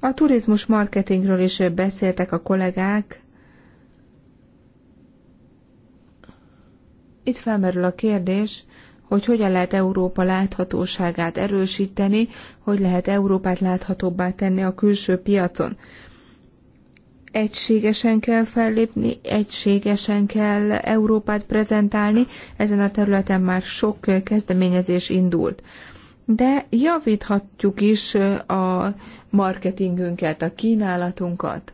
Speaker 3: A turizmus marketingről is beszéltek a kollégák. Itt felmerül a kérdés, hogy hogyan lehet Európa láthatóságát erősíteni, hogy lehet Európát láthatóbbá tenni a külső piacon. Egységesen kell fellépni, egységesen kell Európát prezentálni, ezen a területen már sok kezdeményezés indult. De javíthatjuk is a marketingünket, a kínálatunkat.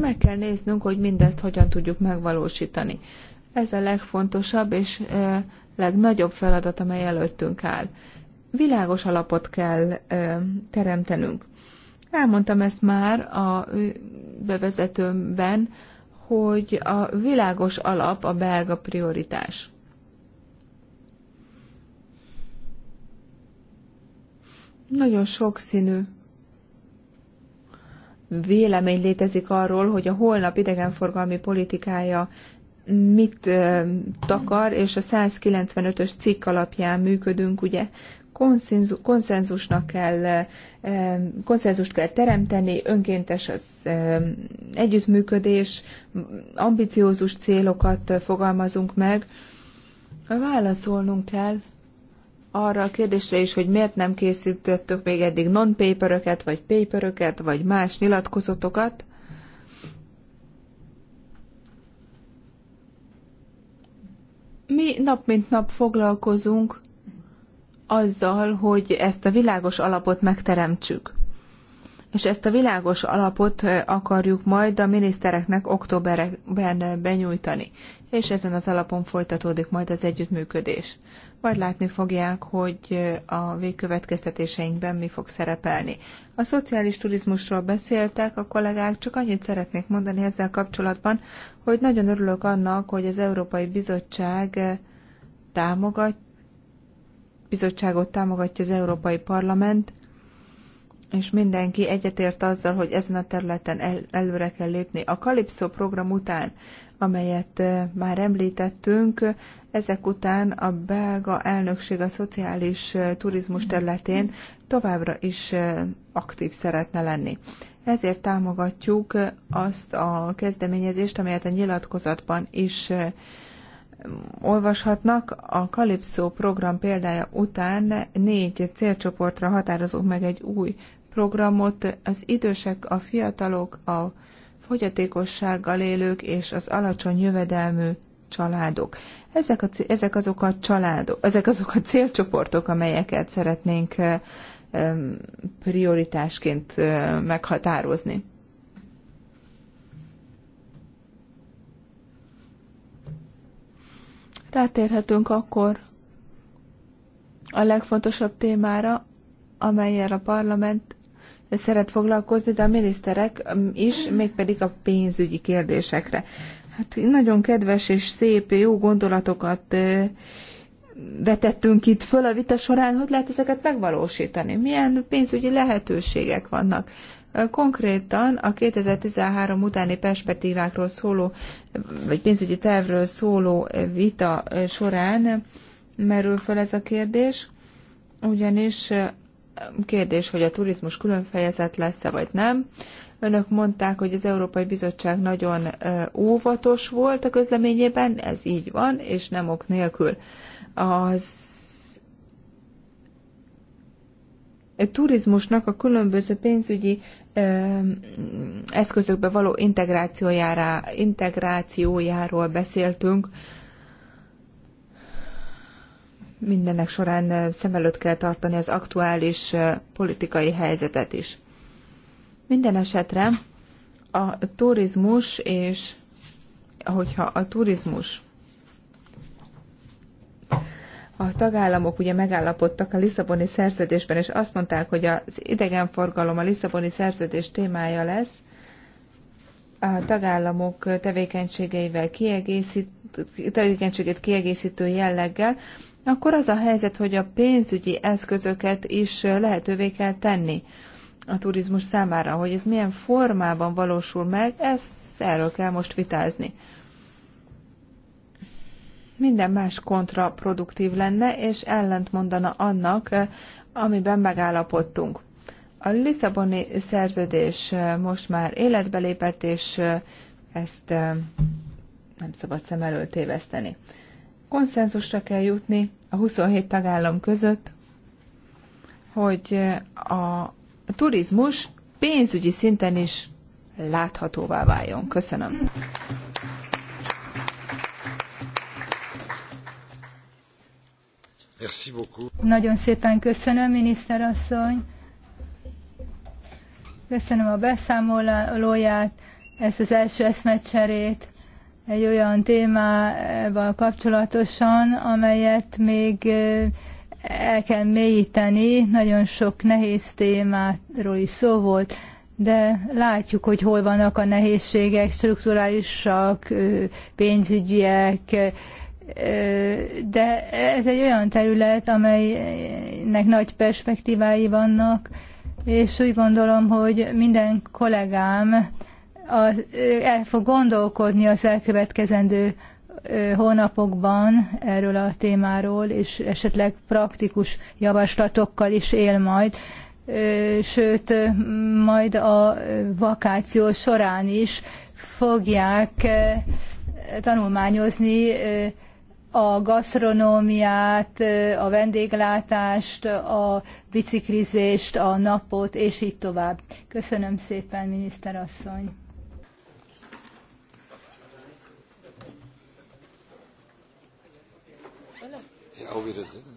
Speaker 3: Meg kell néznünk, hogy mindezt hogyan tudjuk megvalósítani. Ez a legfontosabb és legnagyobb feladat, amely előttünk áll. Világos alapot kell teremtenünk. Elmondtam ezt már a bevezetőmben, hogy a világos alap a belga prioritás. Nagyon sokszínű vélemény létezik arról, hogy a holnap idegenforgalmi politikája mit takar, és a 195-ös cikk alapján működünk, ugye konszenzusnak kell, konszenzust kell teremteni, önkéntes az együttműködés, ambiciózus célokat fogalmazunk meg. Válaszolnunk kell arra a kérdésre is, hogy miért nem készítettük még eddig non-paperöket, vagy paperöket, vagy más nyilatkozatokat. Mi nap mint nap foglalkozunk azzal, hogy ezt a világos alapot megteremtsük. És ezt a világos alapot akarjuk majd a minisztereknek októberben benyújtani. És ezen az alapon folytatódik majd az együttműködés majd látni fogják, hogy a végkövetkeztetéseinkben mi fog szerepelni. A szociális turizmusról beszéltek a kollégák, csak annyit szeretnék mondani ezzel kapcsolatban, hogy nagyon örülök annak, hogy az Európai Bizottság támogat, bizottságot támogatja az Európai Parlament, és mindenki egyetért azzal, hogy ezen a területen el, előre kell lépni. A Kalipszó program után, amelyet eh, már említettünk, ezek után a belga elnökség a szociális turizmus területén továbbra is aktív szeretne lenni. Ezért támogatjuk azt a kezdeményezést, amelyet a nyilatkozatban is olvashatnak. A Calypso program példája után négy célcsoportra határozunk meg egy új programot. Az idősek, a fiatalok, a fogyatékossággal élők és az alacsony jövedelmű családok. Ezek, a, ezek azok a családok, ezek azok a célcsoportok, amelyeket szeretnénk prioritásként meghatározni. Rátérhetünk akkor a legfontosabb témára, amelyel a parlament szeret foglalkozni, de a miniszterek mm, is, mégpedig a pénzügyi kérdésekre. Hát nagyon kedves és szép, jó gondolatokat vetettünk itt föl a vita során, hogy lehet ezeket megvalósítani, milyen pénzügyi lehetőségek vannak. Konkrétan a 2013 utáni perspektívákról szóló, vagy pénzügyi tervről szóló vita során merül fel ez a kérdés, ugyanis kérdés, hogy a turizmus külön fejezet lesz-e vagy nem. Önök mondták, hogy az Európai Bizottság nagyon óvatos volt a közleményében, ez így van, és nem ok nélkül. Az turizmusnak a különböző pénzügyi eszközökbe való integrációjára, integrációjáról beszéltünk. Mindennek során szem előtt kell tartani az aktuális politikai helyzetet is. Minden esetre a turizmus és hogyha a turizmus a tagállamok ugye megállapodtak a Lisszaboni szerződésben, és azt mondták, hogy az idegenforgalom a Lisszaboni szerződés témája lesz, a tagállamok tevékenységeivel kiegészít, tevékenységét kiegészítő jelleggel, akkor az a helyzet, hogy a pénzügyi eszközöket is lehetővé kell tenni a turizmus számára, hogy ez milyen formában valósul meg, ezt erről kell most vitázni. Minden más kontraproduktív lenne, és ellentmondana annak, eh, amiben megállapodtunk. A Lisszaboni szerződés eh, most már életbe lépett, és eh, ezt nem szabad szem elől téveszteni. Konszenzusra kell jutni a 27 tagállam között, hogy a a turizmus pénzügyi szinten is láthatóvá váljon. Köszönöm.
Speaker 2: Nagyon szépen köszönöm, miniszterasszony. Köszönöm a beszámolóját, ezt az első eszmecserét egy olyan témával kapcsolatosan, amelyet még el kell mélyíteni, nagyon sok nehéz témáról is szó volt, de látjuk, hogy hol vannak a nehézségek, strukturálisak, pénzügyiek, de ez egy olyan terület, amelynek nagy perspektívái vannak, és úgy gondolom, hogy minden kollégám az, el fog gondolkodni az elkövetkezendő hónapokban erről a témáról, és esetleg praktikus javaslatokkal is él majd, sőt, majd a vakáció során is fogják tanulmányozni a gasztronómiát, a vendéglátást, a biciklizést, a napot, és így tovább. Köszönöm szépen, miniszterasszony! Auf Wiedersehen.